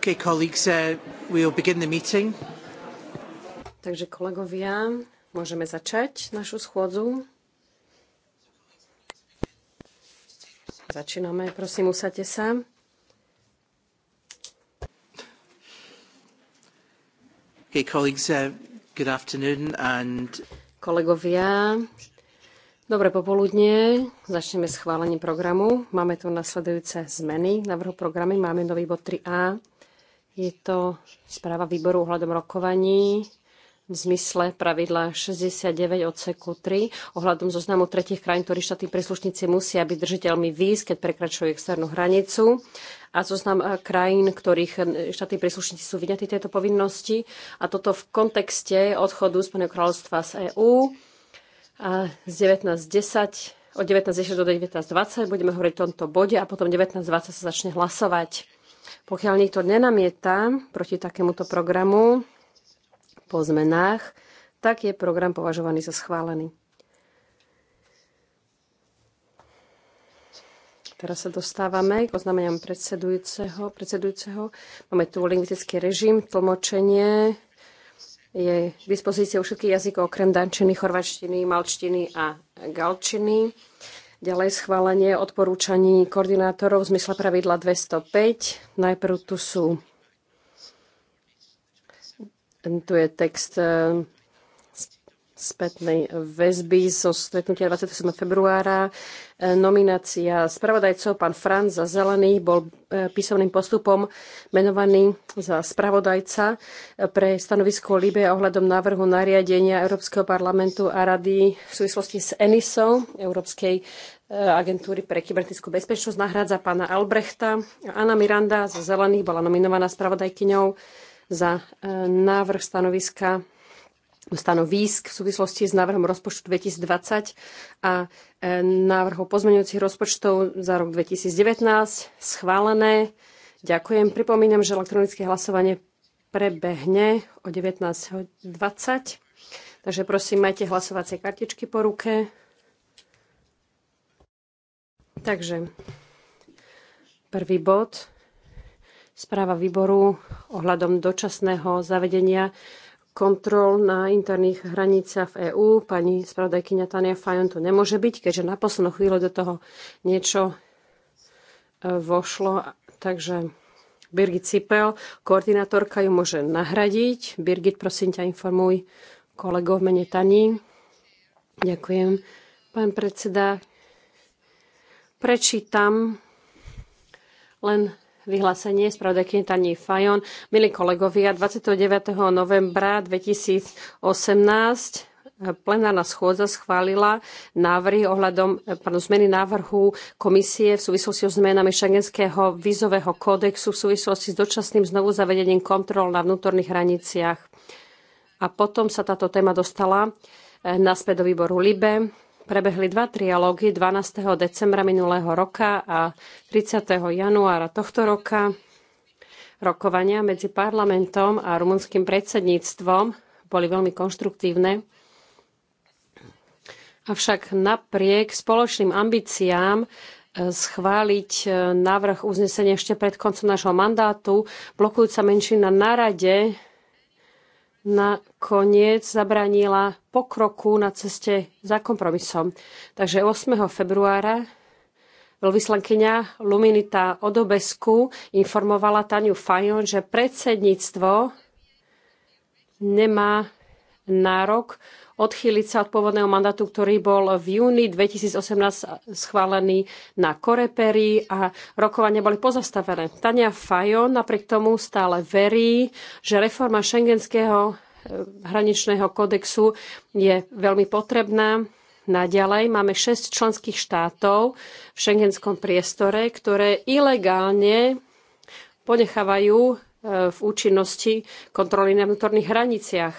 Okay, colleagues, uh, we'll begin the meeting. Takže kolegovia, môžeme začať našu schôdzu. Začíname, prosím, usadte sa. Okay, colleagues, uh, good afternoon and... Kolegovia, Dobre popoludne, začneme schválením programu. Máme tu nasledujúce zmeny. Na vrhu programy máme nový bod 3a. Je to správa výboru ohľadom rokovaní v zmysle pravidla 69 odseku 3 ohľadom zoznamu tretich krajín, ktorí štátni príslušníci musia byť držiteľmi víz, keď prekračujú externú hranicu a zoznam eh, krajín, ktorých eh, štátni príslušníci sú vyňatí tejto povinnosti. A toto v kontexte odchodu Spojeného kráľovstva z EÚ a z 1910 od 19.10 do 19.20 budeme hovoriť o tomto bode a potom 19.20 sa začne hlasovať. Pokiaľ niekto nenamieta proti takémuto programu po zmenách, tak je program považovaný za schválený. Teraz sa dostávame k oznámeniam predsedujúceho. predsedujúceho. Máme tu lingvistický režim, tlmočenie je k dispozícii u všetkých jazykov okrem dančiny, chorvačtiny, malčtiny a galčiny. Ďalej schválenie odporúčaní koordinátorov v zmysle pravidla 205. Najprv tu sú tu je text eh, spätnej väzby zo stretnutia 27. februára. E, nominácia spravodajcov pán Franz za Zelený bol e, písomným postupom menovaný za spravodajca e, pre stanovisko Libie ohľadom návrhu nariadenia Európskeho parlamentu a rady v súvislosti s ENISou, Európskej agentúry pre kybernetickú bezpečnosť, nahrádza pána Albrechta. Anna Miranda za Zelených bola nominovaná spravodajkyňou za návrh stanoviska stanovísk v súvislosti s návrhom rozpočtu 2020 a e, návrhov pozmeňujúcich rozpočtov za rok 2019 schválené. Ďakujem. Pripomínam, že elektronické hlasovanie prebehne o 19.20. Takže prosím, majte hlasovacie kartičky po ruke. Takže prvý bod, správa výboru ohľadom dočasného zavedenia kontrol na interných hranicách v EÚ. Pani spravodajkyňa Tania Fajon tu nemôže byť, keďže na poslednú chvíľu do toho niečo e, vošlo. Takže Birgit Cipel, koordinátorka, ju môže nahradiť. Birgit, prosím ťa, informuj kolegov mene Tani. Ďakujem. Pán predseda, prečítam len vyhlásenie spravodajkyne Tani Fajon. Milí kolegovia, 29. novembra 2018 plenárna schôdza schválila návrhy ohľadom pardon, zmeny návrhu komisie v súvislosti s zmenami šengenského vízového kódexu v súvislosti s dočasným znovu zavedením kontrol na vnútorných hraniciach. A potom sa táto téma dostala eh, naspäť do výboru LIBE Prebehli dva trialógy 12. decembra minulého roka a 30. januára tohto roka. Rokovania medzi parlamentom a rumunským predsedníctvom boli veľmi konštruktívne. Avšak napriek spoločným ambíciám e, schváliť e, návrh uznesenia ešte pred koncom nášho mandátu, blokujúca menšina na rade nakoniec zabránila pokroku na ceste za kompromisom. Takže 8. februára veľvyslankyňa Luminita Odobesku informovala Taniu Fajon, že predsedníctvo nemá nárok odchýliť sa od pôvodného mandátu, ktorý bol v júni 2018 schválený na Koreperi a rokovania boli pozastavené. Tania Fajon napriek tomu stále verí, že reforma šengenského eh, hraničného kodexu je veľmi potrebná. Naďalej máme 6 členských štátov v šengenskom priestore, ktoré ilegálne ponechávajú eh, v účinnosti kontroly na vnútorných hraniciach.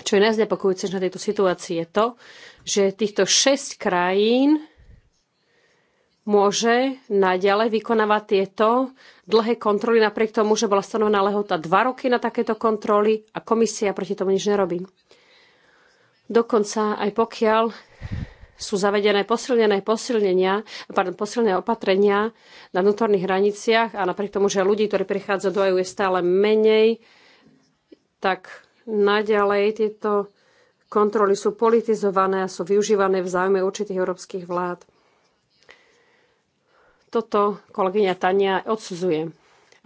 Čo je najznepokojúce na tejto situácii je to, že týchto 6 krajín môže naďalej vykonávať tieto dlhé kontroly napriek tomu, že bola stanovená lehota 2 roky na takéto kontroly a komisia proti tomu nič nerobí. Dokonca aj pokiaľ sú zavedené posilnené posilnenia, pardon, posilnené opatrenia na vnútorných hraniciach a napriek tomu, že ľudí, ktorí prichádzajú do EU je stále menej, tak Naďalej tieto kontroly sú politizované a sú využívané v záujme určitých európskych vlád. Toto kolegyňa Tania odsudzuje.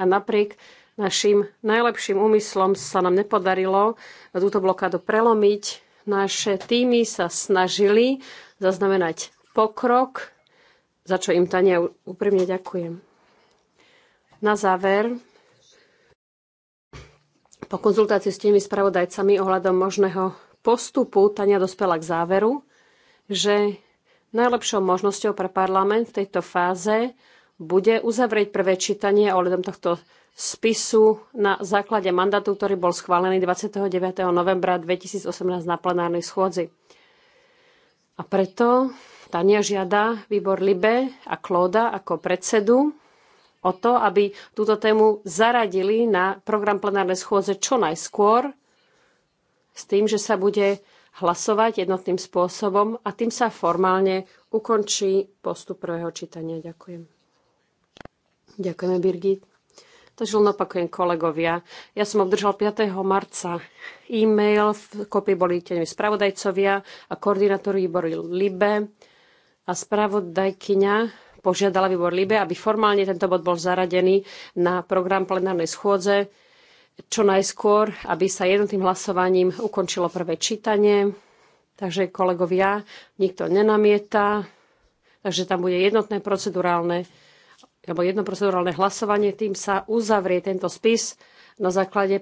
A napriek našim najlepším úmyslom sa nám nepodarilo túto blokádu prelomiť. Naše týmy sa snažili zaznamenať pokrok, za čo im Tania úprimne ďakujem. Na záver po konzultácii s tými spravodajcami ohľadom možného postupu Tania dospela k záveru, že najlepšou možnosťou pre parlament v tejto fáze bude uzavrieť prvé čítanie ohľadom tohto spisu na základe mandátu, ktorý bol schválený 29. novembra 2018 na plenárnej schôdzi. A preto Tania žiada výbor Libe a Klóda ako predsedu o to, aby túto tému zaradili na program plenárnej schôdze čo najskôr, s tým, že sa bude hlasovať jednotným spôsobom a tým sa formálne ukončí postup prvého čítania. Ďakujem. Ďakujeme, Birgit. Takže len opakujem kolegovia. Ja som obdržal 5. marca e-mail, v kopii boli tieňmi spravodajcovia a koordinátor výboru LIBE a spravodajkyňa požiadala výbor Libe, aby formálne tento bod bol zaradený na program plenárnej schôdze čo najskôr, aby sa jednotným hlasovaním ukončilo prvé čítanie. Takže kolegovia, nikto nenamieta, takže tam bude jednotné procedurálne alebo jedno procedurálne hlasovanie, tým sa uzavrie tento spis na základe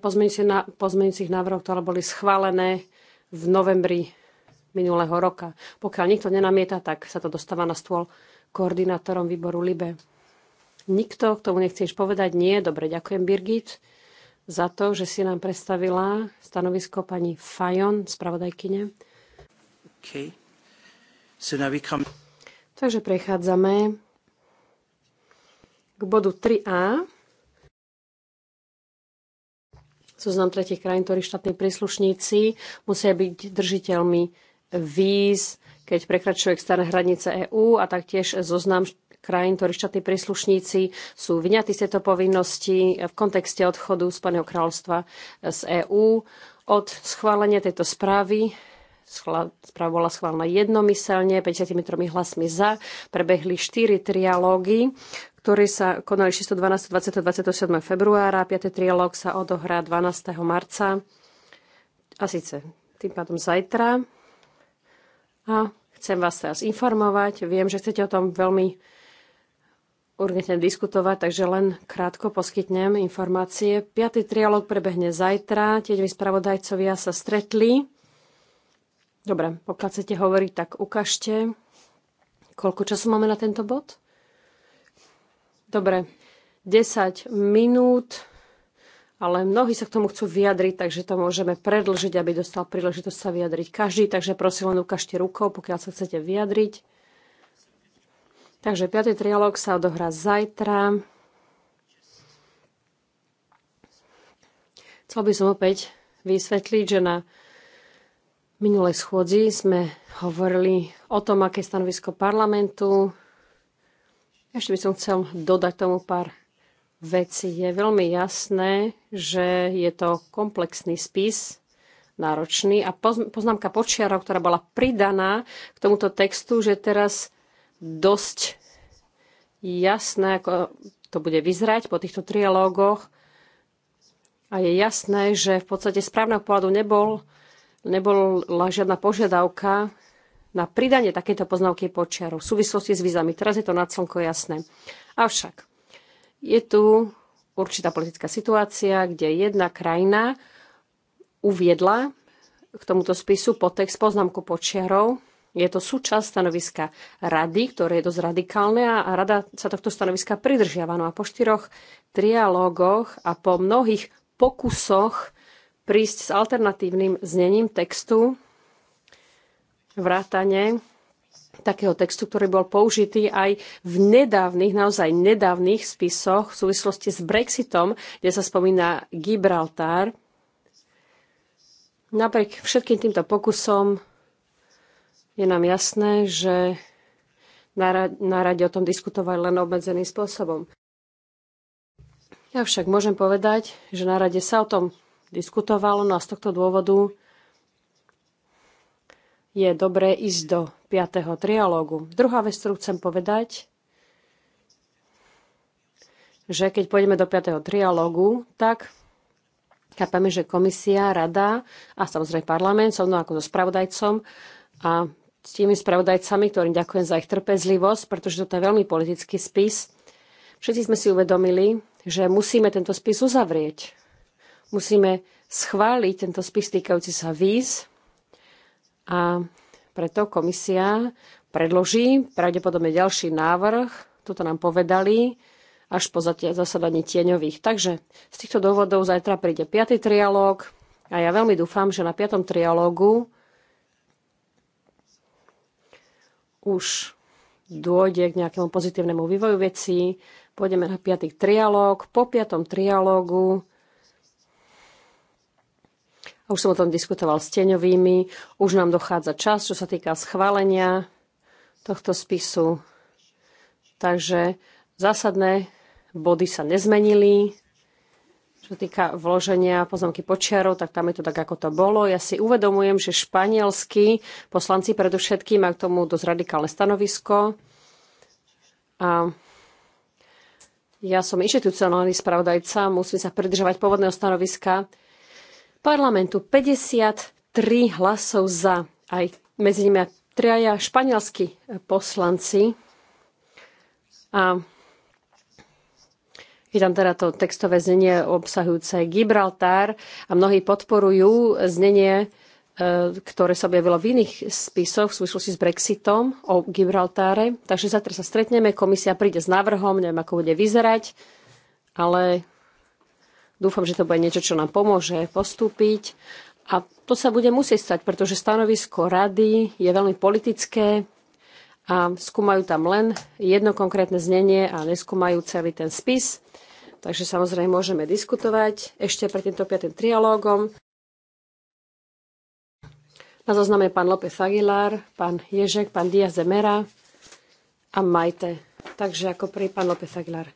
pozmeňujúcich návrhov, ktoré boli schválené v novembri minulého roka. Pokiaľ nikto nenamieta, tak sa to dostáva na stôl koordinátorom výboru LIBE. Nikto k tomu nechce povedať nie. Dobre, ďakujem Birgit za to, že si nám predstavila stanovisko pani Fajon, spravodajkyne. Okay. So now we come... Takže prechádzame k bodu 3a. Zoznam tretich krajín, ktorí štátni príslušníci musia byť držiteľmi víz keď prekračuje staré hranice EÚ a taktiež zoznam krajín, ktorých štátni príslušníci sú vyňatí z tejto povinnosti v kontexte odchodu Spojeného kráľovstva z EÚ. Od schválenia tejto správy správa bola schválená jednomyselne, 53 hlasmi za. Prebehli 4 trialógy, ktoré sa konali 612. 20. 27. februára. 5. trialóg sa odohrá 12. marca. A síce tým pádom zajtra. A chcem vás teraz informovať. Viem, že chcete o tom veľmi urgentne diskutovať, takže len krátko poskytnem informácie. Piatý trialog prebehne zajtra, tiež spravodajcovia sa stretli. Dobre, pokiaľ chcete hovoriť, tak ukážte. Koľko času máme na tento bod? Dobre, 10 minút ale mnohí sa k tomu chcú vyjadriť, takže to môžeme predlžiť, aby dostal príležitosť sa vyjadriť každý. Takže prosím, len ukážte rukou, pokiaľ sa chcete vyjadriť. Takže 5. trialóg sa odohrá zajtra. Chcel by som opäť vysvetliť, že na minulej schôdzi sme hovorili o tom, aké je stanovisko parlamentu. Ešte by som chcel dodať tomu pár veci. Je veľmi jasné, že je to komplexný spis, náročný. A poznámka počiarov, ktorá bola pridaná k tomuto textu, že teraz dosť jasné, ako to bude vyzerať po týchto trialógoch. A je jasné, že v podstate správneho pohľadu nebol, nebola žiadna požiadavka na pridanie takéto poznávky počiarov v súvislosti s vízami. Teraz je to na slnko jasné. Avšak je tu určitá politická situácia, kde jedna krajina uviedla k tomuto spisu podtext poznámku pod čiarou. Je to súčasť stanoviska rady, ktoré je dosť radikálne a rada sa tohto stanoviska pridržiava. No a po štyroch trialógoch a po mnohých pokusoch prísť s alternatívnym znením textu vrátane takého textu, ktorý bol použitý aj v nedávnych, naozaj nedávnych spisoch v súvislosti s Brexitom, kde sa spomína Gibraltar. Napriek všetkým týmto pokusom je nám jasné, že na rade o tom diskutovať len obmedzeným spôsobom. Ja však môžem povedať, že na rade sa o tom diskutovalo, no a z tohto dôvodu je dobré ísť do 5. trialógu. Druhá vec, ktorú chcem povedať, že keď pôjdeme do 5. trialógu, tak chápame, že komisia, rada a samozrejme parlament, so mnou ako so spravodajcom a s tými spravodajcami, ktorým ďakujem za ich trpezlivosť, pretože toto je veľmi politický spis. Všetci sme si uvedomili, že musíme tento spis uzavrieť. Musíme schváliť tento spis týkajúci sa víz, a preto komisia predloží pravdepodobne ďalší návrh, toto nám povedali, až po zasadaní tieňových. Takže z týchto dôvodov zajtra príde 5. trialóg a ja veľmi dúfam, že na 5. trialógu už dôjde k nejakému pozitívnemu vývoju vecí. Pôjdeme na 5. trialóg. Po 5. trialógu už som o tom diskutoval s teňovými. Už nám dochádza čas, čo sa týka schválenia tohto spisu. Takže zásadné body sa nezmenili. Čo týka vloženia poznámky počiarov, tak tam je to tak, ako to bolo. Ja si uvedomujem, že španielskí poslanci predovšetkým majú k tomu dosť radikálne stanovisko. A ja som inštitucionálny spravodajca, musím sa pridržovať pôvodného stanoviska parlamentu 53 hlasov za, aj medzi nimi traja španielskí eh, poslanci. A je tam teda to textové znenie obsahujúce Gibraltar a mnohí podporujú znenie, eh, ktoré sa objavilo v iných spisoch v súvislosti s Brexitom o Gibraltáre. Takže zatiaľ sa stretneme, komisia príde s návrhom, neviem, ako bude vyzerať, ale Dúfam, že to bude niečo, čo nám pomôže postúpiť. A to sa bude musieť stať, pretože stanovisko rady je veľmi politické a skúmajú tam len jedno konkrétne znenie a neskúmajú celý ten spis. Takže samozrejme môžeme diskutovať ešte pred týmto piatým trialógom. Na zozname pán López Aguilar, pán Ježek, pán Díaz de Mera a Majte. Takže ako prvý pán López Aguilar.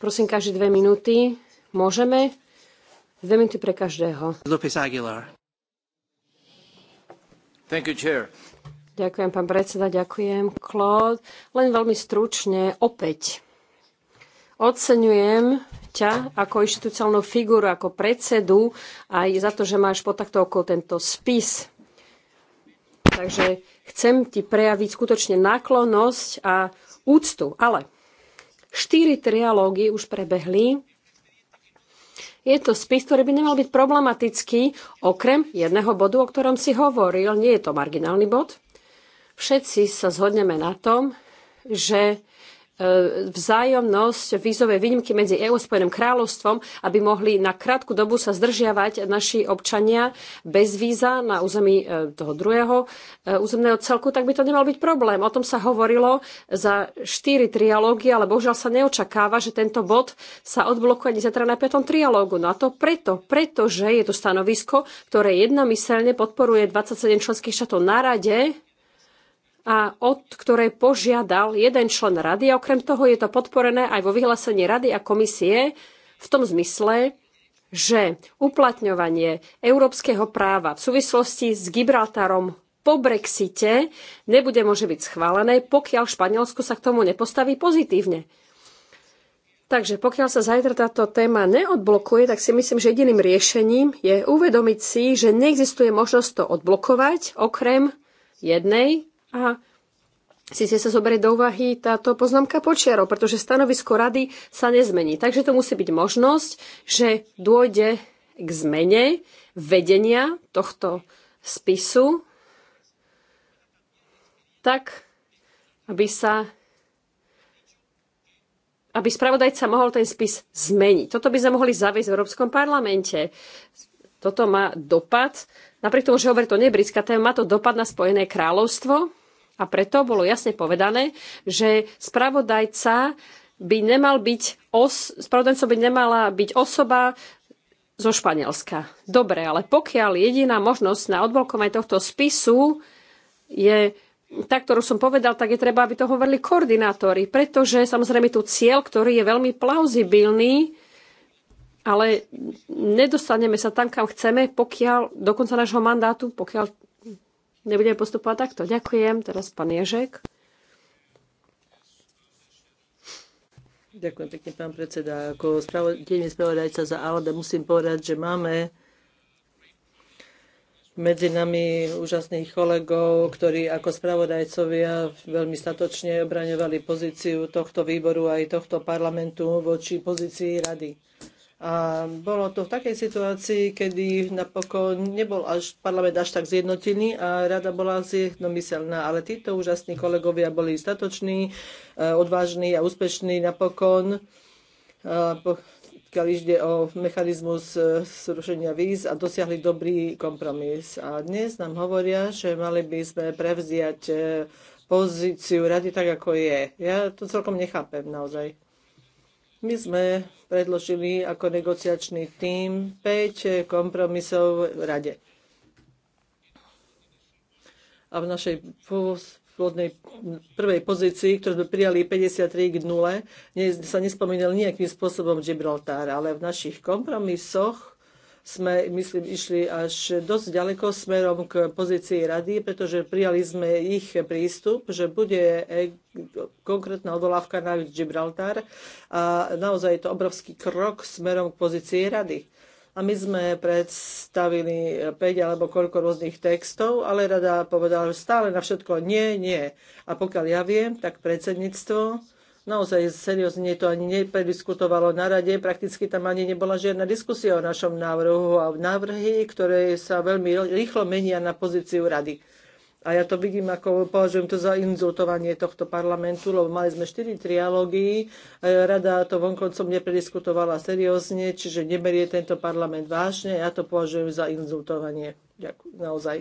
Prosím, každé dve minúty Môžeme? Dve minúty pre každého. López Aguilar. Thank you, chair. Ďakujem, pán predseda, ďakujem, Claude. Len veľmi stručne, opäť. Oceňujem ťa ako inštitúciálnu figúru, ako predsedu, aj za to, že máš pod takto okolo tento spis. Takže chcem ti prejaviť skutočne náklonnosť a úctu. Ale štyri trialógy už prebehli je to spis, ktorý by nemal byť problematický, okrem jedného bodu, o ktorom si hovoril. Nie je to marginálny bod. Všetci sa zhodneme na tom, že E, vzájomnosť vízovej výnimky medzi EÚ a Spojeným kráľovstvom, aby mohli na krátku dobu sa zdržiavať naši občania bez víza na území e, toho druhého e, územného celku, tak by to nemal byť problém. O tom sa hovorilo za štyri trialógy, ale bohužiaľ sa neočakáva, že tento bod sa odblokuje ani zatra na piatom trialógu. No a to preto, pretože je to stanovisko, ktoré jednomyselne podporuje 27 členských štátov na rade, a od ktorej požiadal jeden člen rady a okrem toho je to podporené aj vo vyhlásení rady a komisie v tom zmysle, že uplatňovanie európskeho práva v súvislosti s Gibraltarom po Brexite nebude môže byť schválené, pokiaľ Španielsko sa k tomu nepostaví pozitívne. Takže pokiaľ sa zajtra táto téma neodblokuje, tak si myslím, že jediným riešením je uvedomiť si, že neexistuje možnosť to odblokovať, okrem jednej a si sa zoberie do úvahy táto poznámka počiarov, pretože stanovisko rady sa nezmení. Takže to musí byť možnosť, že dôjde k zmene vedenia tohto spisu tak, aby sa aby spravodajca mohol ten spis zmeniť. Toto by sme mohli zaviesť v Európskom parlamente. Toto má dopad, napriek tomu, že hovorí to britská téma, má to dopad na Spojené kráľovstvo, a preto bolo jasne povedané, že spravodajca by nemal byť os, spravodajca by nemala byť osoba zo Španielska. Dobre, ale pokiaľ jediná možnosť na odblokovanie tohto spisu je tá, ktorú som povedal, tak je treba, aby to hovorili koordinátori, pretože samozrejme tu cieľ, ktorý je veľmi plauzibilný, ale nedostaneme sa tam, kam chceme, pokiaľ do konca nášho mandátu, pokiaľ nebudeme postupovať takto. Ďakujem. Teraz pán Ježek. Ďakujem pekne, pán predseda. Ako deň spravodajca za ALDE musím povedať, že máme medzi nami úžasných kolegov, ktorí ako spravodajcovia veľmi statočne obraňovali pozíciu tohto výboru aj tohto parlamentu voči pozícii rady. A bolo to v takej situácii, kedy napokon nebol až parlament až tak zjednotený a rada bola zjednomyselná. Ale títo úžasní kolegovia boli statoční, e, odvážni a úspešní napokon. E, a ide o mechanizmus e, zrušenia víz a dosiahli dobrý kompromis. A dnes nám hovoria, že mali by sme prevziať pozíciu rady tak, ako je. Ja to celkom nechápem naozaj. My sme predložili ako negociačný tím 5 kompromisov v rade. A v našej pôvodnej prvej pozícii, ktorú sme prijali 53 k 0, sa nespomínal nejakým spôsobom Gibraltar, ale v našich kompromisoch sme, myslím, išli až dosť ďaleko smerom k pozícii rady, pretože prijali sme ich prístup, že bude e- konkrétna odvolávka na Gibraltar a naozaj je to obrovský krok smerom k pozícii rady. A my sme predstavili 5 alebo koľko rôznych textov, ale rada povedala, že stále na všetko nie, nie. A pokiaľ ja viem, tak predsedníctvo Naozaj seriózne to ani neprediskutovalo na rade, prakticky tam ani nebola žiadna diskusia o našom návrhu a návrhy, ktoré sa veľmi rýchlo menia na pozíciu rady. A ja to vidím, ako považujem to za inzultovanie tohto parlamentu, lebo mali sme štyri trialógy, e, rada to vonkoncom neprediskutovala seriózne, čiže neberie tento parlament vážne, ja to považujem za inzultovanie. Ďakujem, naozaj.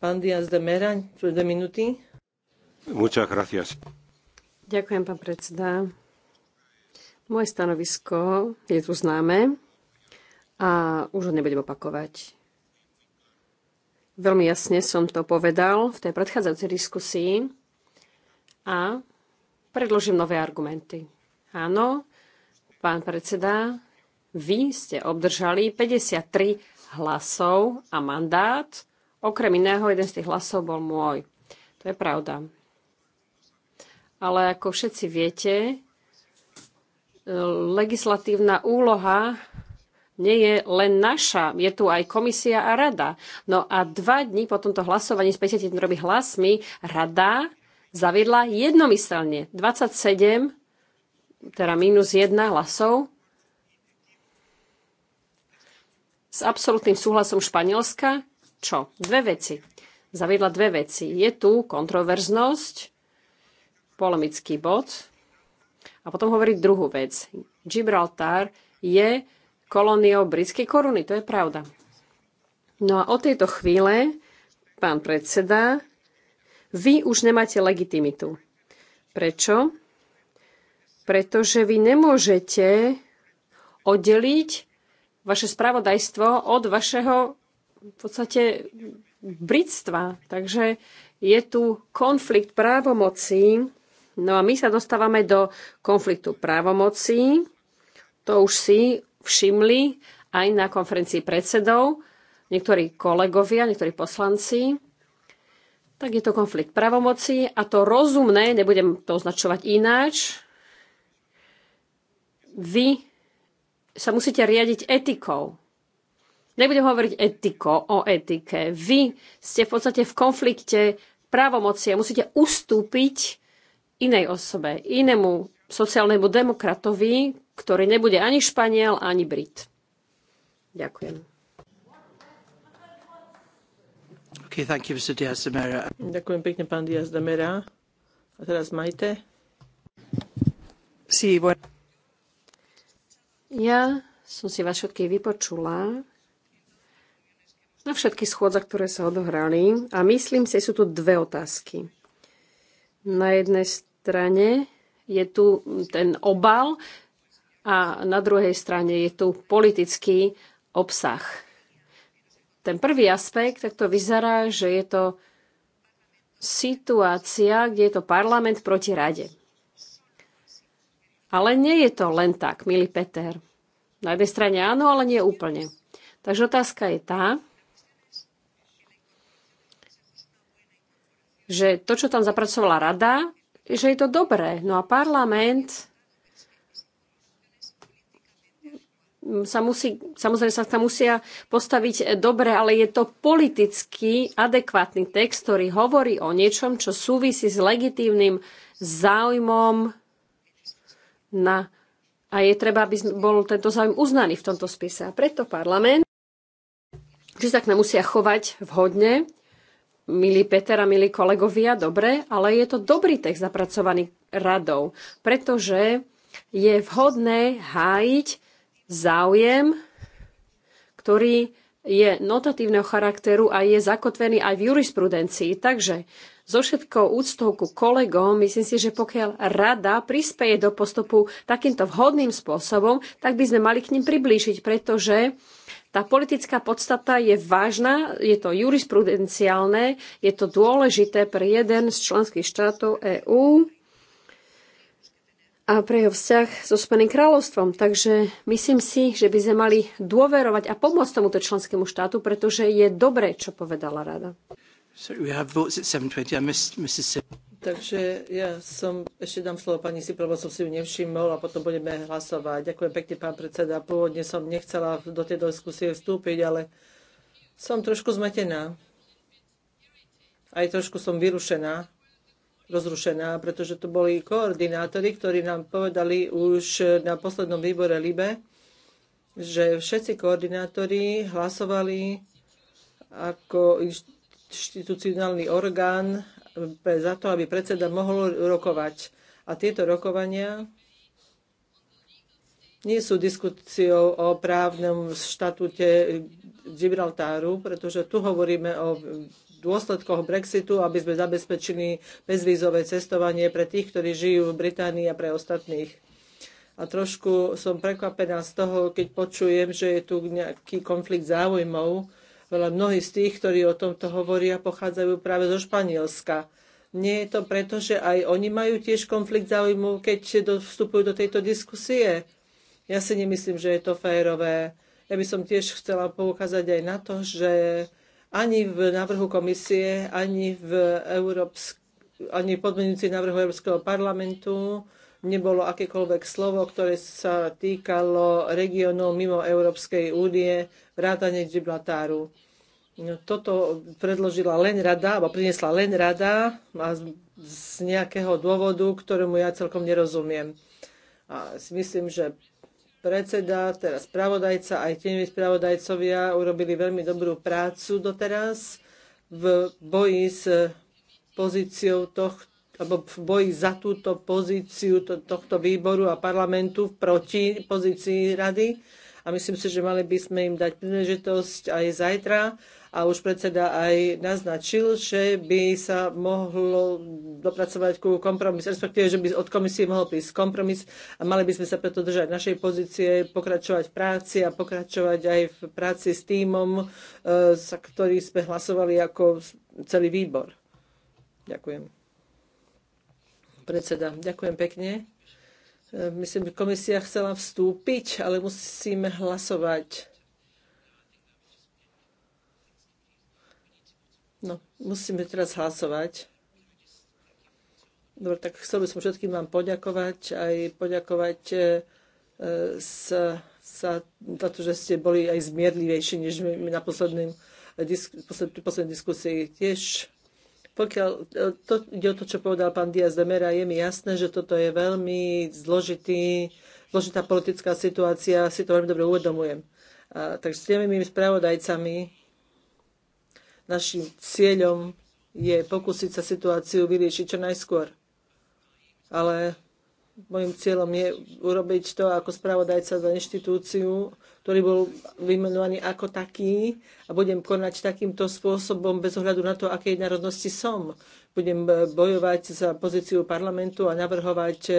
Pán Diaz de Mera, dve minúty. Ďakujem, pán predseda. Moje stanovisko je tu známe a už ho nebudem opakovať. Veľmi jasne som to povedal v tej predchádzajúcej diskusii a predložím nové argumenty. Áno, pán predseda, vy ste obdržali 53 hlasov a mandát. Okrem iného, jeden z tých hlasov bol môj. To je pravda ale ako všetci viete, e, legislatívna úloha nie je len naša, je tu aj komisia a rada. No a dva dní po tomto hlasovaní s 53 hlasmi rada zaviedla jednomyselne 27, teda minus 1 hlasov s absolútnym súhlasom Španielska. Čo? Dve veci. Zaviedla dve veci. Je tu kontroverznosť, polemický bod. A potom hovorí druhú vec. Gibraltar je kolóniou britskej koruny, to je pravda. No a o tejto chvíle, pán predseda, vy už nemáte legitimitu. Prečo? Pretože vy nemôžete oddeliť vaše spravodajstvo od vašeho v podstate britstva. Takže je tu konflikt právomocí No a my sa dostávame do konfliktu právomocí. To už si všimli aj na konferencii predsedov, niektorí kolegovia, niektorí poslanci. Tak je to konflikt právomocí a to rozumné, nebudem to označovať ináč, vy sa musíte riadiť etikou. Nebudem hovoriť etiko o etike. Vy ste v podstate v konflikte právomocí a musíte ustúpiť inej osobe, inému sociálnemu demokratovi, ktorý nebude ani Španiel, ani Brit. Ďakujem. Okay, thank you, Mr. Diaz de Mera. Ďakujem pekne, pán Diaz de Mera. A teraz Majte. Sí, bueno. Ja som si vás všetkých vypočula na všetky schôdza, ktoré sa odohrali. A myslím si, sú tu dve otázky. Na jednej strane strane je tu ten obal a na druhej strane je tu politický obsah. Ten prvý aspekt, tak to vyzerá, že je to situácia, kde je to parlament proti rade. Ale nie je to len tak, milý Peter. Na jednej strane áno, ale nie úplne. Takže otázka je tá, že to, čo tam zapracovala rada, že je to dobré. No a parlament sa musí, samozrejme sa tam musia postaviť dobre, ale je to politicky adekvátny text, ktorý hovorí o niečom, čo súvisí s legitívnym záujmom na a je treba, aby bol tento záujem uznaný v tomto spise. A preto parlament, že sa k nám musia chovať vhodne milí Peter a milí kolegovia, dobre, ale je to dobrý text zapracovaný radou, pretože je vhodné hájiť záujem, ktorý je notatívneho charakteru a je zakotvený aj v jurisprudencii. Takže so všetkou úctou ku kolegom, myslím si, že pokiaľ rada prispieje do postupu takýmto vhodným spôsobom, tak by sme mali k ním priblížiť, pretože tá politická podstata je vážna, je to jurisprudenciálne, je to dôležité pre jeden z členských štátov EÚ a pre jeho vzťah so Spojeným kráľovstvom. Takže myslím si, že by sme mali dôverovať a pomôcť tomuto členskému štátu, pretože je dobré, čo povedala rada. Sorry, we have votes at 7.20. I missed Mrs. Sipp. Takže ja som, ešte dám slovo pani Sipro, lebo som si ju nevšimol a potom budeme hlasovať. Ďakujem pekne, pán predseda. Pôvodne som nechcela do tejto diskusie vstúpiť, ale som trošku zmetená. Aj trošku som vyrušená, rozrušená, pretože tu boli koordinátori, ktorí nám povedali už na poslednom výbore LIBE, že všetci koordinátori hlasovali ako inštitucionálny orgán eh, za to, aby predseda mohol rokovať. A tieto rokovania nie sú diskusiou o právnom štatúte Gibraltáru, pretože tu hovoríme o dôsledkoch Brexitu, aby sme zabezpečili bezvízové cestovanie pre tých, ktorí žijú v Británii a pre ostatných. A trošku som prekvapená z toho, keď počujem, že je tu nejaký konflikt záujmov, veľa mnohí z tých, ktorí o tomto hovoria, pochádzajú práve zo Španielska. Nie je to preto, že aj oni majú tiež konflikt záujmu, keď vstupujú do tejto diskusie. Ja si nemyslím, že je to férové. Ja by som tiež chcela poukázať aj na to, že ani v návrhu komisie, ani v Európsk- ani podmenujúci návrhu Európskeho parlamentu nebolo akékoľvek slovo, ktoré sa týkalo regionov mimo Európskej únie, vrátane Gibraltáru. No, toto predložila len rada, alebo priniesla len rada a z nejakého dôvodu, ktorému ja celkom nerozumiem. A si myslím, že predseda, teraz spravodajca, aj tieňoví spravodajcovia urobili veľmi dobrú prácu doteraz v boji s pozíciou tohto lebo v boji za túto pozíciu to, tohto výboru a parlamentu proti pozícii rady. A myslím si, že mali by sme im dať príležitosť aj zajtra. A už predseda aj naznačil, že by sa mohlo dopracovať ku kompromis, respektíve, že by od komisie mohol prísť kompromis a mali by sme sa preto držať našej pozície, pokračovať v práci a pokračovať aj v práci s týmom, e, za ktorý sme hlasovali ako celý výbor. Ďakujem predseda. Ďakujem pekne. E, myslím, že komisia chcela vstúpiť, ale musíme hlasovať. No, musíme teraz hlasovať. Dobre, tak chcel by som všetkým vám poďakovať, aj poďakovať e, e, sa, sa za to, že ste boli aj zmierlivejší, než my na posledným, poslednej diskusii tiež pokiaľ e, to, ide o to, čo povedal pán Diaz de Mera, je mi jasné, že toto je veľmi zložitý, zložitá politická situácia, si to veľmi dobre uvedomujem. A, takže s tými spravodajcami našim cieľom je pokúsiť sa situáciu vyriešiť čo najskôr. Ale Mojím cieľom je urobiť to ako spravodajca za inštitúciu, ktorý bol vymenovaný ako taký a budem konať takýmto spôsobom bez ohľadu na to, akej národnosti som. Budem e, bojovať za pozíciu parlamentu a navrhovať e,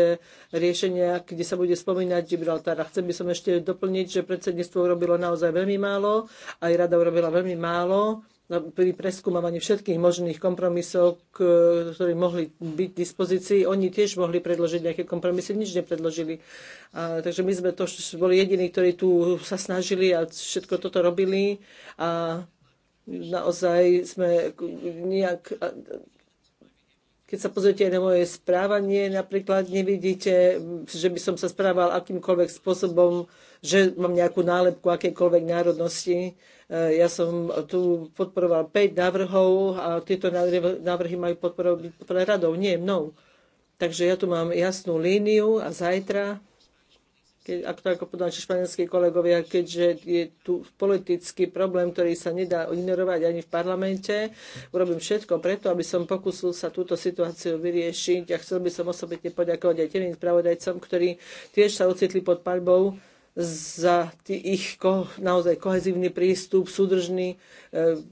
riešenia, kde sa bude spomínať Gibraltar. A chcem by som ešte doplniť, že predsedníctvo urobilo naozaj veľmi málo, aj rada urobila veľmi málo No, pri preskúmavaní všetkých možných kompromisov, ktorí mohli byť v dispozícii, oni tiež mohli predložiť nejaké kompromisy, nič nepredložili. A, takže my sme to boli jediní, ktorí tu sa snažili a všetko toto robili a naozaj sme nejak keď sa pozriete na moje správanie, napríklad nevidíte, že by som sa správal akýmkoľvek spôsobom, že mám nejakú nálepku akékoľvek národnosti. Eh, ja som tu podporoval 5 návrhov a tieto návrhy majú podporovať radou, nie mnou. Takže ja tu mám jasnú líniu a zajtra, keď, ak to ako podľa španielskí kolegovia, keďže je tu politický problém, ktorý sa nedá ignorovať ani v parlamente, urobím všetko preto, aby som pokusil sa túto situáciu vyriešiť a ja chcel by som osobitne poďakovať aj tým spravodajcom, ktorí tiež sa ocitli pod palbou za ich ko, naozaj kohezívny prístup, súdržný e,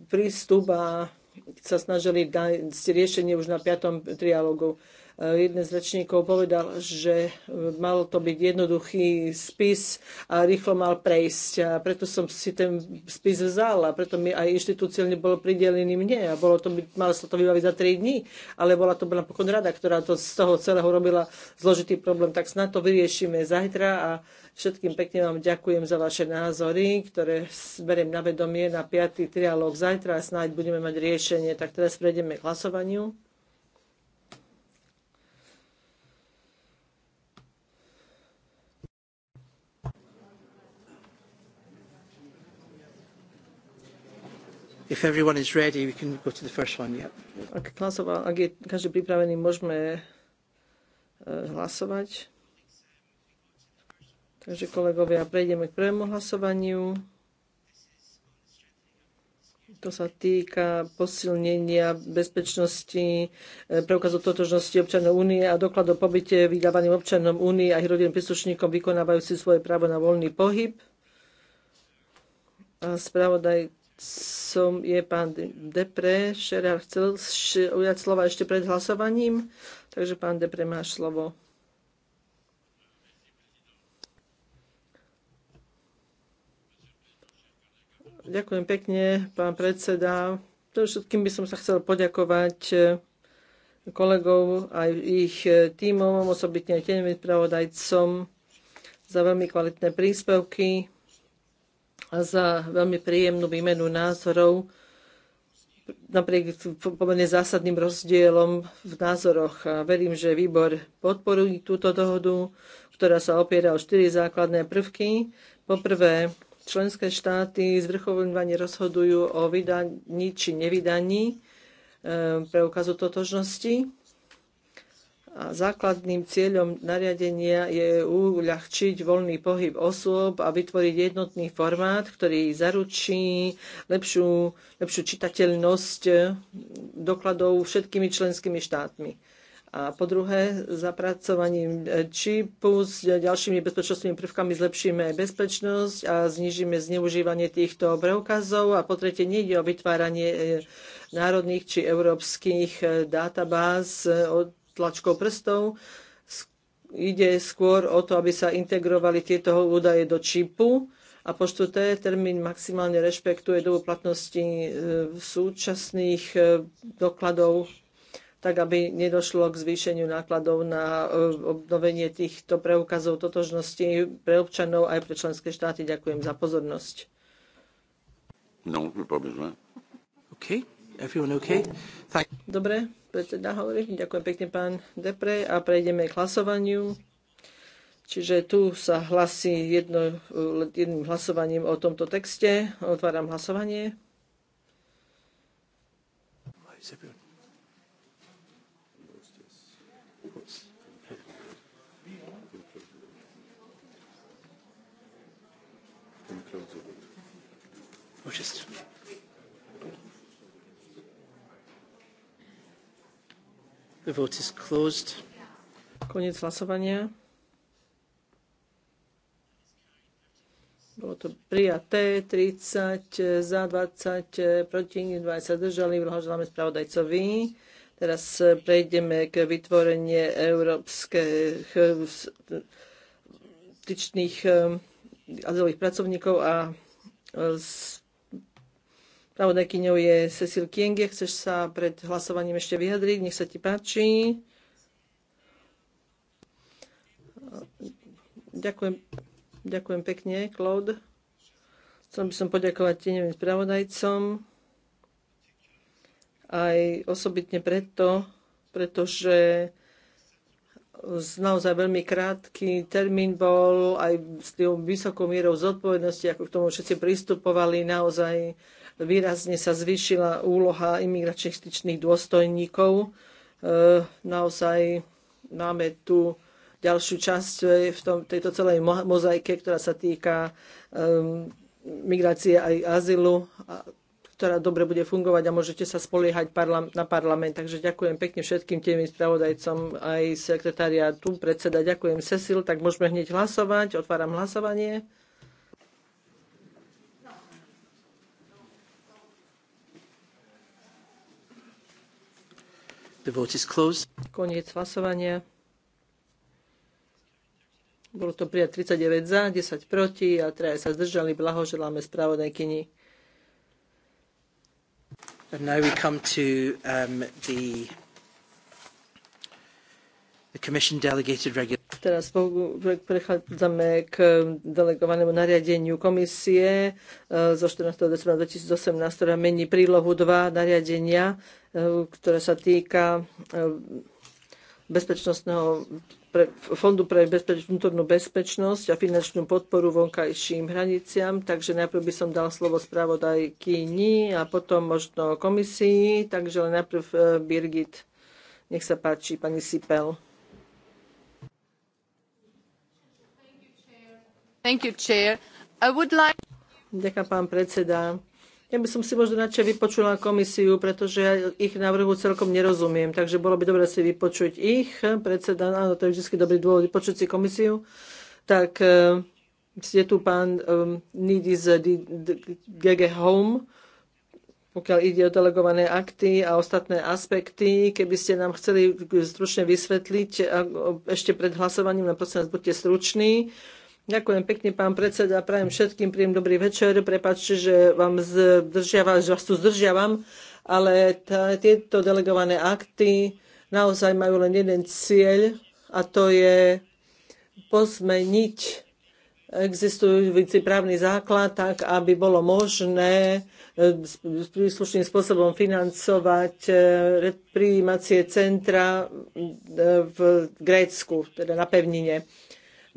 prístup a sa snažili dať riešenie už na piatom trialógu. Eh, jeden z rečníkov povedal, že eh, mal to byť jednoduchý spis a rýchlo mal prejsť. A preto som si ten spis vzal a preto mi aj inštitúciálne bolo pridelený mne a bolo to, byť, malo sa to vybaviť za 3 dní, ale bola to napokon rada, ktorá to z toho celého robila zložitý problém. Tak snad to vyriešime zajtra a Všetkým pekne vám ďakujem za vaše názory, ktoré beriem na vedomie na 5. trialóg zajtra a snáď budeme mať riešenie. Tak teraz prejdeme k hlasovaniu. If everyone is ready, we can go to the first one. Ak, hlasoval, ak je každý pripravený, môžeme e, hlasovať. Takže kolegovia, prejdeme k prvému hlasovaniu. To sa týka posilnenia bezpečnosti e, preukazov totožnosti občanov únie a dokladov pobyte vydávaným občanom únie a ich rodinným príslušníkom vykonávajúci svoje právo na voľný pohyb. A spravodaj som je pán Depre. Šera chcel ujať slova ešte pred hlasovaním, takže pán Depre má slovo. Ďakujem pekne, pán predseda. To všetkým by som sa chcel poďakovať eh, kolegov aj ich eh, tímom, osobitne aj tieňovým spravodajcom za veľmi kvalitné príspevky a za veľmi príjemnú výmenu názorov napriek pomerne zásadným rozdielom v názoroch. A verím, že výbor podporuje túto dohodu, ktorá sa opiera o štyri základné prvky. Poprvé, členské štáty zvrchovanie rozhodujú o vydaní či nevydaní e, preukazu totožnosti. A základným cieľom nariadenia je uľahčiť voľný pohyb osôb a vytvoriť jednotný formát, ktorý zaručí lepšiu, lepšiu čitateľnosť dokladov všetkými členskými štátmi. A po druhé, zapracovaním čipu s ďalšími bezpečnostnými prvkami zlepšíme bezpečnosť a znižíme zneužívanie týchto preukazov. A po tretie, nejde o vytváranie e, národných či európskych e, databáz od tlačkou prstov. Ide skôr o to, aby sa integrovali tieto údaje do čipu. A po štvrté, termín maximálne rešpektuje dobu platnosti e, súčasných e, dokladov tak aby nedošlo k zvýšeniu nákladov na e, obnovenie týchto preukazov totožnosti pre občanov aj pre členské štáty. Ďakujem za pozornosť. No, no okay. Everyone okay? Thank- Dobre, predseda hovorí. Ďakujem pekne, pán Depre. A prejdeme k hlasovaniu. Čiže tu sa hlasí jedno, jedným hlasovaním o tomto texte. Otváram hlasovanie. Just The vote is closed. Koniec hlasovania. Bolo to prijaté 30 za 20 proti, 20 sa držali. Blahoželáme spravodajcovi. Teraz prejdeme k vytvorenie európskych tyčných eh, azylových pracovníkov a z eh, Pravodajkyňou je Cecil Kienge. Chceš sa pred hlasovaním ešte vyjadriť? Nech sa ti páči. Ďakujem, ďakujem pekne, Claude. Chcel by som poďakovať tieňovým spravodajcom. Aj osobitne preto, pretože naozaj veľmi krátky termín bol aj s tým vysokou mierou zodpovednosti, ako k tomu všetci pristupovali naozaj výrazne sa zvýšila úloha imigračných styčných dôstojníkov. E, naozaj máme tu ďalšiu časť e, v tom, tejto celej mozaike, ktorá sa týka e, migrácie aj azylu, ktorá dobre bude fungovať a môžete sa spoliehať na parlament. Takže ďakujem pekne všetkým tým spravodajcom aj sekretariátu, predseda. Ďakujem Cecil, tak môžeme hneď hlasovať. Otváram hlasovanie. The vote is closed. Koniec hlasovania. Bolo to prijať 39 za, 10 proti a traja sa zdržali. Blahoželáme spravodajkyni. And now we come to um, the Teraz prechádzame k um, delegovanému nariadeniu komisie uh, zo 14. decembra 2018, ktorá mení prílohu 2 nariadenia, uh, ktoré sa týka uh, bezpečnostného pre, Fondu pre bezpeč, vnútornú bezpečnosť a finančnú podporu vonkajším hraniciam. Takže najprv by som dal slovo spravodajkyni a potom možno komisii. Takže len najprv Birgit. Nech sa páči, pani Sipel. Ďakujem, pán predseda. Ja by som si možno radšej vypočula komisiu, pretože ja ich návrhu celkom nerozumiem. Takže bolo by dobre si vypočuť ich. Predseda, áno, to je vždy dobrý dôvod vypočuť si komisiu. Tak e, je tu pán e, Nidis GG Home, pokiaľ ide o delegované akty a ostatné aspekty. Keby ste nám chceli stručne vysvetliť ešte pred hlasovaním, na prosím vás, buďte struční. Uh, Ďakujem pekne, pán predseda. Prajem všetkým príjem dobrý večer. Prepačte, že vám zdržiava, že vás tu zdržiavam, ale tieto delegované akty naozaj majú len jeden cieľ a to je pozmeniť existujúci právny základ tak, aby bolo možné e, príslušným spôsobom financovať e, prijímacie centra e, v Grécku, teda na pevnine.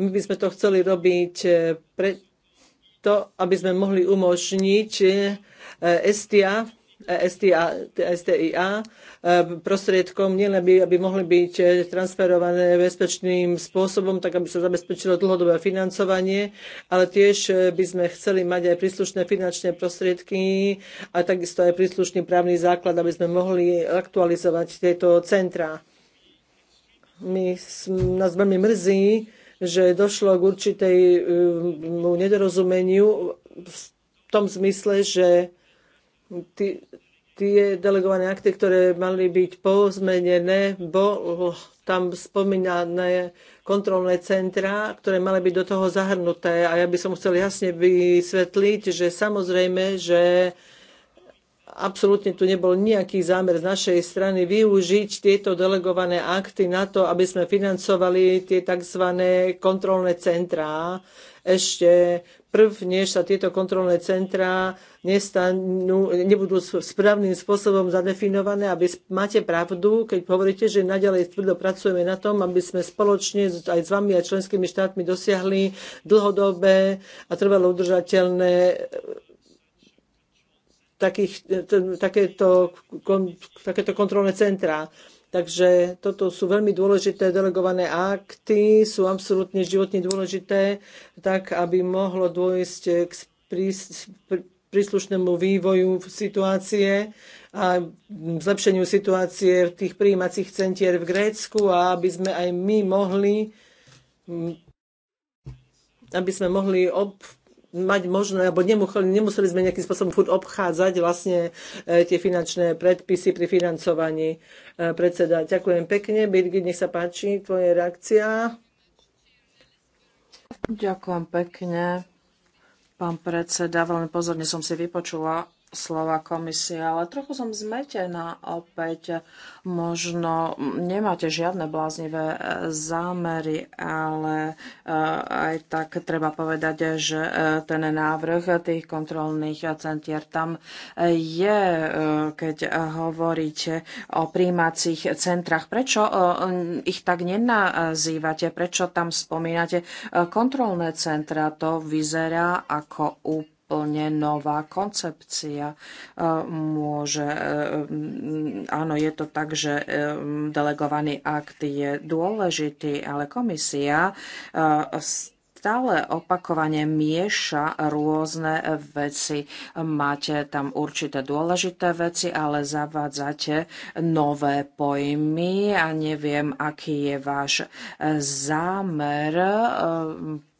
My by sme to chceli robiť e, preto, aby sme mohli umožniť e, STA, e, STA, STIA prostriedkom, nielen by aby mohli byť transferované bezpečným spôsobom, tak aby sa zabezpečilo dlhodobé financovanie, ale tiež by sme chceli mať aj príslušné finančné prostriedky a takisto aj príslušný právny základ, aby sme mohli aktualizovať tieto centra. My, nás veľmi mrzí, že došlo k určitému um, nedorozumeniu v tom zmysle, že tie delegované akty, ktoré mali byť pozmenené, bol tam spomínané kontrolné centra, ktoré mali byť do toho zahrnuté. A ja by som chcel jasne vysvetliť, že samozrejme, že absolútne tu nebol nejaký zámer z našej strany využiť tieto delegované akty na to, aby sme financovali tie tzv. kontrolné centrá. Ešte prv, než sa tieto kontrolné centrá nestanú, nebudú správnym spôsobom zadefinované, aby máte pravdu, keď hovoríte, že naďalej tvrdo pracujeme na tom, aby sme spoločne aj s vami a členskými štátmi dosiahli dlhodobé a trvalo udržateľné takých, e, takéto, kon, takéto kontrolné centrá. Takže toto sú veľmi dôležité delegované akty, sú absolútne životne dôležité, tak aby mohlo dôjsť k príslušnému vývoju situácie a zlepšeniu situácie v tých príjímacích centier v Grécku a aby sme aj my mohli aby sme mohli ob, mať možné, alebo nemuseli, nemuseli sme nejakým spôsobom furt obchádzať vlastne e, tie finančné predpisy pri financovaní e, predseda. Ďakujem pekne. Birgit, nech sa páči, tvoje reakcia. Ďakujem pekne. Pán predseda, veľmi pozorne som si vypočula slova komisie, ale trochu som zmetená opäť. Možno nemáte žiadne bláznivé e, zámery, ale e, aj tak treba povedať, že e, ten návrh tých kontrolných centier tam je, keď hovoríte o príjmacích centrách. Prečo ich tak nenazývate? Prečo tam spomínate kontrolné centra? To vyzerá ako úplne úplne nová koncepcia. E, môže, e, áno, je to tak, že e, delegovaný akt je dôležitý, ale komisia stále opakovane mieša rôzne veci. Máte tam určité dôležité veci, ale zavádzate nové pojmy a neviem, aký je váš zámer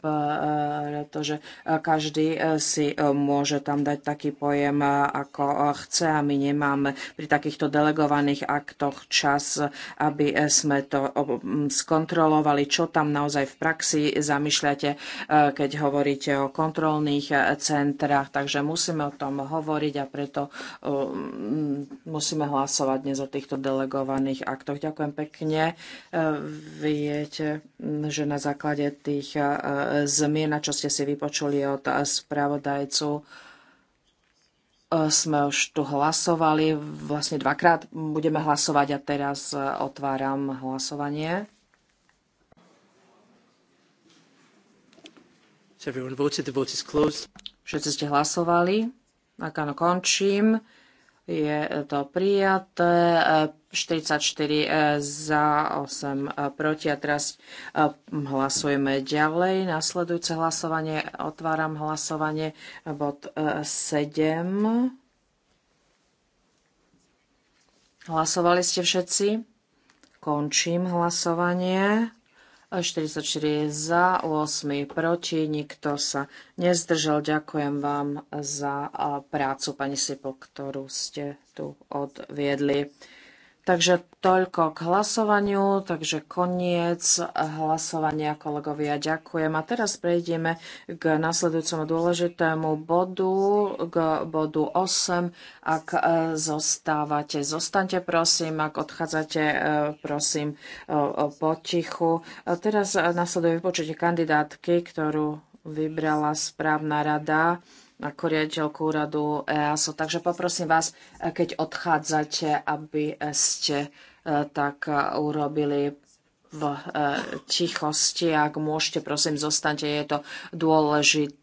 pretože každý eh, si eh, môže tam dať taký pojem, eh, ako chce a my nemáme pri takýchto delegovaných aktoch čas, aby sme to mm, skontrolovali, čo tam naozaj v praxi zamýšľate, keď hovoríte o kontrolných centrách. Takže musíme o tom hovoriť a preto mm, musíme hlasovať dnes o týchto delegovaných aktoch. Ďakujem pekne. Viete, mm, že na základe tých zmena, čo ste si vypočuli od spravodajcu. Sme už tu hlasovali, vlastne dvakrát budeme hlasovať a teraz otváram hlasovanie. Všetci ste hlasovali. Ak áno, končím. Je to prijaté. 44 e, za, 8 e, proti. A teraz e, hlasujeme ďalej. Nasledujúce hlasovanie, otváram hlasovanie, bod 7. Hlasovali ste všetci? Končím hlasovanie. 44 za, 8 proti, nikto sa nezdržal. Ďakujem vám za prácu, pani Sipol, ktorú ste tu odviedli. Takže toľko k hlasovaniu, takže koniec hlasovania kolegovia. Ďakujem. A teraz prejdeme k nasledujúcemu dôležitému bodu, k bodu 8. Ak e, zostávate, zostaňte prosím, ak odchádzate, e, prosím, potichu. Teraz e, nasleduje vypočutie kandidátky, ktorú vybrala správna rada ako riaditeľku úradu EASO. Takže poprosím vás, keď odchádzate, aby ste e, tak e, urobili v e, tichosti. Ak môžete, prosím, zostaňte. Je to dôležité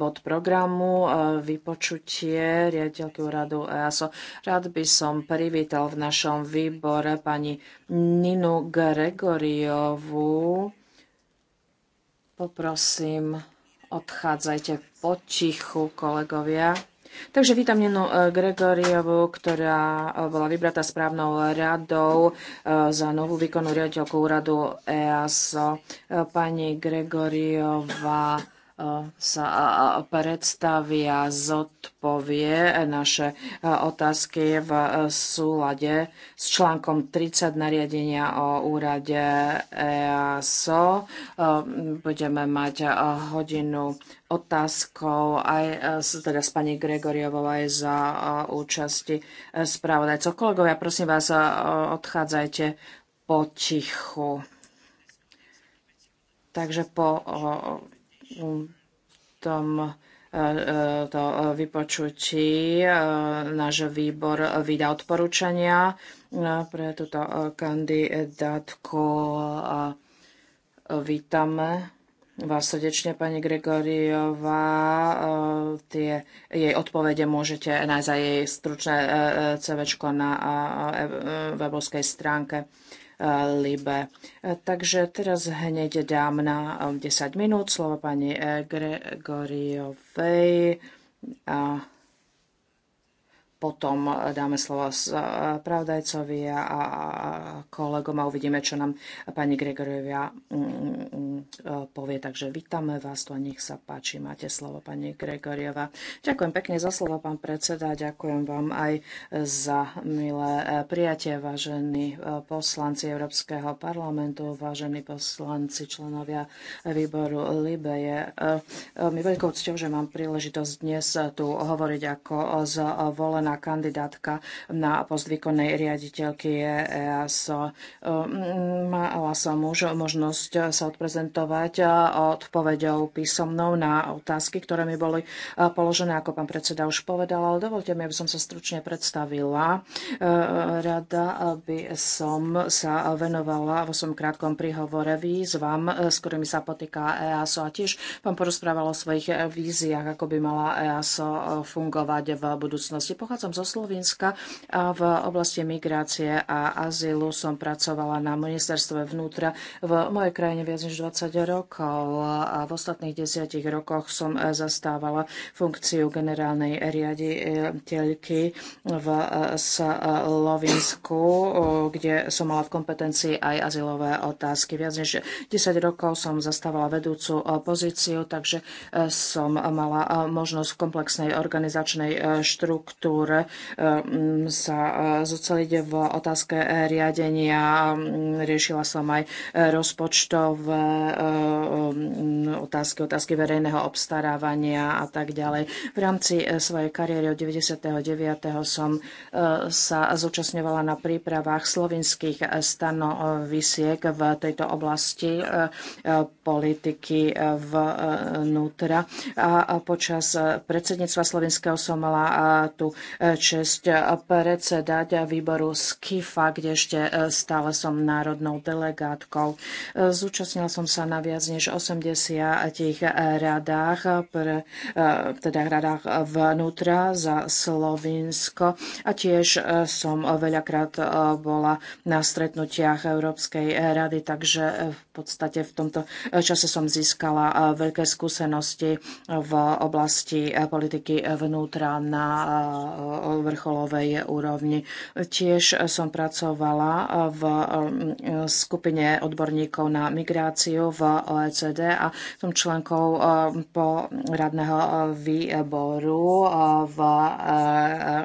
bod programu vypočutie riaditeľky úradu EASO. Rád by som privítal v našom výbore pani Ninu Gregoriovu. Poprosím Odchádzajte potichu, kolegovia. Takže vítam Nenu eh, Gregoriovu, ktorá eh, bola vybratá správnou radou eh, za novú výkonnú riaditeľku úradu EASO. Pani Gregoriova sa predstavia, zodpovie naše otázky v súlade s článkom 30 nariadenia o úrade EASO. Budeme mať hodinu otázkou aj teda s pani Gregoriovou aj za účasti spravodajcov. Kolegovia, prosím vás, odchádzajte potichu. Takže po tom e, e, to vypočutí e, náš výbor vydá odporúčania pre túto kandidátku a vítame vás srdečne, pani Gregoriová. Tie jej odpovede môžete nájsť aj jej stručné CV na webovskej stránke. Libe. Takže teraz hneď dám na 10 minút slovo pani Gregoriovej a potom e, dáme slovo e, pravdajcovi a kolegom a uvidíme, čo nám pani Gregorievia mm, mm, e, povie. Takže vítame vás tu a nech sa páči. Máte slovo, pani Gregorieva. Ďakujem pekne za slovo, pán predseda. Ďakujem vám aj za milé prijatie, vážení poslanci Európskeho parlamentu, vážení poslanci, členovia výboru LIBE. Je mi veľkou cťou, že mám príležitosť dnes tu hovoriť ako zvolená navrhovaná kandidátka na post výkonnej riaditeľky EASO. Ehm, mala som už možnosť sa odprezentovať odpovedou písomnou na otázky, ktoré mi boli e, položené, ako pán predseda už povedal, ale dovolte mi, aby som sa stručne predstavila. E, rada by som sa venovala vo svojom krátkom príhovore výzvam, e, s ktorými sa potýka EASO a tiež vám porozprávala o svojich víziách, ako by mala EASO fungovať v budúcnosti. Pochádza Pochádzam zo Slovenska a v oblasti migrácie a azylu som pracovala na ministerstve vnútra v mojej krajine viac než 20 rokov a v ostatných desiatich rokoch som eh, zastávala funkciu generálnej riaditeľky v eh, Slovensku, eh, kde som mala v kompetencii aj azylové otázky. Viac než 10 rokov som zastávala vedúcu pozíciu, takže som mala možnosť v komplexnej organizačnej štruktúre ktoré eh, sa eh, zoceliť v otázke riadenia. Riešila som aj eh, rozpočtové otázky, otázky verejného obstarávania a tak ďalej. V rámci svojej kariéry od 99. som sa zúčastňovala na prípravách slovinských stanovisiek v tejto oblasti politiky vnútra. A počas predsedníctva slovenského som mala tú čest eh, predsedať výboru SKIFA, kde ešte eh, stále som národnou delegátkou. Eh, zúčastnila som sa na viac než 80 tých radách, pre, teda radách vnútra za Slovinsko a tiež som veľakrát bola na stretnutiach Európskej rady, takže v podstate v tomto eh, čase som získala eh, veľké skúsenosti eh, v oblasti politiky vnútra na vrcholovej úrovni. Tiež som pracovala v mm, skupine odborníkov na migráciu v OECD a som členkou poradného výboru v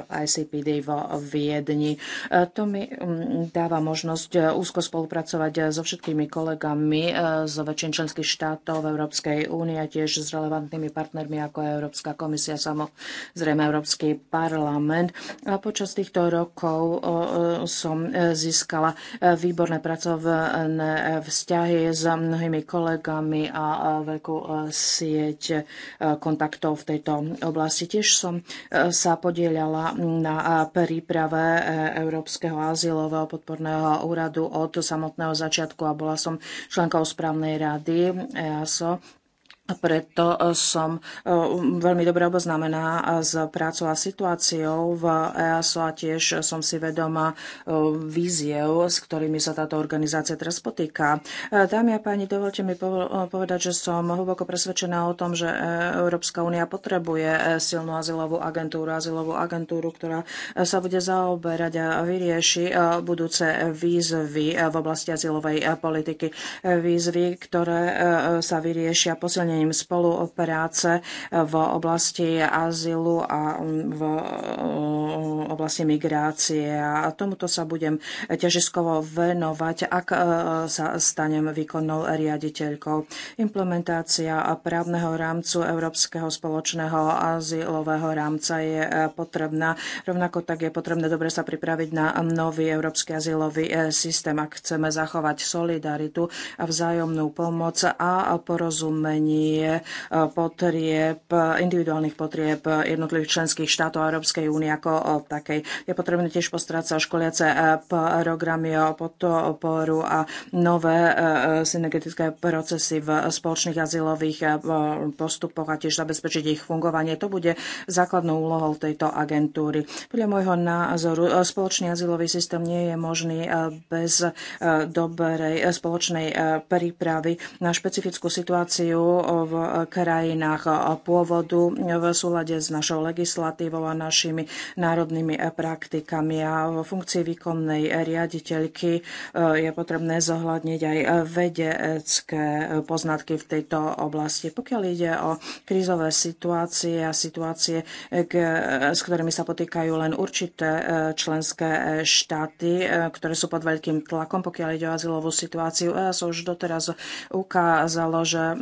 ICPD v Viedni. To mi mm, dáva možnosť úzko spolupracovať so všetkými kolegami my eh, z väčšin členských štátov Európskej únie, tiež s relevantnými partnermi ako Európska komisia, samozrejme, Európsky parlament. A počas týchto rokov eh, som eh, získala výborné pracovné vzťahy s mnohými kolegami a veľkú sieť kontaktov v tejto oblasti. Tiež som sa podielala na príprave Európskeho azylového podporného úradu od samotného začiatku a bola som členkou správnej rady EASO a preto eh, som eh, um, veľmi dobre oboznámená eh, s prácou a situáciou v EASO a tiež som si vedoma víziev, s ktorými sa táto organizácia teraz potýka. Dámy a páni, dovolte mi povedať, že som hlboko presvedčená o tom, že Európska únia potrebuje silnú azylovú agentúru, azylovú agentúru, ktorá sa bude zaoberať a vyrieši budúce výzvy v oblasti azylovej politiky. Výzvy, ktoré sa vyriešia posilne posilnením spolupráce v oblasti azylu a v oblasti migrácie. A tomuto sa budem ťažiskovo venovať, ak e, sa stanem výkonnou riaditeľkou. Implementácia právneho rámcu Európskeho spoločného azylového rámca je e, potrebná. Rovnako tak je potrebné dobre sa pripraviť na nový Európsky azylový e, systém, ak chceme zachovať solidaritu a vzájomnú pomoc a porozumenie riadenie potrieb, individuálnych potrieb jednotlivých členských štátov Európskej únie ako o takej. Je potrebné tiež postarať sa o školiace e, programy, o podporu a nové e, e, synergetické procesy v spoločných azylových postupoch a tiež zabezpečiť ich fungovanie. To bude základnou úlohou tejto agentúry. Podľa môjho názoru spoločný azylový systém nie je možný bez dobrej spoločnej prípravy na špecifickú situáciu v krajinách pôvodu v súlade s našou legislatívou a našimi národnými praktikami. A v funkcii výkonnej riaditeľky e, je potrebné zohľadniť aj vedecké poznatky v tejto oblasti. Pokiaľ ide o krízové situácie a situácie, s ktorými sa potýkajú len určité e, členské štáty, e, ktoré sú pod veľkým tlakom, pokiaľ ide o azylovú situáciu, EAS už doteraz ukázalo, že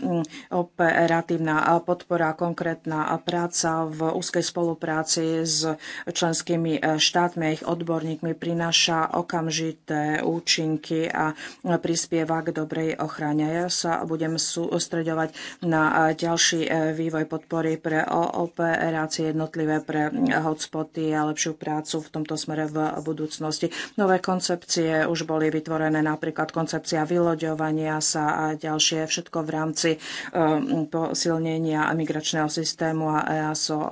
operatívna podpora, konkrétna práca v úzkej spolupráci s členskými štátmi a ich odborníkmi prináša okamžité účinky a prispieva k dobrej ochrane. Ja sa budem sústreďovať na ďalší vývoj podpory pre operácie jednotlivé pre hotspoty a lepšiu prácu v tomto smere v budúcnosti. Nové koncepcie už boli vytvorené, napríklad koncepcia vyloďovania sa a ďalšie, všetko v rámci eh, posilnenia migračného systému a EASO e,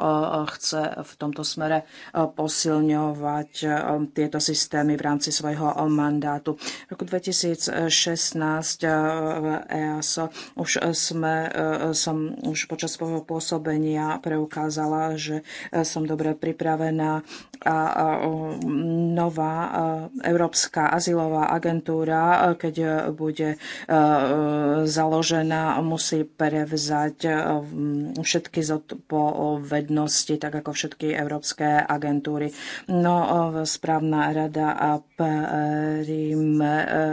chce v tomto smere e, posilňovať e, tieto systémy v rámci svojho mandátu. V roku 2016 v EASO už sme, som už počas svojho pôsobenia preukázala, že som dobre pripravená a nová Európska azylová agentúra, keď bude založená, musí pre prevzať eh, mm, všetky zodpovednosti, tak ako všetky európske agentúry. No, eh, správna rada a eh,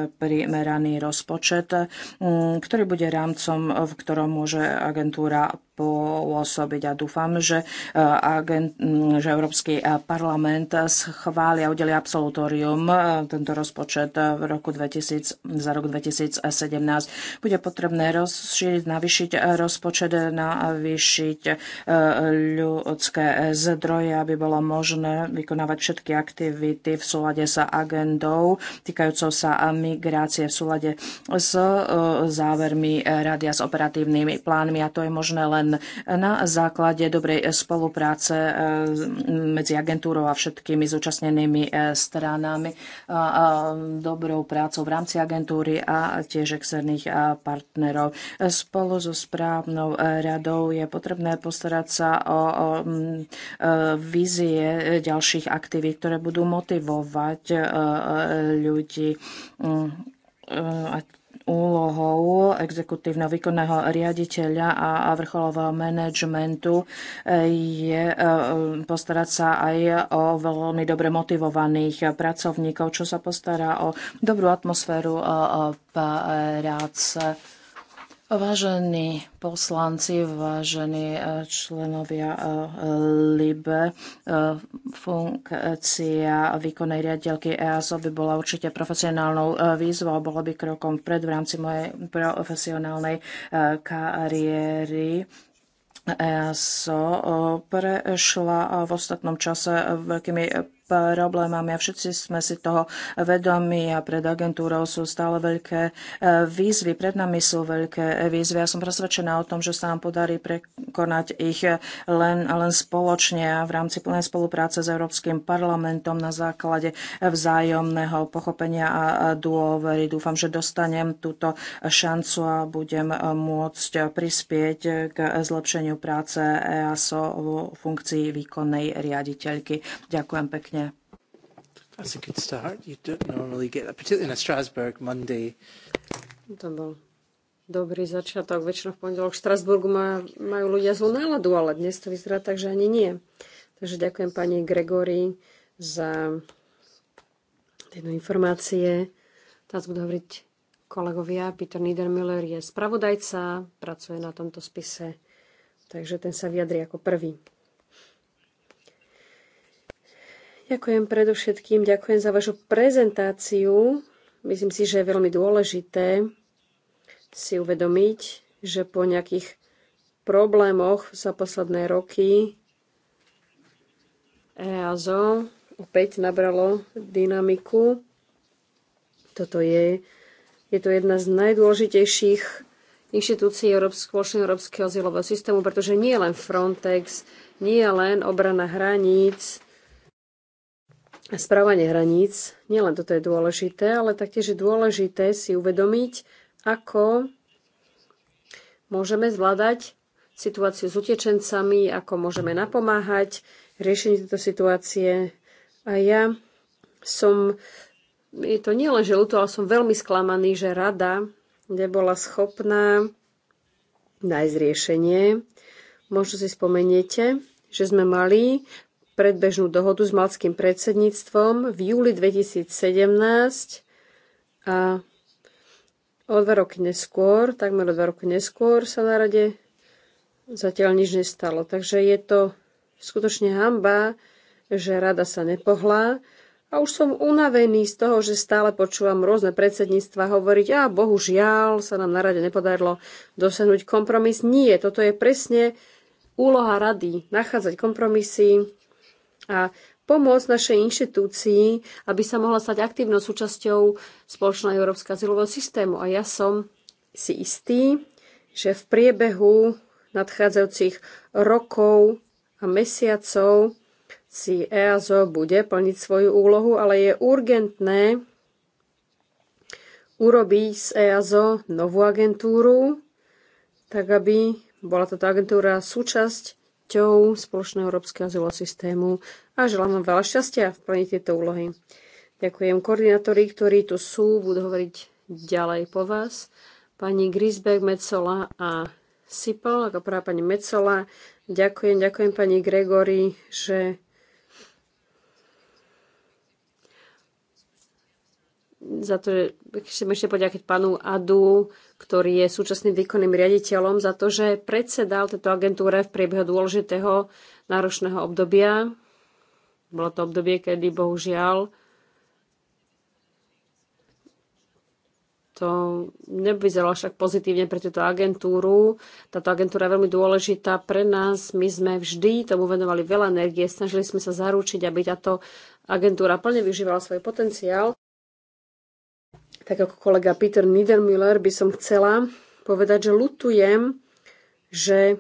primeraný rozpočet, mm, ktorý bude rámcom, v ktorom môže agentúra pôsobiť. A dúfam, že, e, agent, že Európsky e, parlament schváli a udeli absolutórium e, tento rozpočet v roku 2000, za rok 2017. Bude potrebné rozšíriť, navyšiť rozpočet, navyšiť ľudské zdroje, aby bolo možné vykonávať všetky aktivity v súlade s agendou týkajúcou sa migrácie v súlade s závermi rady a s operatívnymi plánmi. A to je možné len len na základe dobrej spolupráce e, medzi agentúrou a všetkými zúčastnenými e, stranami, dobrou prácou v rámci agentúry a tiež externých e, partnerov. Spolu so správnou radou je potrebné postarať sa o vízie ďalších aktivít, ktoré budú motivovať ľudí a úlohou exekutívneho výkonného riaditeľa a vrcholového manažmentu e, je e, postarať sa aj o veľmi dobre motivovaných pracovníkov, čo sa postará o dobrú atmosféru e, práce Vážení poslanci, vážení e, členovia e, LIBE, e, funkcia výkonnej riaditeľky EASO by bola určite profesionálnou výzvou a by krokom vpred v rámci mojej profesionálnej kariéry. EASO prešla v ostatnom čase veľkými problémami a všetci sme si toho vedomi a pred agentúrou sú stále veľké e, výzvy. Pred nami sú veľké e, výzvy. Ja som presvedčená o tom, že sa nám podarí prekonať ich e, len, len spoločne a v rámci plnej spolupráce s Európskym parlamentom na základe vzájomného pochopenia a dôvery. Dúfam, že dostanem túto šancu a budem môcť prispieť k zlepšeniu práce EASO vo funkcii výkonnej riaditeľky. Ďakujem pekne That's a good start. You don't normally get that, particularly in a Strasbourg Monday. To bol dobrý začiatok. Väčšinou v pondelok v Strasburgu má, majú ľudia zlú náladu, ale dnes to vyzerá tak, že ani nie. Takže ďakujem pani Gregory za tieto informácie. Teraz budú hovoriť kolegovia. Peter Niedermüller je spravodajca, pracuje na tomto spise, takže ten sa vyjadri ako prvý. Ďakujem predovšetkým, ďakujem za vašu prezentáciu. Myslím si, že je veľmi dôležité si uvedomiť, že po nejakých problémoch za posledné roky EASO opäť nabralo dynamiku. Toto je, je to jedna z najdôležitejších inštitúcií Európskeho, Európskeho azylového systému, pretože nie len Frontex, nie len obrana hraníc, správanie hraníc, nielen toto je dôležité, ale taktiež je dôležité si uvedomiť, ako môžeme zvládať situáciu s utečencami, ako môžeme napomáhať riešení tejto situácie. A ja som, je to nielen, že ľúto, ale som veľmi sklamaný, že rada nebola schopná nájsť riešenie. Možno si spomeniete, že sme mali predbežnú dohodu s malckým predsedníctvom v júli 2017 a o dva roky neskôr, takmer o dva roky neskôr sa na rade zatiaľ nič nestalo. Takže je to skutočne hamba, že rada sa nepohlá. A už som unavený z toho, že stále počúvam rôzne predsedníctva hovoriť, a bohužiaľ sa nám na rade nepodarilo dosiahnuť kompromis. Nie, toto je presne úloha rady, nachádzať kompromisy, a pomôcť našej inštitúcii, aby sa mohla stať aktívnou súčasťou spoločného európskeho azylového systému. A ja som si istý, že v priebehu nadchádzajúcich rokov a mesiacov si EASO bude plniť svoju úlohu, ale je urgentné urobiť z EASO novú agentúru, tak aby bola táto agentúra súčasť súčasťou spoločného európskeho azylového systému a želám vám veľa šťastia v plne tejto úlohy. Ďakujem koordinátori, ktorí tu sú, budú hovoriť ďalej po vás. Pani Grisbeck, Mecola a Sipol, ako prvá pani Mecola. Ďakujem, ďakujem pani Gregory, že za to, že chcem ešte poďakovať panu Adu, ktorý je súčasným výkonným riaditeľom, za to, že predsedal tejto agentúre v priebehu dôležitého náročného obdobia. Bolo to obdobie, kedy bohužiaľ to nevyzeralo však pozitívne pre túto agentúru. Táto agentúra je veľmi dôležitá pre nás. My sme vždy tomu venovali veľa energie, snažili sme sa zaručiť, aby táto agentúra plne využívala svoj potenciál tak ako kolega Peter Niedermüller by som chcela povedať, že lutujem, že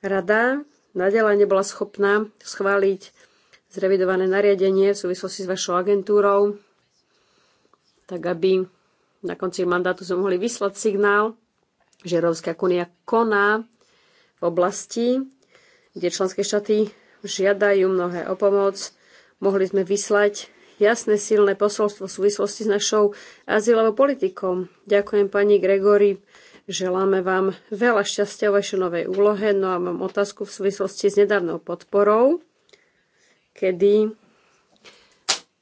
rada nadalej nebola schopná schváliť zrevidované nariadenie v súvislosti s vašou agentúrou, tak aby na konci mandátu sme mohli vyslať signál, že Európska únia koná v oblasti, kde členské štáty žiadajú mnohé o pomoc. Mohli sme vyslať jasné silné posolstvo v súvislosti s našou azylovou politikou. Ďakujem pani Gregory. Želáme vám veľa šťastia v vašej novej úlohe. No a mám otázku v súvislosti s nedávnou podporou, kedy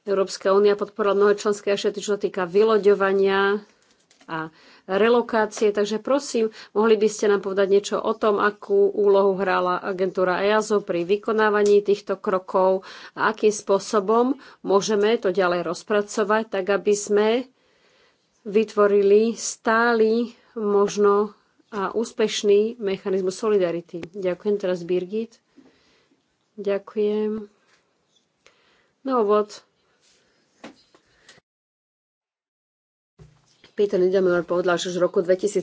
Európska únia podporila mnohé členské všetko, čo týka vyloďovania a relokácie. Takže prosím, mohli by ste nám povedať niečo o tom, akú úlohu hrála agentúra EASO pri vykonávaní týchto krokov a akým spôsobom môžeme to ďalej rozpracovať, tak aby sme vytvorili stály možno a úspešný mechanizmus solidarity. Ďakujem teraz Birgit. Ďakujem. Na úvod Peter Lindemann povedal, že už v roku 2017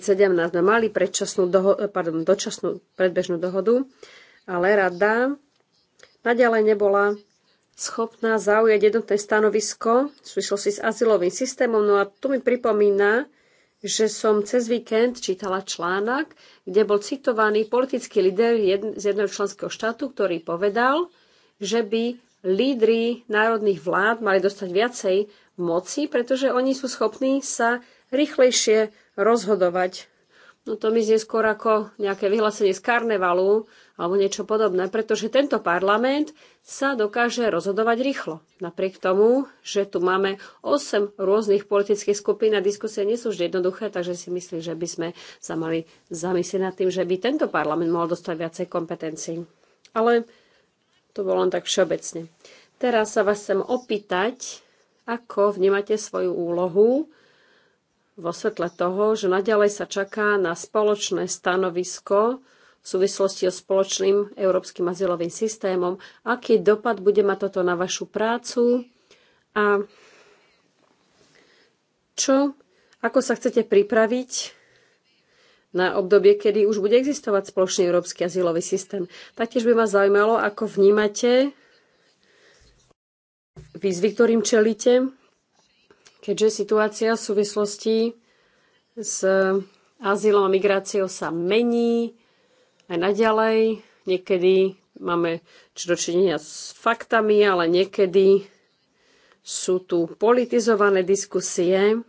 sme mali predčasnú doho- eh, pardon, dočasnú predbežnú dohodu, ale rada naďalej nebola schopná zaujať jednotné stanovisko v súvislosti s azylovým systémom. No a tu mi pripomína, že som cez víkend čítala článok, kde bol citovaný politický líder z jedného členského štátu, ktorý povedal, že by lídry národných vlád mali dostať viacej moci, pretože oni sú schopní sa rýchlejšie rozhodovať. No to mi znie skôr ako nejaké vyhlásenie z karnevalu alebo niečo podobné, pretože tento parlament sa dokáže rozhodovať rýchlo. Napriek tomu, že tu máme 8 rôznych politických skupín a diskusie nie sú vždy jednoduché, takže si myslím, že by sme sa mali zamyslieť nad tým, že by tento parlament mohol dostať viacej kompetencií. Ale to bolo len tak všeobecne. Teraz sa vás chcem opýtať, ako vnímate svoju úlohu vo svetle toho, že naďalej sa čaká na spoločné stanovisko v súvislosti o spoločným európskym azylovým systémom. Aký dopad bude mať toto na vašu prácu a čo, ako sa chcete pripraviť na obdobie, kedy už bude existovať spoločný európsky azylový systém. Taktiež by ma zaujímalo, ako vnímate výzvy, ktorým čelíte keďže situácia v súvislosti s azylom a migráciou sa mení aj naďalej. Niekedy máme čo dočinenia s faktami, ale niekedy sú tu politizované diskusie.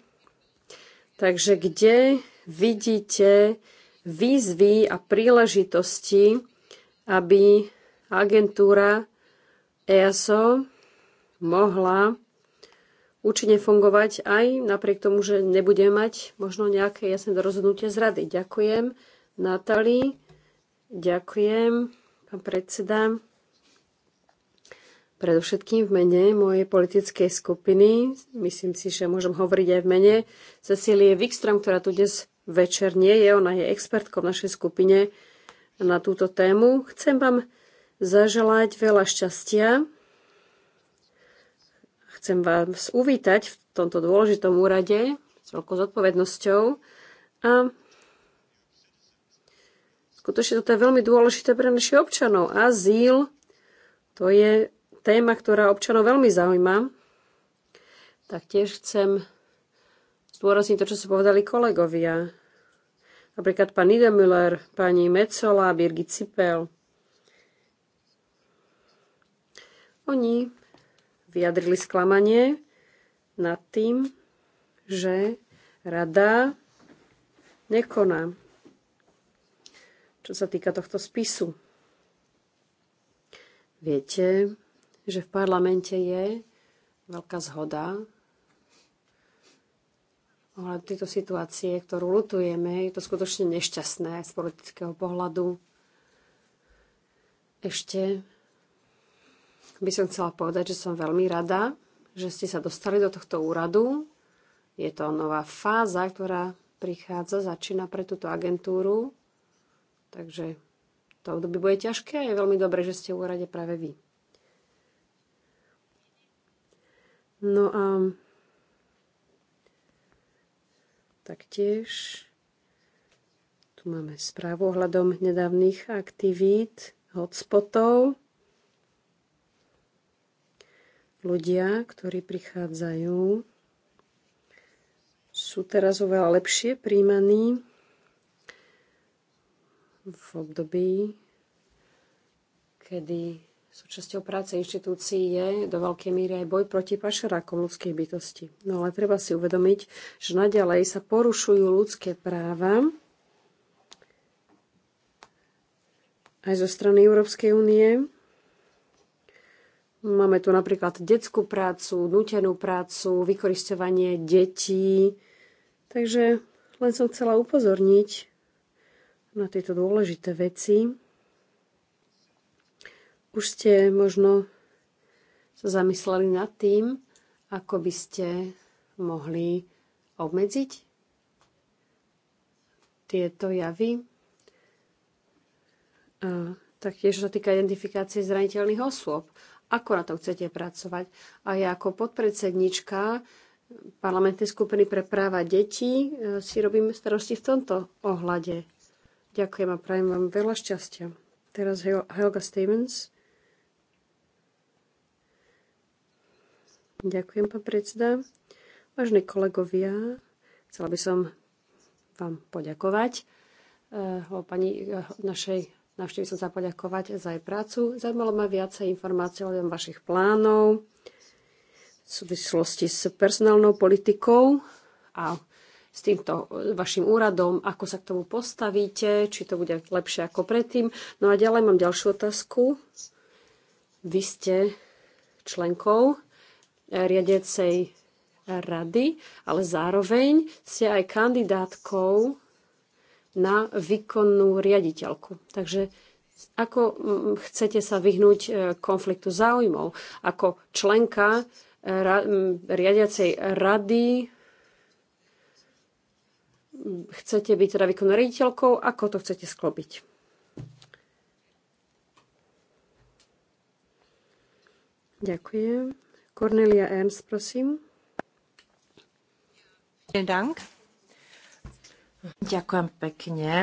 Takže kde vidíte výzvy a príležitosti, aby agentúra EASO mohla účinne fungovať aj napriek tomu, že nebudem mať možno nejaké jasné rozhodnutie z rady. Ďakujem, Natali. Ďakujem, pán predseda. Predovšetkým v mene mojej politickej skupiny, myslím si, že môžem hovoriť aj v mene Cecílie Wikström, ktorá tu dnes večer nie je, ona je expertkou v našej skupine na túto tému. Chcem vám zaželať veľa šťastia Chcem vás uvítať v tomto dôležitom úrade s veľkou zodpovednosťou a skutočne toto je veľmi dôležité pre našich občanov. Azyl, to je téma, ktorá občanov veľmi zaujíma. tiež chcem zdôrazniť to, čo sa povedali kolegovia. Napríklad pán Idemüller, pani Mecola, Birgit Cipel. Oni vyjadrili sklamanie nad tým, že rada nekoná, čo sa týka tohto spisu. Viete, že v parlamente je veľká zhoda ohľadom tejto situácie, ktorú lutujeme. Je to skutočne nešťastné z politického pohľadu. Ešte by som chcela povedať, že som veľmi rada, že ste sa dostali do tohto úradu. Je to nová fáza, ktorá prichádza, začína pre túto agentúru. Takže to obdobie bude ťažké a je veľmi dobré, že ste v úrade práve vy. No a taktiež tu máme správu ohľadom nedávnych aktivít, hotspotov ľudia, ktorí prichádzajú, sú teraz oveľa lepšie príjmaní v období, kedy súčasťou práce inštitúcií je do veľkej míry aj boj proti pašerákom ľudskej bytosti. No ale treba si uvedomiť, že naďalej sa porušujú ľudské práva aj zo strany Európskej únie Máme tu napríklad detskú prácu, nutenú prácu, vykoristovanie detí. Takže len som chcela upozorniť na tieto dôležité veci. Už ste možno sa zamysleli nad tým, ako by ste mohli obmedziť tieto javy. A taktiež sa týka identifikácie zraniteľných osôb ako na to chcete pracovať. A ja ako podpredsednička parlamentnej skupiny pre práva detí e, si robím starosti v tomto ohľade. Ďakujem a prajem vám veľa šťastia. Teraz Helga Stevens. Ďakujem, pán predseda. Vážne kolegovia, chcela by som vám poďakovať e, o pani e, našej Navštívim som sa poďakovať za jej prácu. Zaujímalo ma viacej informácií o vašich plánov v súvislosti s personálnou politikou a s týmto vašim úradom, ako sa k tomu postavíte, či to bude lepšie ako predtým. No a ďalej mám ďalšiu otázku. Vy ste členkou riadecej rady, ale zároveň ste aj kandidátkou na výkonnú riaditeľku. Takže ako mm, chcete sa vyhnúť e, konfliktu záujmov? Ako členka e, riadiacej rady mm, chcete byť teda výkonnou riaditeľkou? Ako to chcete sklopiť. Ďakujem. Cornelia Ernst, prosím. Vielen Dank. Ďakujem pekne.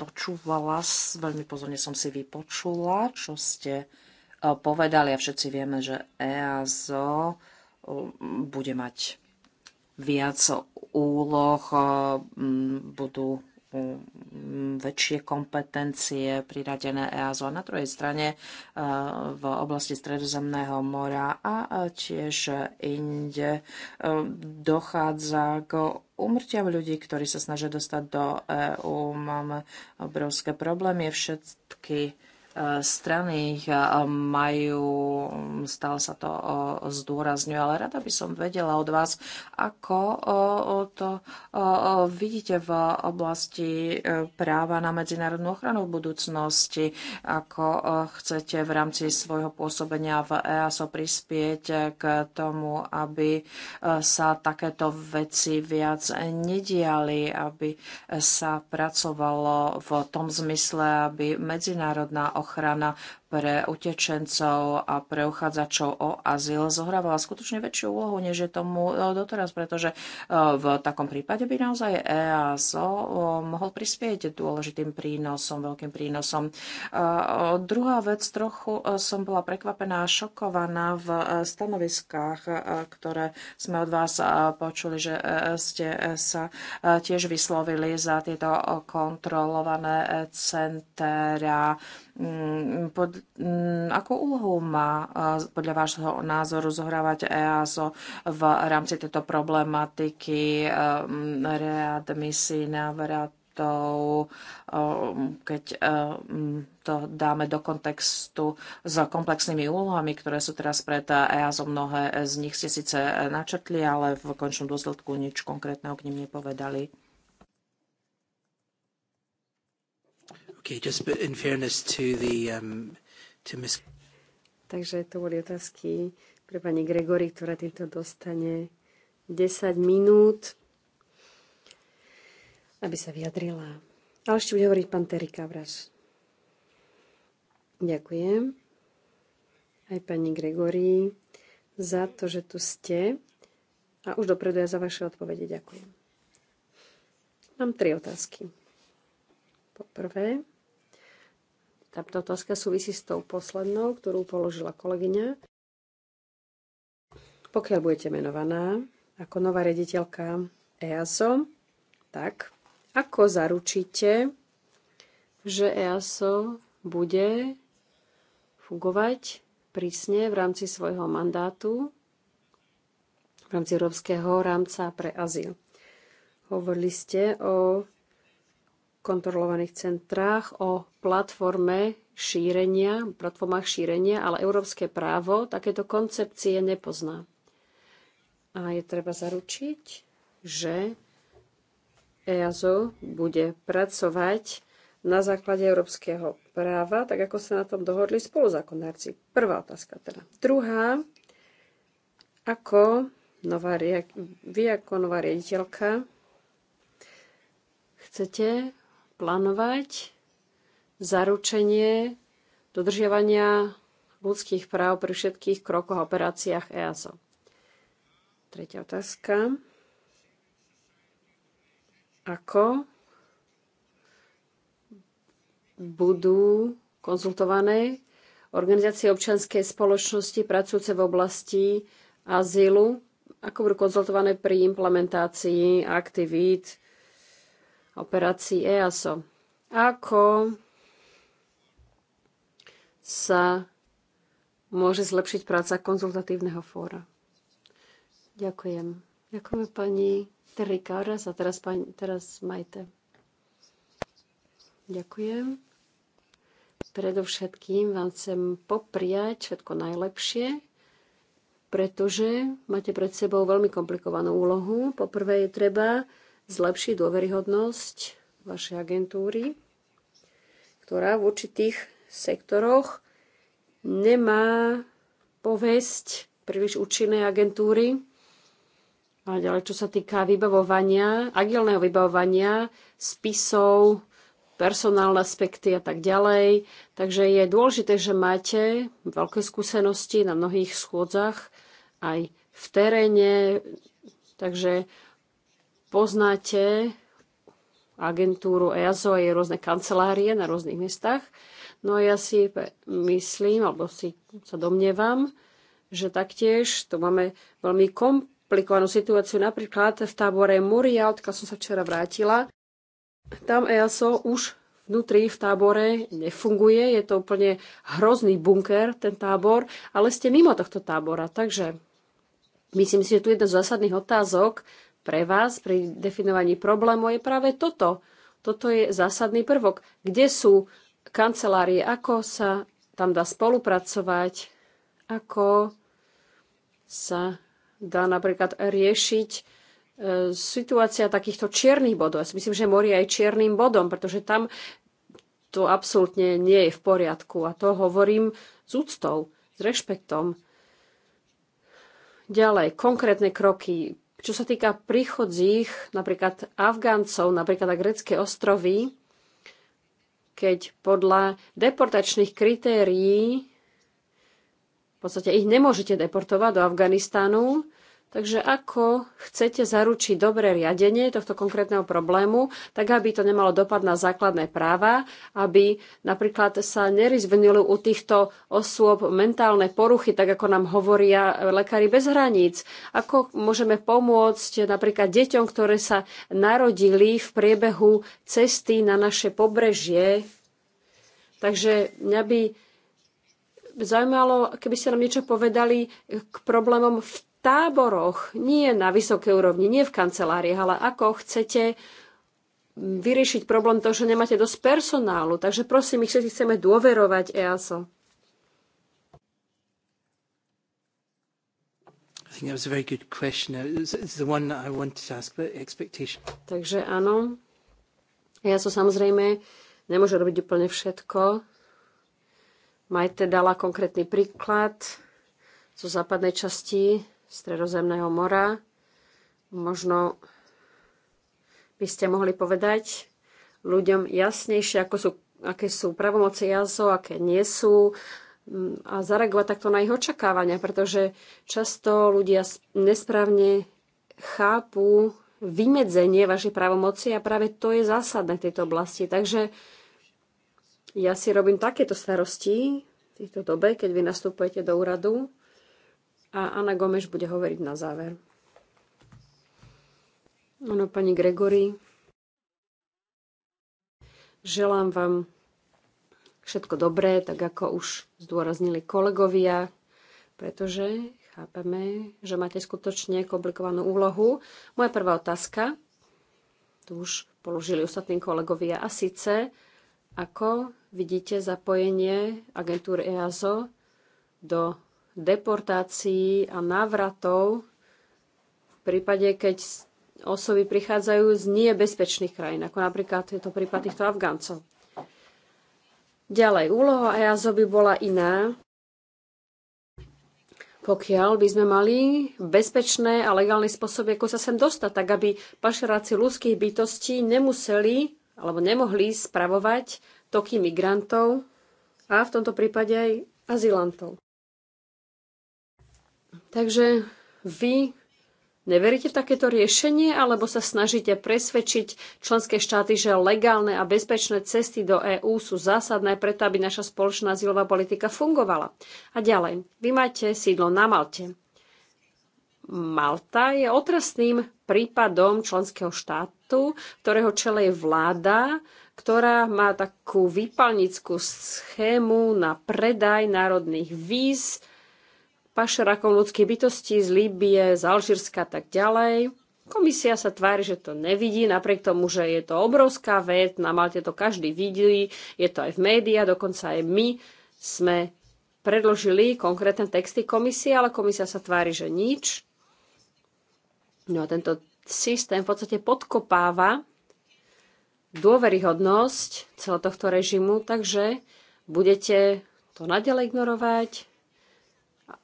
Počúvala, veľmi pozorne som si vypočula, čo ste povedali a všetci vieme, že EASO bude mať viac úloh, budú Mm, väčšie kompetencie priradené EASO a na druhej strane eh, v oblasti Stredozemného mora a eh, tiež inde eh, dochádza k umrtiam ľudí, ktorí sa snažia dostať do EÚ. Máme obrovské problémy. Všetky strany ich majú, stále sa to zdôrazňuje, ale rada by som vedela od vás, ako to vidíte v oblasti e, práva na medzinárodnú ochranu v budúcnosti, ako chcete v rámci svojho pôsobenia v EASO prispieť k tomu, aby e, sa takéto veci viac nediali, aby e, sa pracovalo v tom zmysle, aby medzinárodná ochrana ochrana pre utečencov a pre uchádzačov o azyl zohrávala skutočne väčšiu úlohu, než je tomu e, doteraz, pretože e, v takom prípade by naozaj EASO e, mohol prispieť dôležitým prínosom, veľkým prínosom. Druhá vec, trochu som bola prekvapená a šokovaná v stanoviskách, ktoré sme od vás počuli, že ste sa tiež vyslovili za tieto kontrolované centra mm, pod, ako úlohu má podľa vášho názoru zohrávať EASO v rámci tejto problematiky e, readmisí, návratov, keď e, to dáme do kontextu s komplexnými úlohami, ktoré sú teraz pred EASO. Mnohé z nich ste síce načrtli, ale v končnom dôsledku nič konkrétneho k nim nepovedali. Okay, just in fairness to the um, Takže to boli otázky pre pani Gregory, ktorá týmto dostane 10 minút, aby sa vyjadrila. Ale ešte bude hovoriť pán Terry Kavraž. Ďakujem aj pani Gregory za to, že tu ste. A už dopredu ja za vaše odpovede ďakujem. Mám tri otázky. Poprvé. Táto otázka súvisí s tou poslednou, ktorú položila kolegyňa. Pokiaľ budete menovaná ako nová rediteľka EASO, tak ako zaručíte, že EASO bude fungovať prísne v rámci svojho mandátu, v rámci Európskeho rámca pre azyl. Hovorili ste o kontrolovaných centrách o platforme šírenia, platformách šírenia, ale európske právo takéto koncepcie nepozná. A je treba zaručiť, že EASO bude pracovať na základe európskeho práva, tak ako sa na tom dohodli spoluzákonárci. Prvá otázka teda. Druhá, ako nová, vy ako nová riaditeľka chcete plánovať zaručenie dodržiavania ľudských práv pri všetkých krokoch a operáciách EASO. Tretia otázka. Ako budú konzultované organizácie občianskej spoločnosti pracujúce v oblasti azylu, ako budú konzultované pri implementácii aktivít operácií EASO. Ako sa môže zlepšiť práca konzultatívneho fóra? Ďakujem. Ďakujem pani Terrikáras a teraz, pani, teraz Majte. Ďakujem. Predovšetkým vám chcem popriať všetko najlepšie, pretože máte pred sebou veľmi komplikovanú úlohu. Poprvé je treba zlepší dôveryhodnosť vašej agentúry, ktorá v určitých sektoroch nemá povesť príliš účinnej agentúry. A ďalej, čo sa týka vybavovania, agilného vybavovania, spisov, personálne aspekty a tak ďalej. Takže je dôležité, že máte veľké skúsenosti na mnohých schôdzach aj v teréne. Takže Poznáte agentúru EASO a jej rôzne kancelárie na rôznych miestach. No a ja si myslím, alebo si sa domnievam, že taktiež tu máme veľmi komplikovanú situáciu. Napríklad v tábore Muria, odkiaľ som sa včera vrátila, tam EASO už vnútri v tábore nefunguje, je to úplne hrozný bunker, ten tábor, ale ste mimo tohto tábora. Takže myslím si, že tu je jeden z zásadných otázok, pre vás pri definovaní problému je práve toto. Toto je zásadný prvok. Kde sú kancelárie, ako sa tam dá spolupracovať, ako sa dá napríklad riešiť e, situácia takýchto čiernych bodov. Ja si myslím, že mori aj čiernym bodom, pretože tam to absolútne nie je v poriadku. A to hovorím s úctou, s rešpektom. Ďalej, konkrétne kroky, čo sa týka príchodzích, napríklad Afgáncov, napríklad na grecké ostrovy, keď podľa deportačných kritérií v podstate ich nemôžete deportovať do Afganistánu, Takže ako chcete zaručiť dobré riadenie tohto konkrétneho problému, tak aby to nemalo dopad na základné práva, aby napríklad sa nerizvenili u týchto osôb mentálne poruchy, tak ako nám hovoria lekári bez hraníc. Ako môžeme pomôcť napríklad deťom, ktoré sa narodili v priebehu cesty na naše pobrežie. Takže mňa by zaujímalo, keby ste nám niečo povedali k problémom v táboroch, nie na vysokej úrovni, nie v kanceláriách, ale ako chcete vyriešiť problém toho, že nemáte dosť personálu. Takže prosím, my všetci chceme dôverovať EASO. Takže áno, Ja e som samozrejme nemôže robiť úplne všetko. Majte dala konkrétny príklad zo západnej časti Stredozemného mora. Možno by ste mohli povedať ľuďom jasnejšie, ako sú, aké sú pravomoci jazo, aké nie sú mm, a zareagovať takto na ich očakávania, pretože často ľudia nesprávne chápu vymedzenie vašej pravomoci a práve to je zásadné v tejto oblasti. Takže ja si robím takéto starosti v tejto dobe, keď vy nastupujete do úradu a Anna Gomeš bude hovoriť na záver. Áno, pani Gregory, želám vám všetko dobré, tak ako už zdôraznili kolegovia, pretože chápeme, že máte skutočne komplikovanú úlohu. Moja prvá otázka, tu už položili ostatní kolegovia, a síce, ako vidíte zapojenie agentúry EASO do deportácií a návratov v prípade, keď osoby prichádzajú z niebezpečných krajín, ako napríklad je to prípad týchto Afgáncov. Ďalej, úloha EASO by bola iná, pokiaľ by sme mali bezpečné a legálne spôsoby, ako sa sem dostať, tak aby pašeráci ľudských bytostí nemuseli alebo nemohli spravovať toky migrantov a v tomto prípade aj azylantov. Takže vy Neveríte v takéto riešenie, alebo sa snažíte presvedčiť členské štáty, že legálne a bezpečné cesty do EÚ sú zásadné preto, aby naša spoločná zilová politika fungovala? A ďalej, vy máte sídlo na Malte. Malta je otrasným prípadom členského štátu, ktorého čele je vláda, ktorá má takú výpalnickú schému na predaj národných víz, pašerakov ľudských bytosti z Líbie, z Alžírska a tak ďalej. Komisia sa tvári, že to nevidí, napriek tomu, že je to obrovská vec, na Malte to každý vidí, je to aj v médiách, dokonca aj my sme predložili konkrétne texty komisie, ale komisia sa tvári, že nič. No a tento systém v podstate podkopáva dôveryhodnosť celého tohto režimu, takže budete to nadalej ignorovať,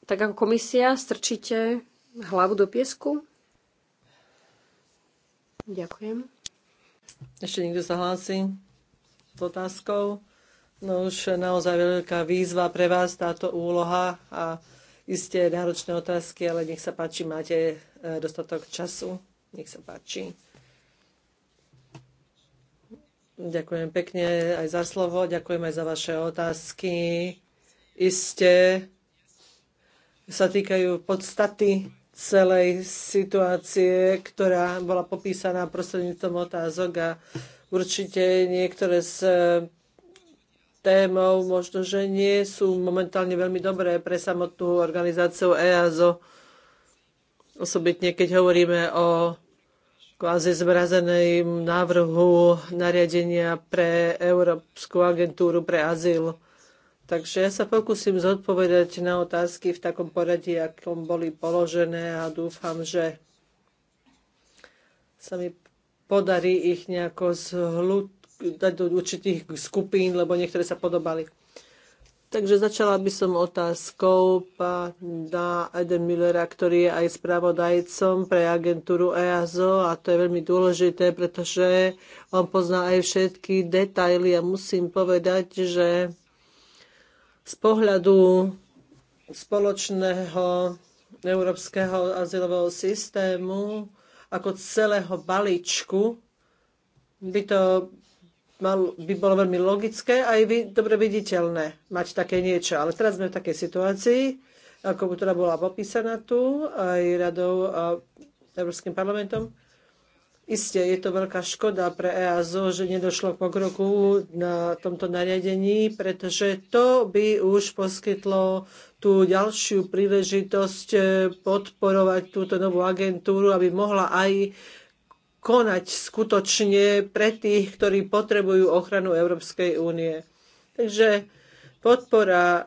tak ako komisia, strčíte hlavu do piesku? Ďakujem. Ešte niekto sa hlási s otázkou? No už naozaj veľká výzva pre vás táto úloha a isté náročné otázky, ale nech sa páči, máte e, dostatok času. Nech sa páči. Ďakujem pekne aj za slovo, ďakujem aj za vaše otázky. Isté, sa týkajú podstaty celej situácie, ktorá bola popísaná prostredníctvom otázok a určite niektoré z e, témov možno, že nie sú momentálne veľmi dobré pre samotnú organizáciu EASO. Osobitne, keď hovoríme o kvázi zmrazenej návrhu nariadenia pre Európsku agentúru pre azyl. Takže ja sa pokúsim zodpovedať na otázky v takom poradí, akom boli položené a dúfam, že sa mi podarí ich nejako zhľud, dať do určitých skupín, lebo niektoré sa podobali. Takže začala by som otázkou pána Eden Millera, ktorý je aj spravodajcom pre agentúru EASO a to je veľmi dôležité, pretože on pozná aj všetky detaily a musím povedať, že z pohľadu spoločného európskeho azylového systému ako celého balíčku by to mal, by bolo veľmi logické a aj vy, dobre viditeľné mať také niečo. Ale teraz sme v takej situácii, ako ktorá bola popísaná tu aj radou a Európskym parlamentom, Isté, je to veľká škoda pre EASO, že nedošlo k pokroku na tomto nariadení, pretože to by už poskytlo tú ďalšiu príležitosť eh, podporovať túto novú agentúru, aby mohla aj konať skutočne pre tých, ktorí potrebujú ochranu Európskej únie. Takže Podpora,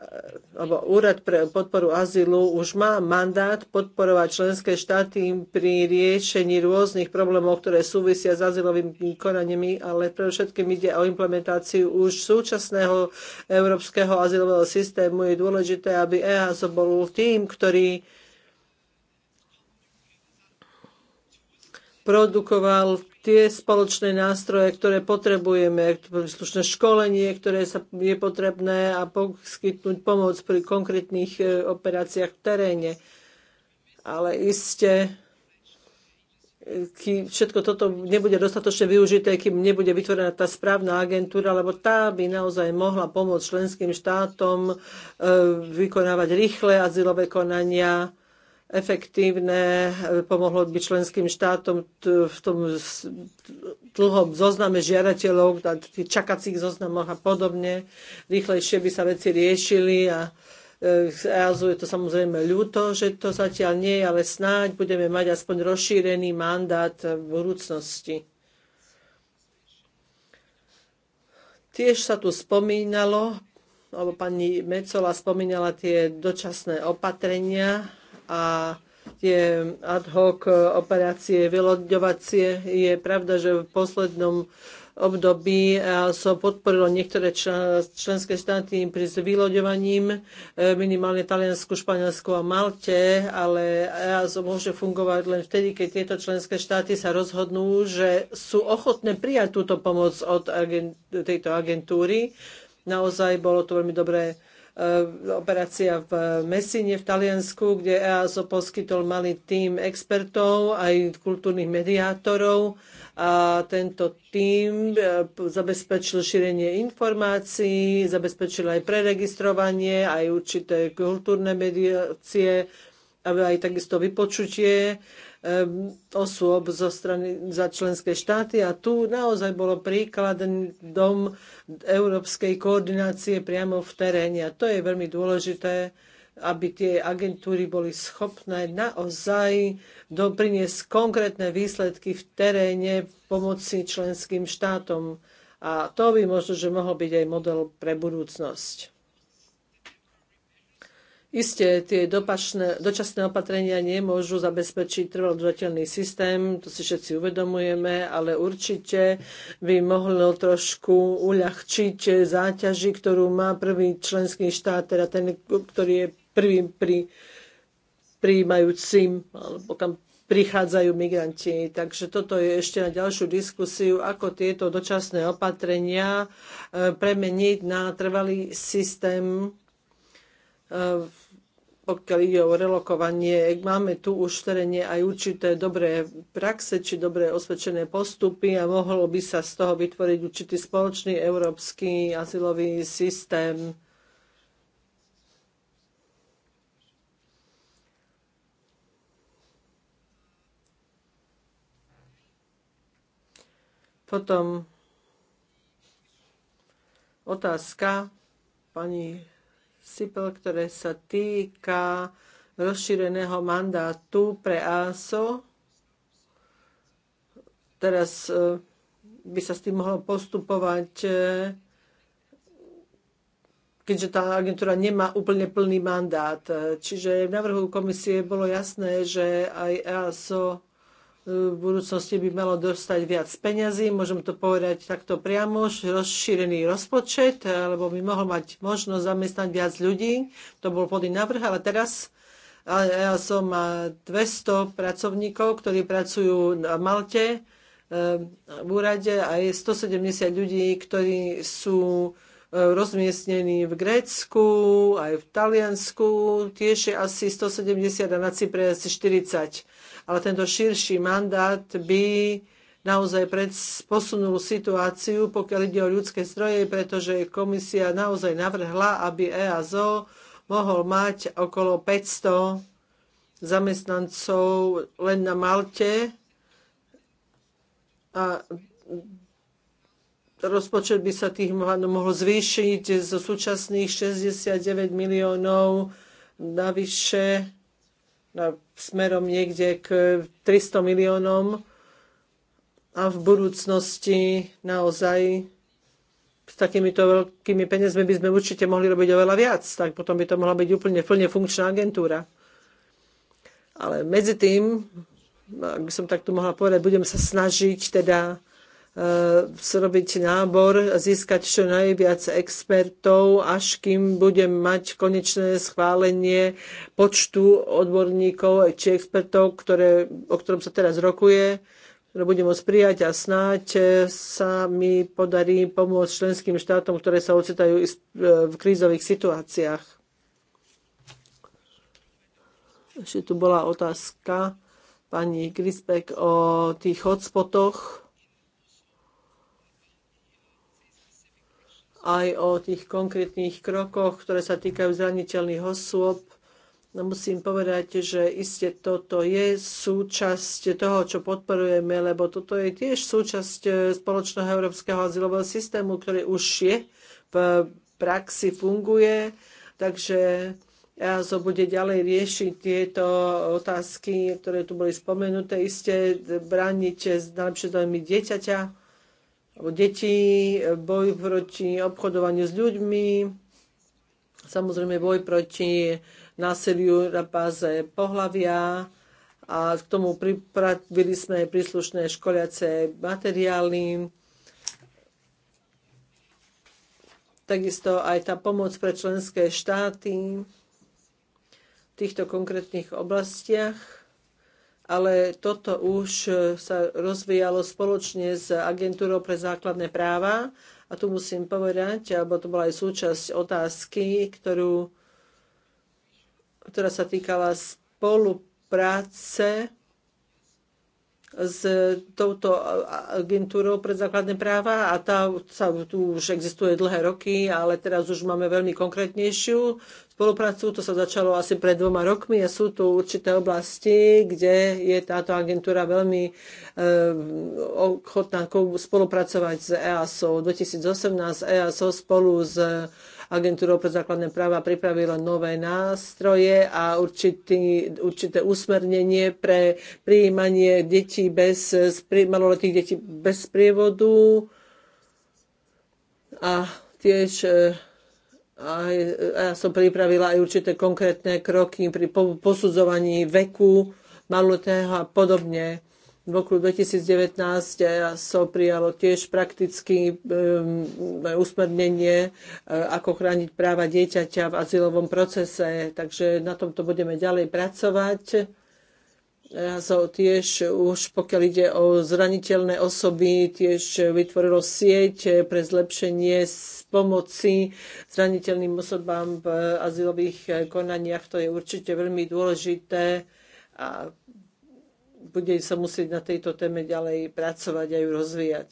alebo Úrad pre podporu azylu už má mandát podporovať členské štáty pri riešení rôznych problémov, ktoré súvisia s azylovými konaniami, ale pre všetkým ide o implementáciu už súčasného európskeho azylového systému. Je dôležité, aby EASO bol tým, ktorý produkoval tie spoločné nástroje, ktoré potrebujeme, príslušné školenie, ktoré sa je potrebné a poskytnúť pomoc pri konkrétnych e, operáciách v teréne. Ale iste e, všetko toto nebude dostatočne využité, kým nebude vytvorená tá správna agentúra, lebo tá by naozaj mohla pomôcť členským štátom e, vykonávať rýchle azylové konania, efektívne, e, pomohlo by členským štátom v tom dlhom zozname žiadateľov, na tých čakacích zoznamoch a podobne. Rýchlejšie by sa veci riešili a e, EASU je to samozrejme ľúto, že to zatiaľ nie je, ale snáď budeme mať aspoň rozšírený mandát v budúcnosti. Tiež sa tu spomínalo, alebo pani Mecola spomínala tie dočasné opatrenia, a tie ad hoc e, operácie vyloďovacie. Je pravda, že v poslednom období e, sa podporilo niektoré členské štáty pri vyloďovaním, e, minimálne Taliansku, Španielsku a Malte, ale EASO môže fungovať len vtedy, keď tieto členské štáty sa rozhodnú, že sú ochotné prijať túto pomoc od agent, tejto agentúry. Naozaj bolo to veľmi dobré Eh, operácia v Mesine v Taliansku, kde EASO poskytol malý tým expertov, aj kultúrnych mediátorov a tento tým eh, zabezpečil šírenie informácií, zabezpečil aj preregistrovanie, aj určité kultúrne mediácie, aj takisto vypočutie osôb zo strany za členské štáty a tu naozaj bolo dom európskej koordinácie priamo v teréne a to je veľmi dôležité aby tie agentúry boli schopné naozaj dopriniesť konkrétne výsledky v teréne pomoci členským štátom. A to by možno, že mohol byť aj model pre budúcnosť. Isté, tie dopašné, dočasné opatrenia nemôžu zabezpečiť trvalodržateľný systém, to si všetci uvedomujeme, ale určite by mohlo trošku uľahčiť záťaži, ktorú má prvý členský štát, teda ten, ktorý je prvým pri, prijímajúcim alebo kam prichádzajú migranti. Takže toto je ešte na ďalšiu diskusiu, ako tieto dočasné opatrenia eh, premeniť na trvalý systém v eh, pokiaľ ide o relokovanie, máme tu už terenie aj určité dobré praxe či dobré osvedčené postupy a mohlo by sa z toho vytvoriť určitý spoločný európsky azylový systém. Potom otázka pani SIPL, ktoré sa týka rozšíreného mandátu pre ASO. Teraz e, by sa s tým mohlo postupovať, e, keďže tá agentúra nemá úplne plný mandát. E, čiže v návrhu komisie bolo jasné, že aj EASO v budúcnosti by malo dostať viac peňazí, môžem to povedať takto priamo, rozšírený rozpočet, alebo by mohol mať možnosť zamestnať viac ľudí. To bol podný návrh, ale teraz ja som 200 pracovníkov, ktorí pracujú na Malte e, v úrade a je 170 ľudí, ktorí sú e, rozmiestnení v Grécku, aj v Taliansku, tiež je asi 170 a na Cypre asi 40 ale tento širší mandát by naozaj posunul situáciu, pokiaľ ide o ľudské zdroje, pretože komisia naozaj navrhla, aby EASO mohol mať okolo 500 zamestnancov len na Malte a rozpočet by sa tých mohol zvýšiť zo súčasných 69 miliónov navyše na, smerom niekde k 300 miliónom a v budúcnosti naozaj s takýmito veľkými peniazmi by sme určite mohli robiť oveľa viac, tak potom by to mohla byť úplne plne funkčná agentúra. Ale medzi tým, ak by som tak tu mohla povedať, budem sa snažiť teda E, zrobiť nábor, získať čo najviac expertov, až kým budem mať konečné schválenie počtu odborníkov či expertov, ktoré, o ktorom sa teraz rokuje, ktoré budem môcť prijať a snáď e, sa mi podarí pomôcť členským štátom, ktoré sa ocitajú e, v krízových situáciách. Ešte tu bola otázka pani Grisbeck o tých hotspotoch aj o tých konkrétnych krokoch, ktoré sa týkajú zraniteľných osôb. No musím povedať, že iste toto je súčasť toho, čo podporujeme, lebo toto je tiež súčasť e, spoločného európskeho azylového systému, ktorý už je v praxi funguje, takže EASO bude ďalej riešiť tieto otázky, ktoré tu boli spomenuté, iste brániť najlepšie záujmy dieťaťa deti, e, boj proti obchodovaniu s ľuďmi, samozrejme boj proti násiliu na páze pohlavia a k tomu pripravili sme príslušné školiace materiály. Takisto aj tá pomoc pre členské štáty v týchto konkrétnych oblastiach ale toto už e, sa rozvíjalo spoločne s Agentúrou pre základné práva a tu musím povedať, alebo to bola aj súčasť otázky, ktorú, ktorá sa týkala spolupráce s touto agentúrou pre základné práva a tá sa tu už existuje dlhé roky, ale teraz už máme veľmi konkrétnejšiu spolupracujú. To sa začalo asi pred dvoma rokmi a sú tu určité oblasti, kde je táto agentúra veľmi eh, ochotná spolupracovať s EASO. 2018 EASO spolu s agentúrou pre základné práva pripravila nové nástroje a určitý, určité usmernenie pre prijímanie detí bez, maloletých detí bez prievodu. A tiež eh, aj, ja som pripravila aj určité konkrétne kroky pri posudzovaní veku malutého a podobne. V roku 2019 ja som prijalo tiež prakticky um, usmernenie, eh, ako chrániť práva dieťaťa v azylovom procese, takže na tomto budeme ďalej pracovať tiež už pokiaľ ide o zraniteľné osoby, tiež vytvorilo sieť eh, pre zlepšenie pomoci zraniteľným osobám v azylových eh, konaniach. To je určite veľmi dôležité a bude sa musieť na tejto téme ďalej pracovať a ju rozvíjať.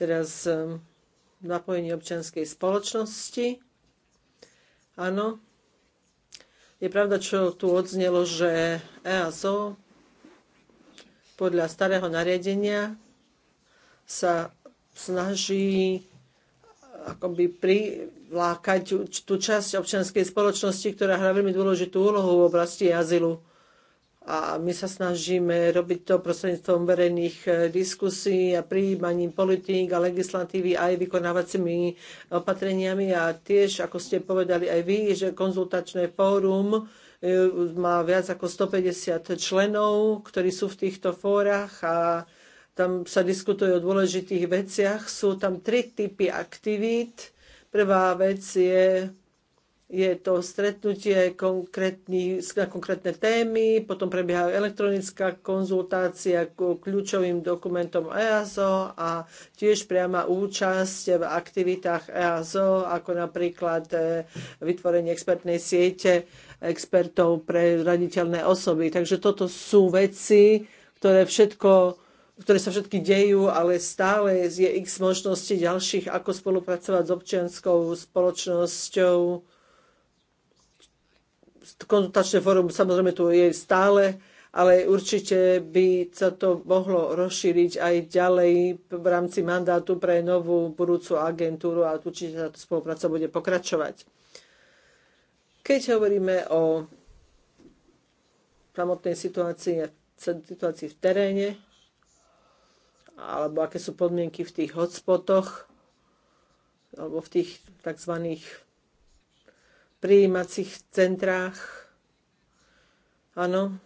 Teraz eh, napojenie občianskej spoločnosti. Áno, je pravda, čo tu odznelo, že EASO podľa starého nariadenia sa snaží akoby prilákať tú časť občianskej spoločnosti, ktorá hrá veľmi dôležitú úlohu v oblasti azylu a my sa snažíme robiť to prostredníctvom verejných e, diskusí a prijímaním politík a legislatívy aj vykonávacími opatreniami a tiež, ako ste povedali aj vy, že konzultačné fórum e, má viac ako 150 členov, ktorí sú v týchto fórach a tam sa diskutuje o dôležitých veciach. Sú tam tri typy aktivít. Prvá vec je je to stretnutie na konkrétne témy, potom prebieha elektronická konzultácia k kľúčovým dokumentom EASO a tiež priama účasť v aktivitách EASO, ako napríklad e, vytvorenie expertnej siete expertov pre raditeľné osoby. Takže toto sú veci, ktoré všetko ktoré sa všetky dejú, ale stále je x možností ďalších, ako spolupracovať s občianskou spoločnosťou konzultačné fórum samozrejme tu je stále, ale určite by sa to mohlo rozšíriť aj ďalej v rámci mandátu pre novú budúcu agentúru a určite táto spolupráca bude pokračovať. Keď hovoríme o samotnej situácii, a situácii v teréne, alebo aké sú podmienky v tých hotspotoch, alebo v tých tzv prijímacích centrách. Áno.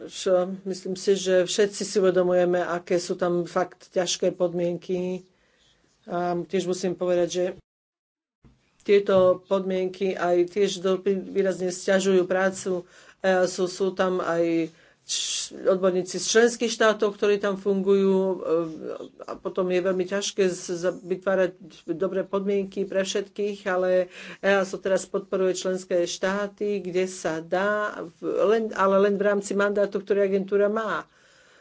Čo, myslím si, že všetci si uvedomujeme, aké sú tam fakt ťažké podmienky. A tiež musím povedať, že tieto podmienky aj tiež výrazne stiažujú prácu. E, sú, sú tam aj odborníci z členských štátov, ktorí tam fungujú e, a potom je veľmi ťažké vytvárať dobré podmienky pre všetkých, ale EASO teraz podporuje členské štáty, kde sa dá, len, ale len v rámci mandátu, ktorý agentúra má.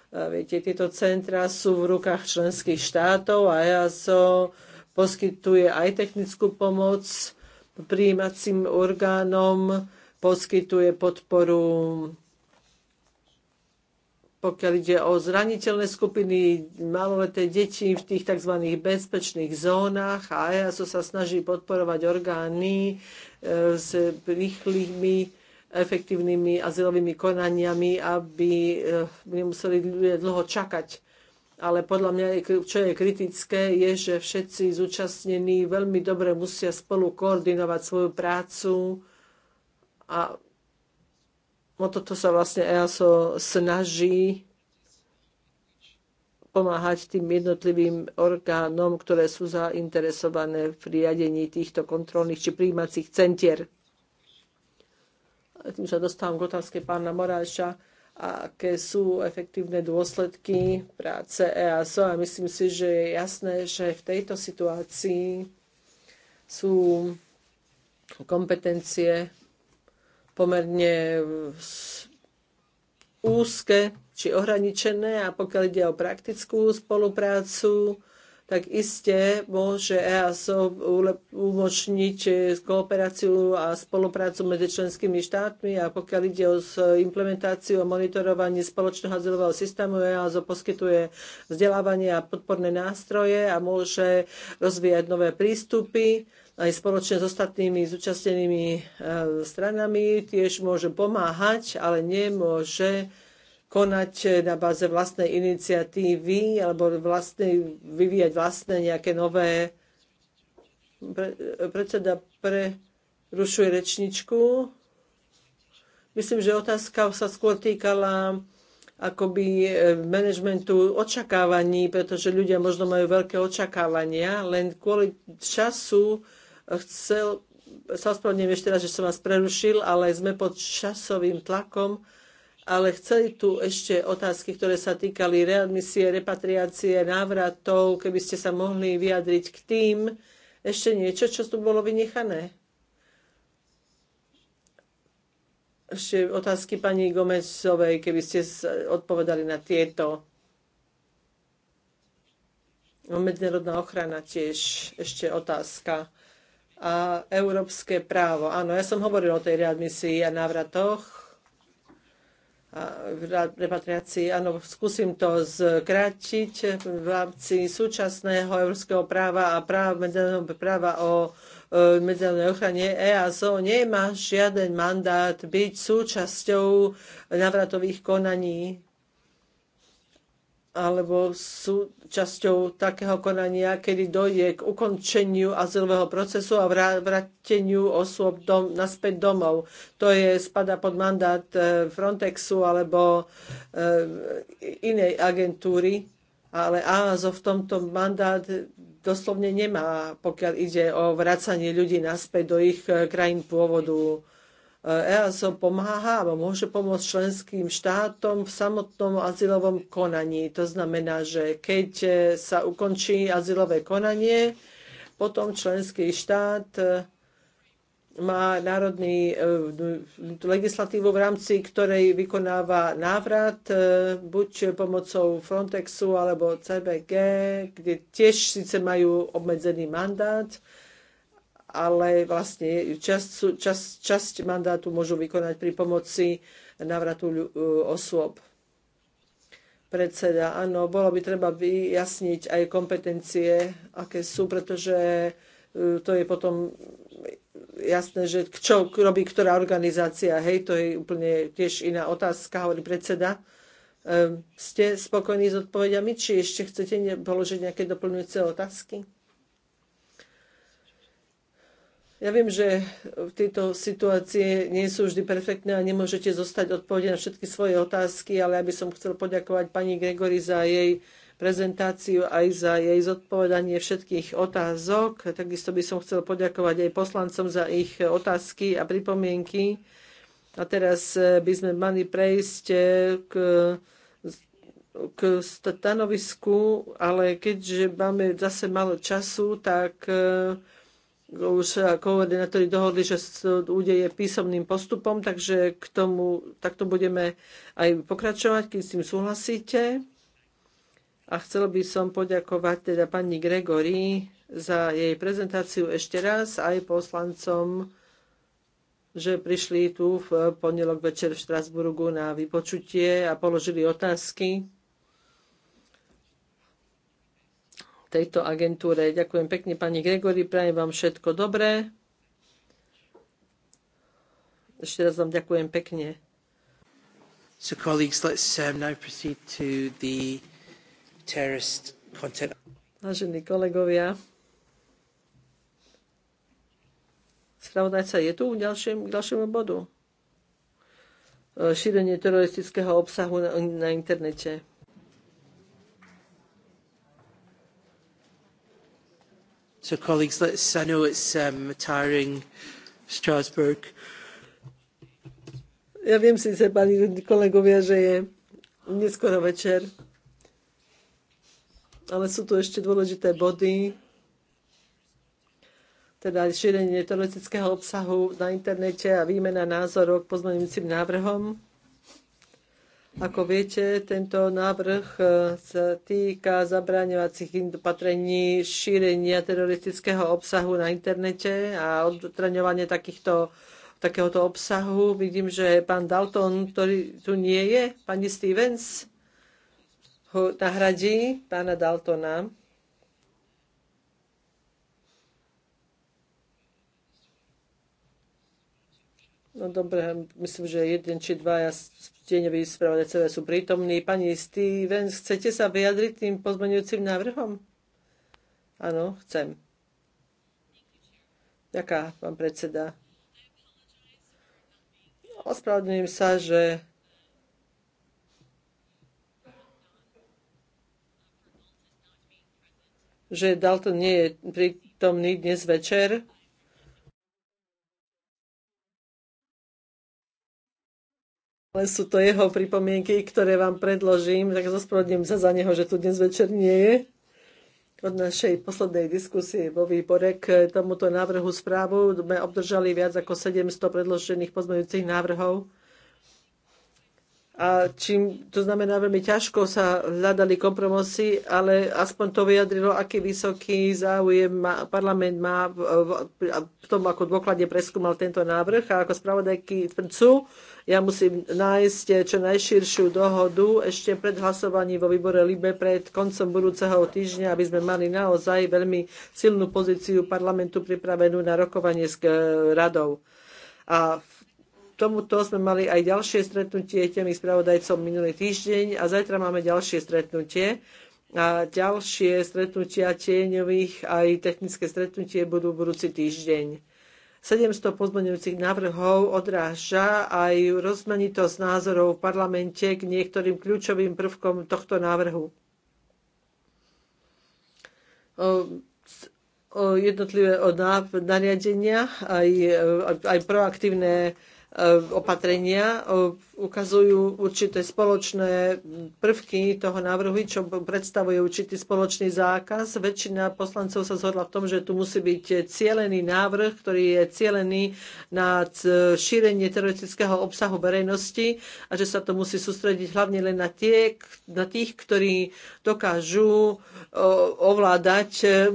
Viete, tieto centra sú v rukách členských štátov a EASO poskytuje aj technickú pomoc prijímacím orgánom, poskytuje podporu pokiaľ ide o zraniteľné skupiny maloleté deti v tých tzv. bezpečných zónach a EASO sa snaží podporovať orgány e, s rýchlymi efektívnymi azylovými konaniami, aby e, nemuseli ľudia dlho čakať. Ale podľa mňa, čo je kritické, je, že všetci zúčastnení veľmi dobre musia spolu koordinovať svoju prácu a O no toto sa vlastne EASO snaží pomáhať tým jednotlivým orgánom, ktoré sú zainteresované v riadení týchto kontrolných či príjmacích centier. Tým sa dostávam k otázke pána Moráša, aké sú efektívne dôsledky práce EASO a myslím si, že je jasné, že v tejto situácii sú kompetencie pomerne e, úzke či ohraničené a pokiaľ ide o praktickú spoluprácu, tak iste môže EASO umožniť eh, kooperáciu a spoluprácu medzi členskými štátmi a pokiaľ ide o implementáciu a monitorovanie spoločného azylového systému, EASO poskytuje vzdelávanie a podporné nástroje a môže rozvíjať nové prístupy aj spoločne s ostatnými zúčastnenými eh, stranami, tiež môže pomáhať, ale nemôže konať eh, na báze vlastnej iniciatívy alebo vlastnej, vyvíjať vlastné nejaké nové. Pre, predseda prerušuje rečničku. Myslím, že otázka sa skôr týkala akoby eh, manažmentu očakávaní, pretože ľudia možno majú veľké očakávania, len kvôli času chcel, sa ospravedlňujem ešte raz, že som vás prerušil, ale sme pod časovým tlakom ale chceli tu ešte otázky, ktoré sa týkali readmisie, repatriácie, návratov, keby ste sa mohli vyjadriť k tým. Ešte niečo, čo tu bolo vynechané? Ešte otázky pani Gomezovej, keby ste odpovedali na tieto. No, medzinárodná ochrana tiež ešte otázka. A európske právo. Áno, ja som hovoril o tej readmisii a návratoch repatriácii. Áno, skúsim to zkrátiť v rámci súčasného európskeho práva a práva, medzinárodného práva o e, medzinárodnej ochrane EASO nemá žiaden mandát byť súčasťou navratových konaní alebo sú časťou takého konania, kedy dojde k ukončeniu azylového procesu a vráteniu osôb dom, naspäť domov. To je, spada pod mandát e, Frontexu alebo e, inej agentúry, ale ÁZO v tomto mandát doslovne nemá, pokiaľ ide o vracanie ľudí naspäť do ich e, krajín pôvodu. E, EASO pomáha alebo môže pomôcť členským štátom v samotnom azylovom konaní. To znamená, že keď e, sa ukončí azylové konanie, potom členský štát e, má národný legislatívu, v rámci ktorej vykonáva návrat buď pomocou Frontexu alebo CBG, kde tiež síce majú obmedzený mandát, ale vlastne časť, časť, časť mandátu môžu vykonať pri pomoci návratu e, osôb. Predseda, áno, bolo by treba vyjasniť aj kompetencie, aké sú, pretože e, to je potom jasné, že čo robí ktorá organizácia, hej, to je úplne tiež iná otázka, hovorí predseda. Ehm, ste spokojní s odpovediami, či ešte chcete položiť nejaké doplňujúce otázky? Ja viem, že tieto situácie nie sú vždy perfektné a nemôžete zostať odpovede na všetky svoje otázky, ale ja by som chcel poďakovať pani Gregory za jej prezentáciu aj za jej zodpovedanie všetkých otázok. Takisto by som chcel poďakovať aj poslancom za ich otázky a pripomienky. A teraz eh, by sme mali prejsť eh, k k stanovisku, ale keďže máme zase malo času, tak eh, už koordinátori dohodli, že údeje písomným postupom, takže k tomu takto budeme aj pokračovať, keď s tým súhlasíte. A chcel by som poďakovať teda pani Gregory za jej prezentáciu ešte raz aj poslancom, že prišli tu v pondelok večer v Štrasburgu na vypočutie a položili otázky. tejto agentúre. Ďakujem pekne pani Gregory, prajem vám všetko dobré. Ešte raz vám ďakujem pekne. So colleagues, let's um, now proceed to the terrorist content. Vážení kolegovia, spravodajca je tu k ďalším, k ďalšiemu bodu. E, šírenie teroristického obsahu na, na internete. So, colleagues, let's, I know it's um, tiring, Strasbourg. Ja viem síce, pani kolegovia, že je neskoro večer, ale sú tu ešte dôležité body, teda šírenie teoretického obsahu na internete a výmena názorov k pozmeňujúcim návrhom. Ako viete, tento návrh e, sa týka zabraňovacích opatrení šírenia teroristického obsahu na internete a odtraňovanie takýchto takéhoto obsahu. Vidím, že pán Dalton, ktorý tu nie je, pani Stevens ho nahradí, pána Daltona. No dobre, myslím, že jeden či dva ja dvaja tieňoví celé sú prítomní. Pani Stevens, chcete sa vyjadriť tým pozmeňujúcim návrhom? Áno, chcem. Ďaká, pán predseda. Ospravedlňujem sa, že že Dalton nie je prítomný dnes večer. ale sú to jeho pripomienky, ktoré vám predložím, tak zospravedlňujem sa za neho, že tu dnes večer nie je. Od našej poslednej diskusie vo výbore k tomuto návrhu správu sme obdržali viac ako 700 predložených pozmeňujúcich návrhov a čím, to znamená, veľmi ťažko sa hľadali kompromisy, ale aspoň to vyjadrilo, aký vysoký záujem má, parlament má v, v, v tom, ako dôkladne preskúmal tento návrh. A ako spravodajky prcu. ja musím nájsť čo najširšiu dohodu ešte pred hlasovaním vo výbore LIBE pred koncom budúceho týždňa, aby sme mali naozaj veľmi silnú pozíciu parlamentu pripravenú na rokovanie s e, radou. A v tomuto sme mali aj ďalšie stretnutie temi spravodajcom minulý týždeň a zajtra máme ďalšie stretnutie. A ďalšie stretnutia tieňových aj technické stretnutie budú budúci týždeň. 700 pozmeňujúcich návrhov odráža aj rozmanitosť názorov v parlamente k niektorým kľúčovým prvkom tohto návrhu. O jednotlivé nariadenia, aj, aj proaktívne E, opatrenia e, ukazujú určité spoločné prvky toho návrhu, čo predstavuje určitý spoločný zákaz. Väčšina poslancov sa zhodla v tom, že tu musí byť cielený návrh, ktorý je cielený na šírenie teroristického obsahu verejnosti a že sa to musí sústrediť hlavne len na, tie, na tých, ktorí dokážu ovládať e,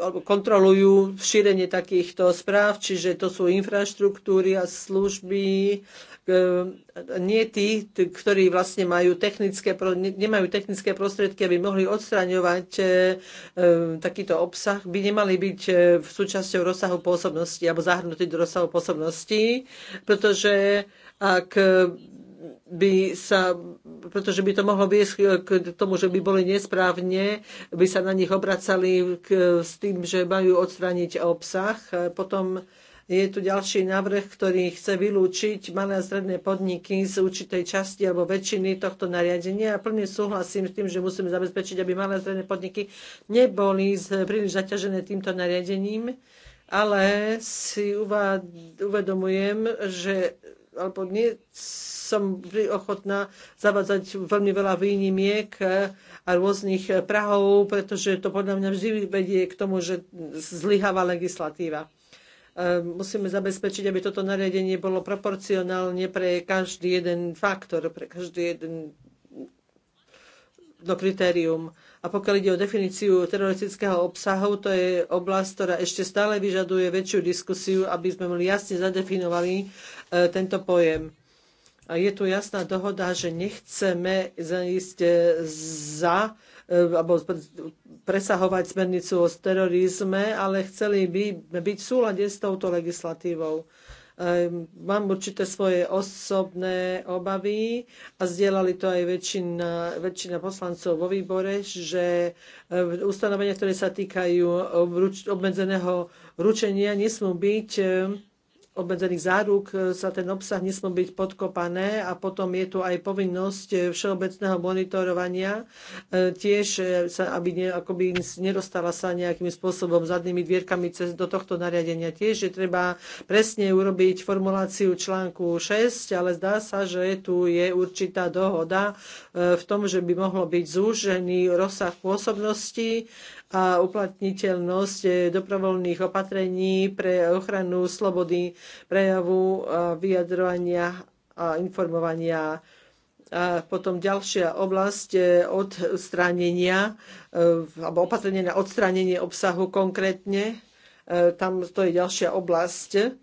alebo kontrolujú šírenie takýchto správ, čiže to sú infraštruktúry a služby, Ehm, nie tí, ktorí vlastne majú technické, nemajú technické prostriedky, aby mohli odstraňovať e, ehm, takýto obsah, by nemali byť e, v súčasťou rozsahu pôsobnosti alebo zahrnutí do rozsahu pôsobnosti, pretože ak e, by sa, pretože by to mohlo viesť k tomu, že by boli nesprávne, by sa na nich obracali k, s tým, že majú odstrániť obsah. Potom je tu ďalší návrh, ktorý chce vylúčiť malé a stredné podniky z určitej časti alebo väčšiny tohto nariadenia. A plne súhlasím s tým, že musíme zabezpečiť, aby malé a stredné podniky neboli príliš zaťažené týmto nariadením. Ale si uvedomujem, že alebo nie som ochotná zavádzať veľmi veľa výnimiek a rôznych prahov, pretože to podľa mňa vždy vedie k tomu, že zlyháva legislatíva. Ehm, musíme zabezpečiť, aby toto nariadenie bolo proporcionálne pre každý jeden faktor, pre každý jeden no, kritérium. A pokiaľ ide o definíciu teroristického obsahu, to je oblasť, ktorá ešte stále vyžaduje väčšiu diskusiu, aby sme mali jasne zadefinovali e, tento pojem. A je tu jasná dohoda, že nechceme zaísť e, za E, alebo presahovať smernicu o terorizme, ale chceli by byť v súlade s touto legislatívou. E, mám určité svoje osobné obavy a zdieľali to aj väčšina, väčšina poslancov vo výbore, že e, ustanovenia, ktoré sa týkajú obmedzeného ručenia, nesmú byť obmedzených záruk e, sa ten obsah nesmú byť podkopané a potom je tu aj povinnosť e, všeobecného monitorovania e, tiež, sa, aby ne, akoby nerostala sa nejakým spôsobom zadnými dvierkami cez, do tohto nariadenia. Tiež je treba presne urobiť formuláciu článku 6, ale zdá sa, že tu je určitá dohoda v tom, že by mohlo byť zúžený rozsah pôsobnosti a uplatniteľnosť dobrovoľných opatrení pre ochranu slobody prejavu, e, vyjadrovania a informovania. A potom ďalšia oblasť e, odstránenia, e, alebo opatrenie na odstránenie obsahu konkrétne. Tam to je ďalšia oblasť,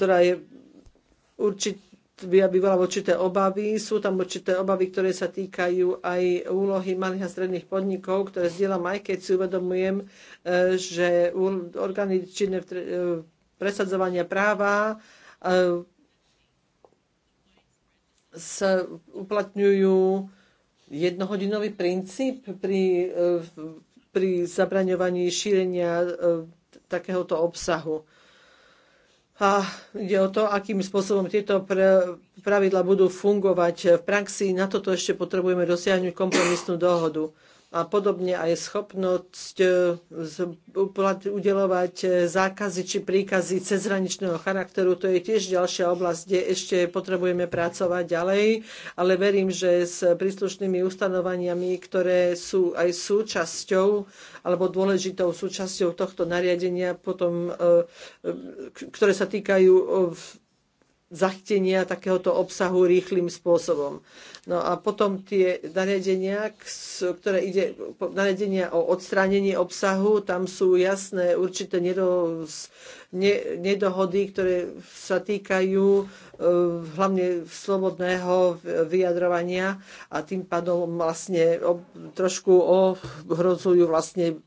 ktorá je určite vyvolala určité obavy. Sú tam určité obavy, ktoré sa týkajú aj úlohy malých a stredných podnikov, ktoré zdieľam aj keď si uvedomujem, že orgány činné v presadzovania práva e, sa uplatňujú jednohodinový princíp pri, e, pri zabraňovaní šírenia e, takéhoto obsahu. A ide o to, akým spôsobom tieto pravidla budú fungovať v praxi. Na toto ešte potrebujeme dosiahnuť kompromisnú dohodu a podobne aj schopnosť e, udelovať e, zákazy či príkazy cezhraničného charakteru. To je tiež ďalšia oblasť, kde ešte potrebujeme pracovať ďalej, ale verím, že s príslušnými ustanovaniami, ktoré sú aj súčasťou alebo dôležitou súčasťou tohto nariadenia, potom, e, ktoré sa týkajú zachtenia takéhoto obsahu rýchlým spôsobom. No a potom tie nariadenia, ktoré ide, nariadenia o odstránení obsahu, tam sú jasné určité nedohody, ktoré sa týkajú eh, hlavne slobodného vyjadrovania a tým pádom vlastne trošku ohrozujú vlastne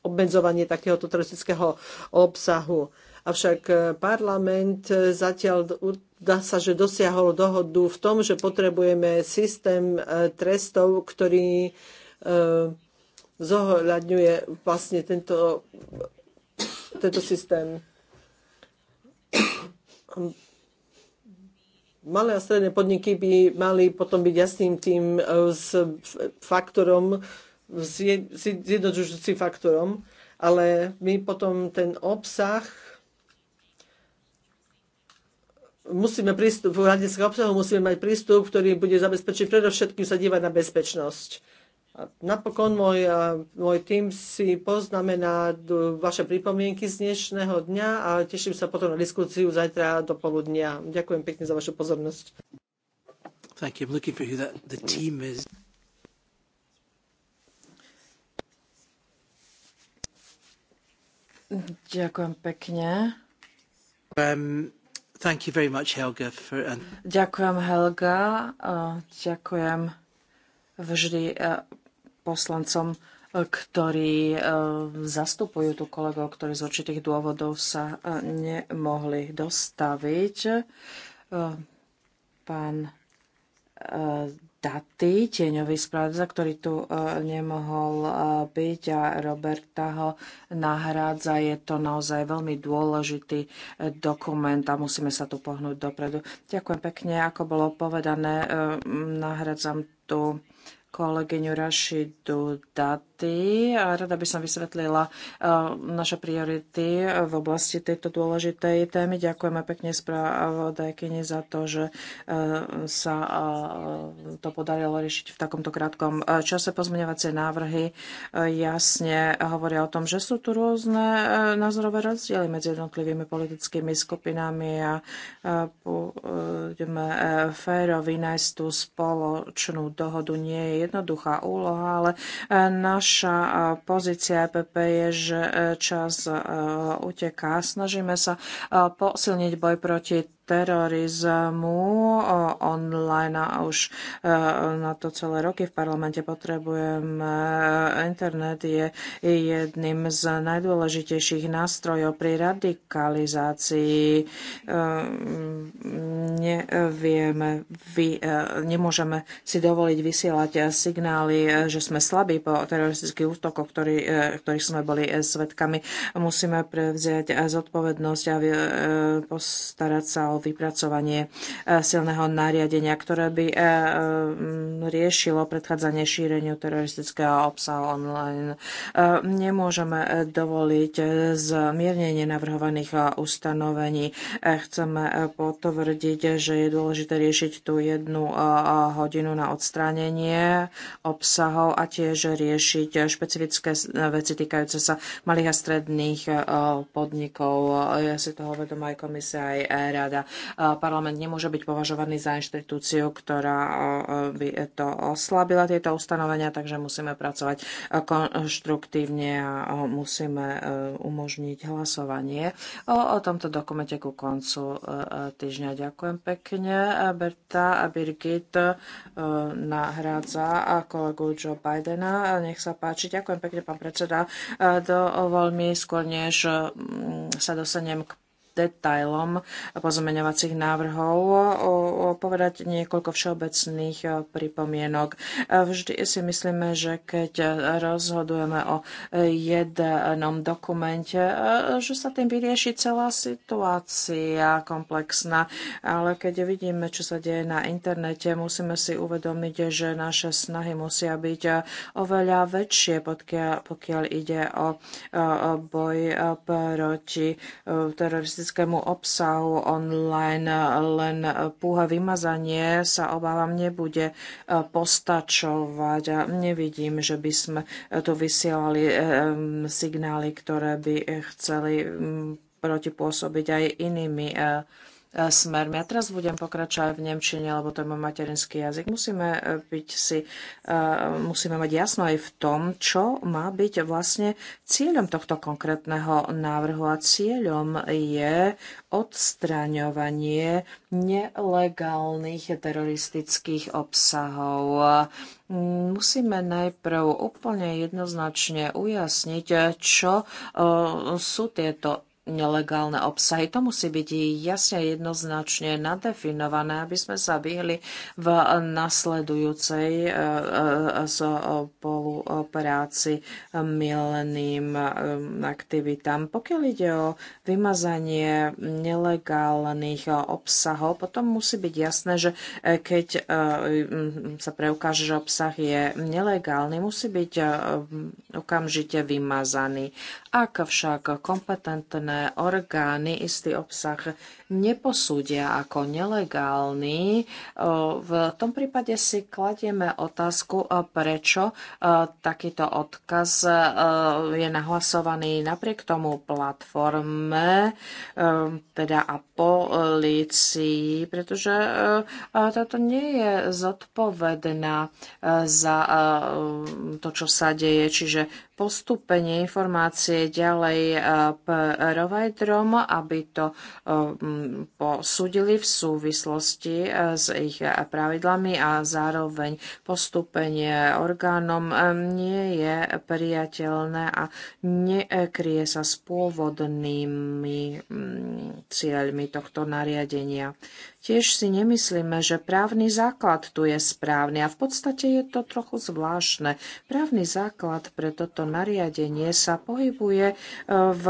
obmedzovanie takéhoto teroristického obsahu avšak e, parlament e, zatiaľ dá sa, že dosiahol dohodu v tom, že potrebujeme systém e, trestov, ktorý zohľadňuje vlastne tento, tento systém. Malé a stredné podniky by mali potom byť jasným tým s faktorom, s jednoduchým faktorom, ale my potom ten obsah musíme prístup, v hľadiska obsahu musíme mať prístup, ktorý bude zabezpečiť predovšetkým sa dívať na bezpečnosť. A napokon môj, môj tým si poznamená vaše pripomienky z dnešného dňa a teším sa potom na diskusiu zajtra do poludnia. Ďakujem pekne za vašu pozornosť. Thank you. I'm looking for who that, the team is. Ďakujem pekne. Um, Thank you very much, Helga. For, and... Um, ďakujem, Helga. Ďakujem vždy e, poslancom, ktorí e, zastupujú tu kolegov, ktorí z určitých dôvodov sa e, nemohli dostaviť. Pán Daty, tieňový správca, ktorý tu e, nemohol e, byť a Roberta ho nahrádza. Je to naozaj veľmi dôležitý e, dokument a musíme sa tu pohnúť dopredu. Ďakujem pekne. Ako bolo povedané, nahradzam tu kolegyňu Rašidu Dat priority a rada by som vysvetlila eh, naše priority v oblasti tejto dôležitej témy. Ďakujeme pekne spravodajkyni za to, že eh, sa eh, to podarilo riešiť v takomto krátkom čase. Pozmeňovacie návrhy jasne hovoria o tom, že sú tu rôzne názorové rozdiely medzi jednotlivými politickými skupinami a budeme férovi nájsť tú spoločnú dohodu. Nie je jednoduchá úloha, ale náš Naša e, pozícia EPP je, že e, čas e, uteká. Snažíme sa posilniť boj proti terorizmu online a už e, na to celé roky v parlamente potrebujem. E, internet je jedným z najdôležitejších nástrojov pri radikalizácii. E, nevieme, vy, nemôžeme si dovoliť vysielať signály, že sme slabí po teroristických útokoch, ktorý, ktorých sme boli svetkami. Musíme prevziať zodpovednosť a postarať sa o vypracovanie e, silného nariadenia, ktoré by e, riešilo predchádzanie šíreniu teroristického obsahu online. E, nemôžeme dovoliť zmiernenie navrhovaných ustanovení. Chceme potvrdiť, že je dôležité riešiť tú jednu hodinu na odstránenie obsahov a tiež riešiť špecifické veci týkajúce sa malých a stredných podnikov. Ja si toho vedom aj komisia, aj rada. Parlament nemôže byť považovaný za inštitúciu, ktorá e, by to oslabila, tieto ustanovenia, takže musíme pracovať konštruktívne a musíme e, umožniť hlasovanie o, o tomto dokumente ku koncu e, týždňa. Ďakujem pekne. Berta a Birgit nahrádza a kolegu Joe Bidena. Nech sa páči. Ďakujem pekne, pán predseda. Dovol mi skôr, než mm, sa dostanem k detailom pozmeňovacích návrhov povedať niekoľko všeobecných e, pripomienok. E, vždy si myslíme, že keď rozhodujeme o jednom dokumente, e, že sa tým vyrieši celá situácia komplexná, ale keď vidíme, čo sa deje na internete, musíme si uvedomiť, že naše snahy musia byť oveľa väčšie, pokiaľ, ide o boj proti teroristickým fyzickému obsahu online, len púha vymazanie sa obávam nebude e, postačovať a nevidím, že by sme tu vysielali e, signály, ktoré by chceli protipôsobiť aj inými e, E, smermi. A teraz budem pokračovať v Nemčine, lebo to je môj materinský jazyk. Musíme, e, byť si, e, musíme mať jasno aj v tom, čo má byť vlastne cieľom tohto konkrétneho návrhu. A cieľom je odstraňovanie nelegálnych teroristických obsahov. Musíme najprv úplne jednoznačne ujasniť, čo sú tieto nelegálne obsahy. To musí byť jasne jednoznačne nadefinované, aby sme sa vyhli v nasledujúcej e, e, e, spolupráci mileným aktivitám. Pokiaľ ide o vymazanie nelegálnych obsahov, potom musí byť jasné, že keď sa preukáže, že obsah je nelegálny, musí byť okamžite vymazaný. Ak však kompetentné orgány istý obsah neposúdia ako nelegálny, v tom prípade si kladieme otázku, prečo takýto odkaz je nahlasovaný napriek tomu platforme, teda a policii, pretože toto nie je zodpovedná e, za to, čo sa deje, čiže postúpenie informácie ďalej eh, providerom, aby to eh, posúdili v súvislosti eh, s ich pravidlami a zároveň postúpenie orgánom nie je priateľné a nekrie sa s pôvodnými mm, cieľmi tohto nariadenia. Tiež si nemyslíme, že právny základ tu je správny a v podstate je to trochu zvláštne. Právny základ pre toto nariadenie sa pohybuje eh, eh,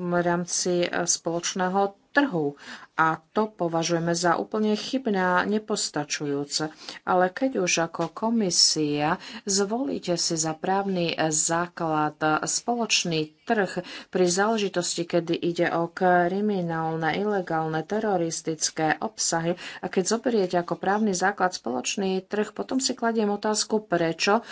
v rámci eh, spoločného trhu. A to považujeme za úplne chybné a nepostačujúce. Ale keď už ako komisia zvolíte si za právny základ spoločný trh pri záležitosti, kedy ide o kriminálne, ilegálne, teroristické obsahy a keď zoberiete ako právny základ spoločný trh, potom si kladiem otázku, prečo e,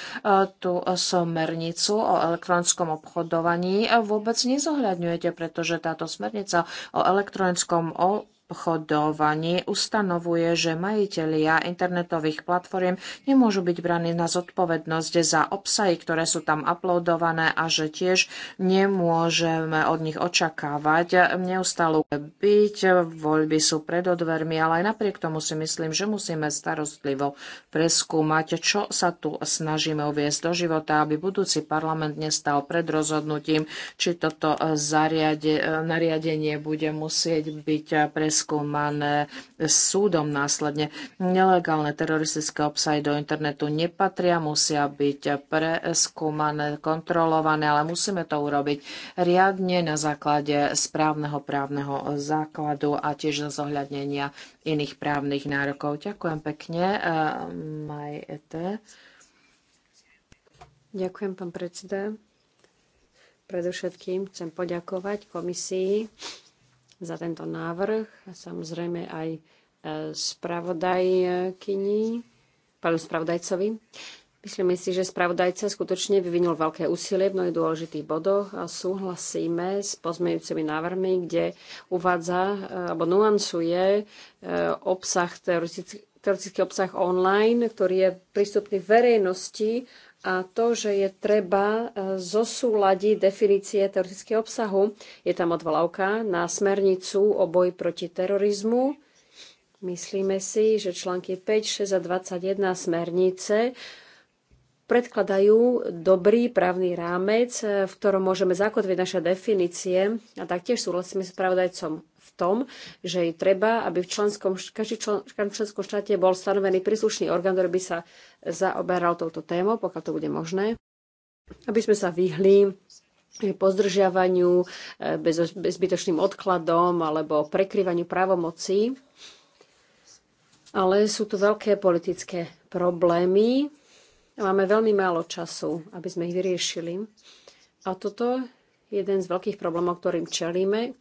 tú smernicu o elektronickom obchodovaní vôbec nezohľadňujete, pretože táto smernica o elektronickom obchodovaní obchodovanie ustanovuje, že majitelia internetových platform nemôžu byť braní na zodpovednosť za obsahy, ktoré sú tam uploadované a že tiež nemôžeme od nich očakávať Neustále byť. Voľby sú pred odvermi, ale aj napriek tomu si myslím, že musíme starostlivo preskúmať, čo sa tu snažíme uviezť do života, aby budúci parlament nestal pred rozhodnutím, či toto zariade, nariadenie bude musieť byť preskúmať preskúmané súdom následne. Nelegálne teroristické obsahy do internetu nepatria, musia byť preskúmané, kontrolované, ale musíme to urobiť riadne na základe správneho právneho základu a tiež zohľadnenia iných právnych nárokov. Ďakujem pekne. Eh, Majete. Ďakujem, pán predseda. Predovšetkým chcem poďakovať komisii za tento návrh a samozrejme aj e, spravodajkyni, pánu spravodajcovi. Myslíme si, že spravodajca skutočne vyvinul veľké úsilie v mnohých dôležitých bodoch a súhlasíme s pozmeňujúcimi návrhmi, kde uvádza e, alebo nuancuje e, obsah teoretický obsah online, ktorý je prístupný verejnosti a to, že je treba e, zosúľadiť definície teoretického obsahu. Je tam odvolávka na smernicu o boji proti terorizmu. Myslíme si, že články 5, 6 a 21 smernice predkladajú dobrý právny rámec, e, v ktorom môžeme zakotviť naše definície a taktiež súhlasíme s pravodajcom tom, že je treba, aby v členskom, každý člen, členskom štáte bol stanovený príslušný orgán, ktorý by sa zaoberal touto témou, pokiaľ to bude možné, aby sme sa vyhli eh, pozdržiavaniu, eh, bez, bezbytočným odkladom alebo prekryvaniu právomocí. Ale sú tu veľké politické problémy. Máme veľmi málo času, aby sme ich vyriešili. A toto je jeden z veľkých problémov, ktorým čelíme,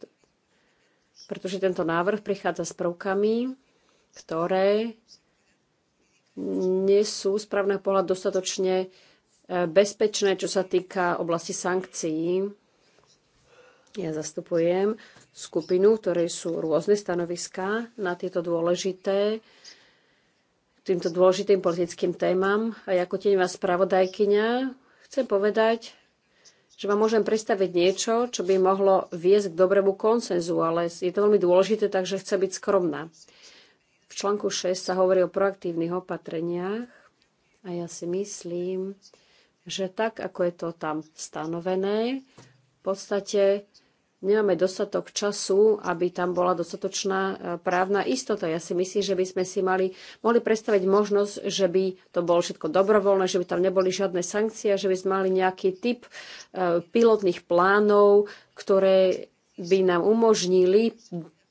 pretože tento návrh prichádza s prvkami, ktoré nie sú z právneho pohľadu dostatočne e, bezpečné, čo sa týka oblasti sankcií. Ja zastupujem skupinu, ktorej sú rôzne stanoviská na tieto dôležité týmto dôležitým politickým témam. A ako tieňová spravodajkyňa chcem povedať, že vám môžem predstaviť niečo, čo by mohlo viesť k dobrému konsenzu, ale je to veľmi dôležité, takže chcem byť skromná. V článku 6 sa hovorí o proaktívnych opatreniach a ja si myslím, že tak, ako je to tam stanovené, v podstate nemáme dostatok času, aby tam bola dostatočná e, právna istota. Ja si myslím, že by sme si mali, mohli predstaviť možnosť, že by to bolo všetko dobrovoľné, že by tam neboli žiadne sankcie, že by sme mali nejaký typ e, pilotných plánov, ktoré by nám umožnili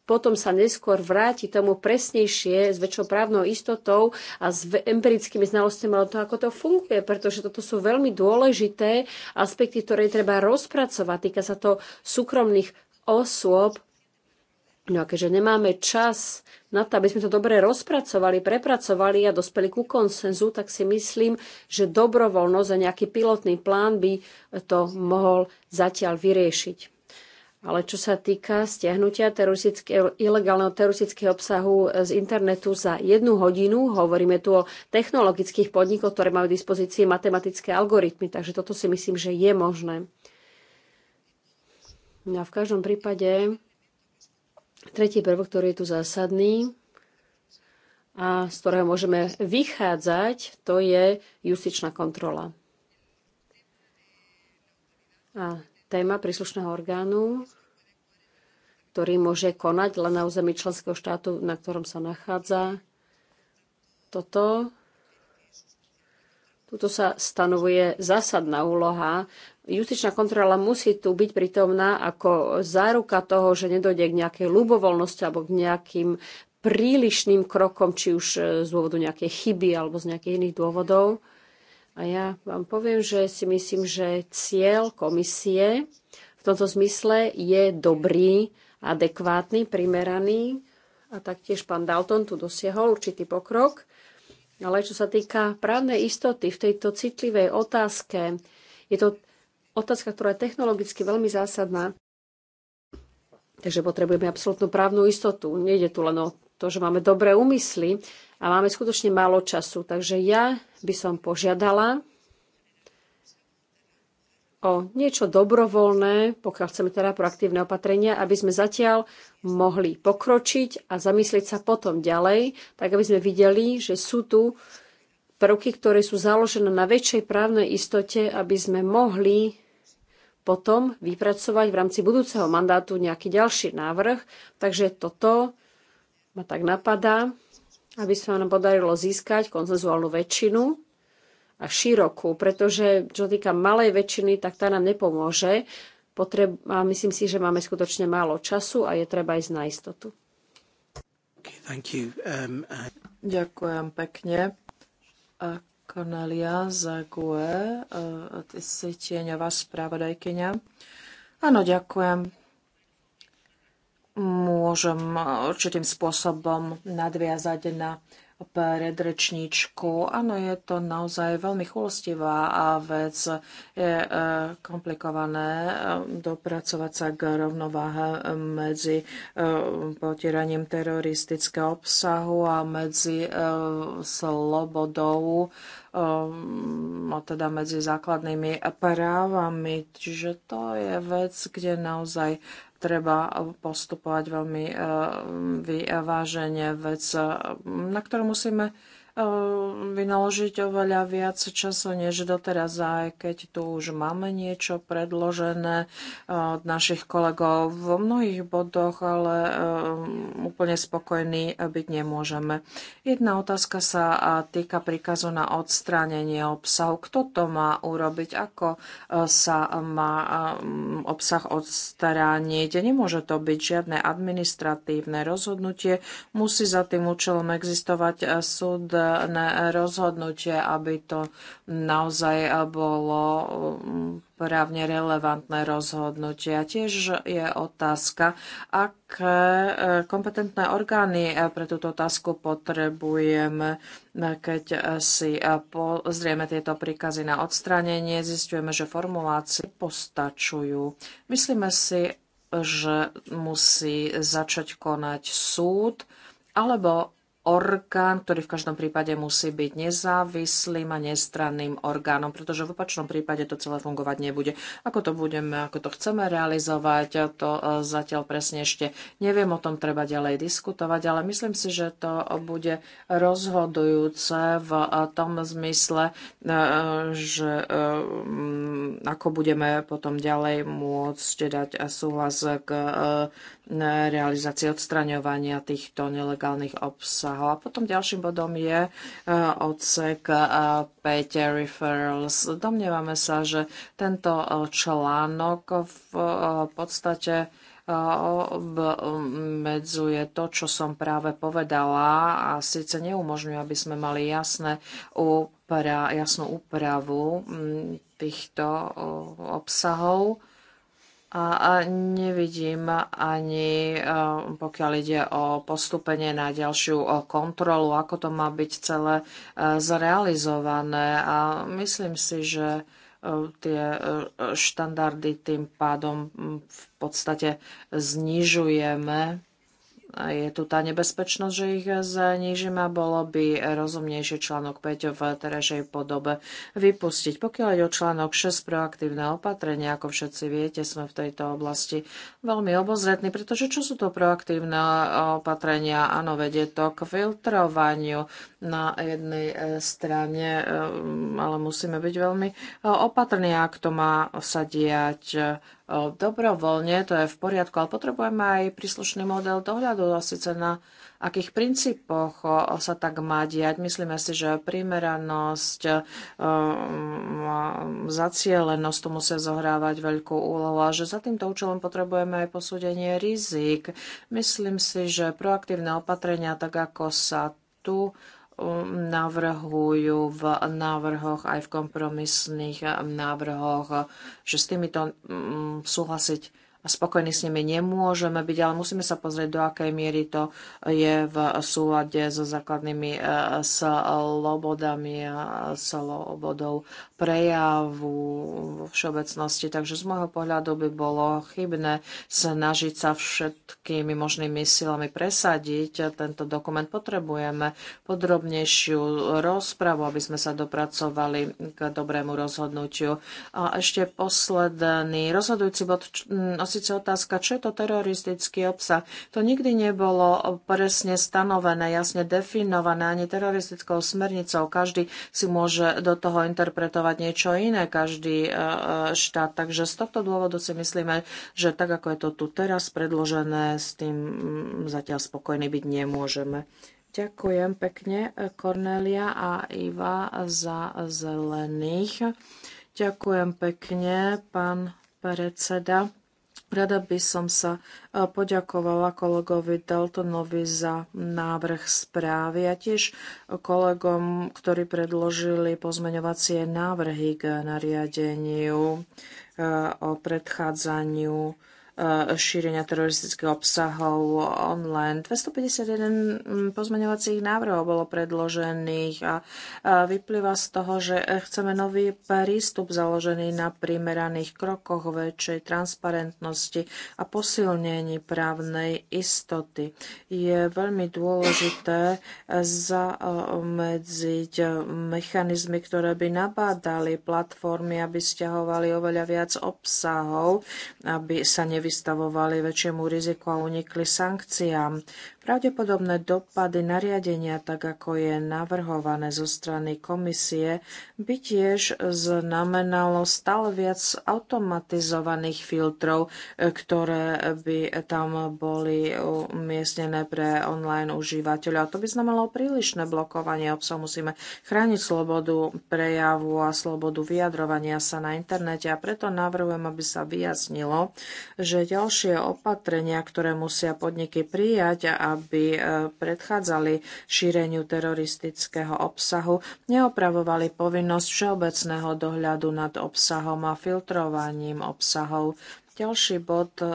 potom sa neskôr vráti tomu presnejšie, s väčšou právnou istotou a s empirickými znalostiami o to, ako to funguje, pretože toto sú veľmi dôležité aspekty, ktoré treba rozpracovať. Týka sa to súkromných osôb. No a keďže nemáme čas na to, aby sme to dobre rozpracovali, prepracovali a dospeli ku konsenzu, tak si myslím, že dobrovoľnosť a nejaký pilotný plán by to mohol zatiaľ vyriešiť. Ale čo sa týka stiahnutia ilegálneho teroristického obsahu e, z internetu za jednu hodinu, hovoríme tu o technologických podnikoch, ktoré majú v dispozícii matematické algoritmy, takže toto si myslím, že je možné. No a v každom prípade tretí prvok, ktorý je tu zásadný a z ktorého môžeme vychádzať, to je justičná kontrola. A téma príslušného orgánu, ktorý môže konať len na území členského štátu, na ktorom sa nachádza. Toto Tuto sa stanovuje zásadná úloha. Justičná kontrola musí tu byť prítomná ako záruka toho, že nedojde k nejakej ľubovoľnosti alebo k nejakým prílišným krokom, či už z dôvodu nejakej chyby alebo z nejakých iných dôvodov. A ja vám poviem, že si myslím, že cieľ komisie v tomto zmysle je dobrý, adekvátny, primeraný a taktiež pán Dalton tu dosiahol určitý pokrok. Ale čo sa týka právnej istoty v tejto citlivej otázke, je to otázka, ktorá je technologicky veľmi zásadná. Takže potrebujeme absolútnu právnu istotu. Nejde tu len o to, že máme dobré úmysly a máme skutočne málo času. Takže ja by som požiadala o niečo dobrovoľné, pokiaľ chceme teda proaktívne opatrenia, aby sme zatiaľ mohli pokročiť a zamyslieť sa potom ďalej, tak aby sme videli, že sú tu prvky, ktoré sú založené na väčšej právnej istote, aby sme mohli potom vypracovať v rámci budúceho mandátu nejaký ďalší návrh. Takže toto ma tak napadá, aby sa nám podarilo získať konsenzuálnu väčšinu a širokú, pretože čo týka malej väčšiny, tak tá nám nepomôže. Potreb, a myslím si, že máme skutočne málo času a je treba ísť na istotu. Okay, um, uh... Ďakujem pekne. A Cornelia Zague, uh, ty si tieňová spravodajkyňa. Áno, ďakujem môžem e, určitým spôsobom nadviazať na predrečníčku. Áno, je to naozaj veľmi chulostivá a vec. Je e, komplikované e, dopracovať sa k rovnováhe medzi potieraním teroristického obsahu a medzi slobodou no teda medzi základnými právami. Čiže to je vec, kde naozaj treba postupovať veľmi eh, vyvážene vec, eh, na ktorú musíme Ehm, vynaložiť oveľa viac času než doteraz, aj keď tu už máme niečo predložené eh, od našich kolegov v mnohých bodoch, ale ehm, úplne spokojní byť nemôžeme. Jedna otázka sa eh, týka príkazu na odstránenie obsahu. Kto to má urobiť? Ako eh, sa má ehm, obsah odstrániť? Nemôže to byť žiadne administratívne rozhodnutie. Musí za tým účelom existovať súd rozhodnutie, aby to naozaj bolo um, právne relevantné rozhodnutie. A tiež je otázka, aké e, kompetentné orgány e, pre túto otázku potrebujeme. E, keď si pozrieme tieto príkazy na odstránenie, zistujeme, že formulácie postačujú. Myslíme si, že musí začať konať súd alebo orgán, ktorý v každom prípade musí byť nezávislým a nestranným orgánom, pretože v opačnom prípade to celé fungovať nebude. Ako to budeme, ako to chceme realizovať, to e, zatiaľ presne ešte neviem, o tom treba ďalej diskutovať, ale myslím si, že to bude rozhodujúce v e, tom zmysle, e, že ako budeme potom ďalej môcť dať súhlas k realizácii odstraňovania týchto nelegálnych obsahov. A potom ďalším bodom je e, odsek 5 e, referrals. Domnievame sa, že tento e, článok v podstate obmedzuje to, čo som práve povedala a síce neumožňuje, aby sme mali jasné upra, jasnú úpravu týchto obsahov a nevidím ani, e, pokiaľ ide o postupenie na ďalšiu e, kontrolu, ako to má byť celé e, zrealizované. A myslím si, že tie štandardy tým pádom v podstate znižujeme je tu tá nebezpečnosť, že ich znížime a bolo by rozumnejšie článok 5 v terajšej podobe vypustiť. Pokiaľ je o článok 6 proaktívne opatrenia, ako všetci viete, sme v tejto oblasti veľmi obozretní, pretože čo sú to proaktívne opatrenia? Áno, vedie to k filtrovaniu na jednej e, strane, e, ale musíme byť veľmi e, opatrní, ak to má sa diať dobrovoľne, to je v poriadku, ale potrebujeme aj príslušný model dohľadu, a síce na akých princípoch sa tak má diať. Myslíme si, že primeranosť, zacielenosť tu musia zohrávať veľkú úlohu a že za týmto účelom potrebujeme aj posúdenie rizik. Myslím si, že proaktívne opatrenia, tak ako sa tu navrhujú v návrhoch aj v kompromisných návrhoch, že s týmito mm, súhlasiť a spokojní s nimi nemôžeme byť, ale musíme sa pozrieť, do akej miery to je v súlade so základnými e, slobodami a slobodou prejavu vo všeobecnosti. Takže z môjho pohľadu by bolo chybné snažiť sa všetkými možnými silami presadiť tento dokument. Potrebujeme podrobnejšiu rozpravu, aby sme sa dopracovali k dobrému rozhodnutiu. A ešte posledný rozhodujúci bod síce otázka, čo je to teroristický obsah. To nikdy nebolo presne stanovené, jasne definované ani teroristickou smernicou. Každý si môže do toho interpretovať niečo iné, každý e, e, štát. Takže z tohto dôvodu si myslíme, že tak, ako je to tu teraz predložené, s tým mm, zatiaľ spokojný byť nemôžeme. Ďakujem pekne Kornelia e, a Iva za zelených. Ďakujem pekne, pán predseda. Rada by som sa e, poďakovala kolegovi Daltonovi za návrh správy a tiež kolegom, ktorí predložili pozmeňovacie návrhy k nariadeniu e, o predchádzaniu Eh, šírenia teroristických obsahov online. 251 mm, pozmeňovacích návrhov bolo predložených a vyplýva z toho, že chceme nový prístup založený na primeraných krokoch väčšej transparentnosti a posilnení právnej istoty. Je veľmi dôležité zamedziť mechanizmy, ktoré by nabádali platformy, aby stiahovali oveľa viac obsahov, aby sa ne nevystavovali väčšiemu riziku a unikli sankciám. Pravdepodobné dopady nariadenia, tak ako je navrhované zo strany komisie, by tiež znamenalo stále viac automatizovaných filtrov, ktoré by tam boli umiestnené pre online užívateľov. To by znamenalo prílišné blokovanie obsahu. Musíme chrániť slobodu prejavu a slobodu vyjadrovania sa na internete a preto navrhujem, aby sa vyjasnilo, že ďalšie opatrenia, ktoré musia podniky prijať a aby e, predchádzali šíreniu teroristického obsahu, neopravovali povinnosť všeobecného dohľadu nad obsahom a filtrovaním obsahov. Ďalší bod e,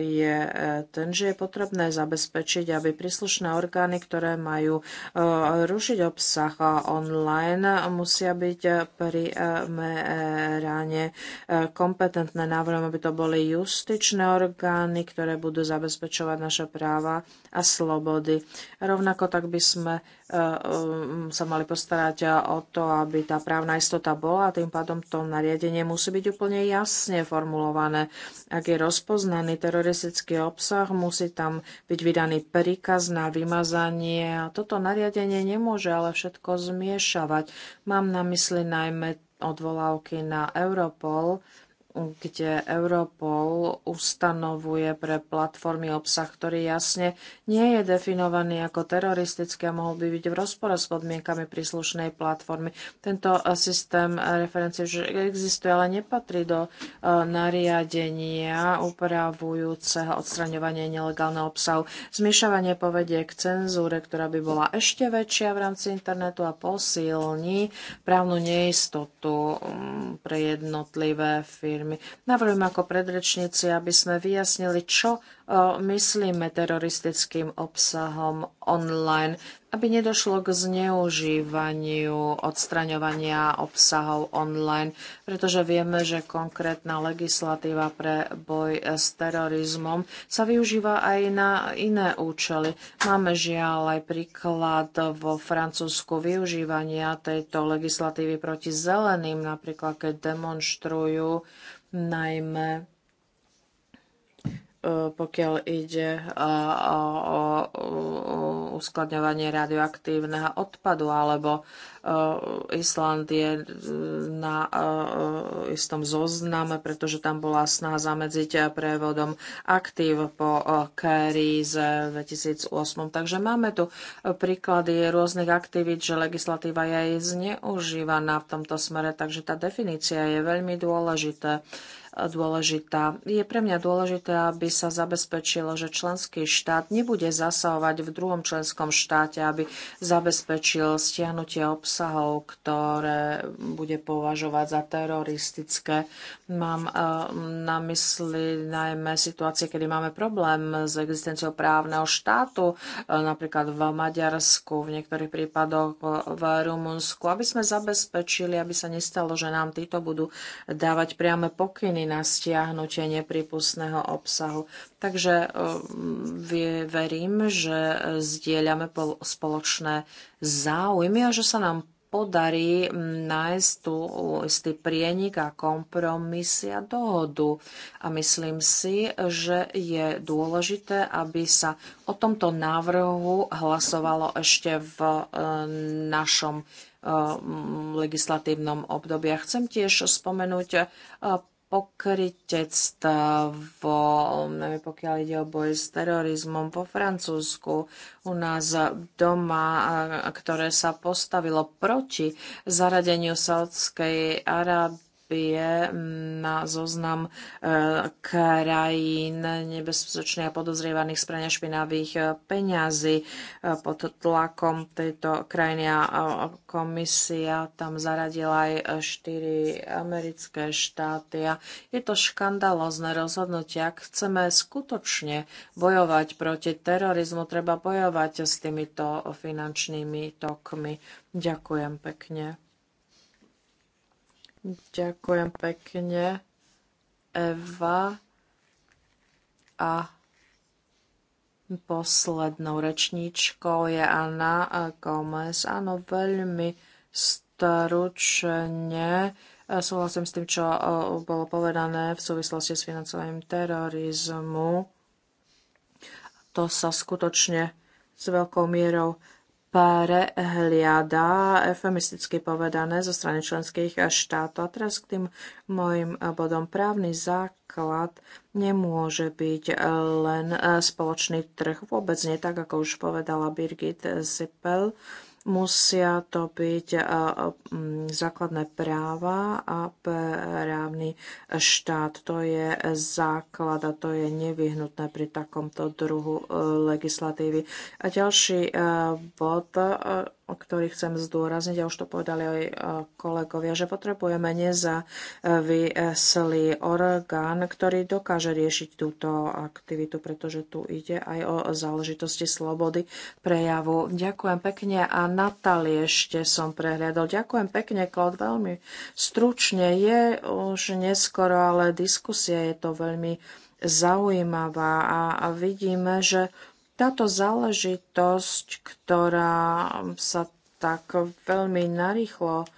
je e, ten, že je potrebné zabezpečiť, aby príslušné orgány, ktoré majú e, rušiť obsah online, musia byť ráne kompetentné. Návrhom, aby to boli justičné orgány, ktoré budú zabezpečovať naše práva a slobody. Rovnako tak by sme Ehm, sa mali postarať o to, aby tá právna istota bola a tým pádom to nariadenie musí byť úplne jasne formulované. Ak je rozpoznaný teroristický obsah, musí tam byť vydaný príkaz na vymazanie. Toto nariadenie nemôže ale všetko zmiešavať. Mám na mysli najmä odvolávky na Europol, kde Europol ustanovuje pre platformy obsah, ktorý jasne nie je definovaný ako teroristický a mohol by byť v rozpore s podmienkami príslušnej platformy. Tento eh, systém eh, referencie už existuje, ale nepatrí do eh, nariadenia upravujúceho odstraňovanie nelegálneho obsahu. Zmiešavanie povedie k cenzúre, ktorá by bola ešte väčšia v rámci internetu a posilní právnu neistotu mm, pre jednotlivé firmy firmy. Navrhujem ako predrečníci, aby sme vyjasnili, čo myslíme teroristickým obsahom online, aby nedošlo k zneužívaniu odstraňovania obsahov online, pretože vieme, že konkrétna legislatíva pre boj s terorizmom sa využíva aj na iné účely. Máme žiaľ aj príklad vo Francúzsku využívania tejto legislatívy proti zeleným, napríklad keď demonstrujú najmä E, pokiaľ ide e, o uskladňovanie radioaktívneho odpadu, alebo e, Island je na istom zozname, pretože tam bola snaha zamedziť prevodom aktív po z 2008. Takže máme tu príklady rôznych aktivít, že legislatíva je zneužívaná v tomto smere, takže tá definícia je veľmi dôležitá dôležitá. Je pre mňa dôležité, aby sa zabezpečilo, že členský štát nebude zasahovať v druhom členskom štáte, aby zabezpečil stiahnutie obsahov, ktoré bude považovať za teroristické. Mám eh, na mysli najmä situácie, kedy máme problém s existenciou právneho štátu, eh, napríklad v Maďarsku, v niektorých prípadoch v Rumunsku, aby sme zabezpečili, aby sa nestalo, že nám títo budú dávať priame pokyny na stiahnutie nepripustného obsahu. Takže eh, verím, že zdieľame spoločné záujmy a že sa nám podarí hm, nájsť tu istý prienik a kompromis a dohodu. A myslím si, že je dôležité, aby sa o tomto návrhu hlasovalo ešte v eh, našom eh, hm, legislatívnom období. A chcem tiež spomenúť pokrytectvo, pokiaľ ide o boj s terorizmom po Francúzsku, u nás doma, ktoré sa postavilo proti zaradeniu Saudskej Arábie prispieje na zoznam e, krajín nebezpečne a podozrievaných z prania špinavých e, peňazí e, pod tlakom tejto krajiny a komisia tam zaradila aj štyri americké štáty. A je to škandalozne rozhodnutie. Ak chceme skutočne bojovať proti terorizmu, treba bojovať s týmito finančnými tokmi. Ďakujem pekne. Ďakujem pekne, Eva. A poslednou rečníčkou je Anna Gomez. Áno, veľmi staručne e, súhlasím s tým, čo e, bolo povedané v súvislosti s financovaním terorizmu. To sa skutočne s veľkou mierou prehliada, efemisticky povedané, zo strany členských štátov. A teraz k tým mojim bodom. Právny základ nemôže byť len spoločný trh. Vôbec nie, tak ako už povedala Birgit Zippel Musia to byť základné práva a právny štát. To je základ a to je nevyhnutné pri takomto druhu e, legislatívy. A ďalší e, bod e, ktorý chcem zdôrazniť, a už to povedali aj e, kolegovia, že potrebujeme nezávislý orgán, ktorý dokáže riešiť túto aktivitu, pretože tu ide aj o záležitosti slobody prejavu. Ďakujem pekne a Natali ešte som prehliadol. Ďakujem pekne, Klod, veľmi stručne. Je už neskoro, ale diskusia je to veľmi zaujímavá a vidíme, že táto záležitosť, ktorá sa tak veľmi narýchlo e,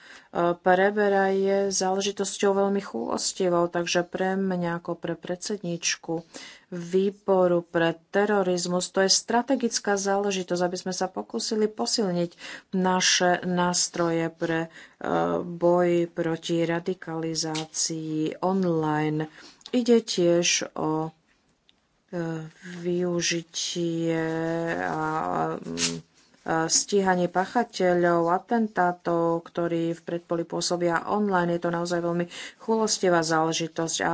preberá, je záležitosťou veľmi chulostivou, takže pre mňa ako pre predsedničku výboru pre terorizmus. To je strategická záležitosť, aby sme sa pokúsili posilniť naše nástroje pre e, boj proti radikalizácii online. Ide tiež o využitie a stíhanie pachateľov, atentátov, ktorí v predpoli pôsobia online. Je to naozaj veľmi chulostivá záležitosť a, a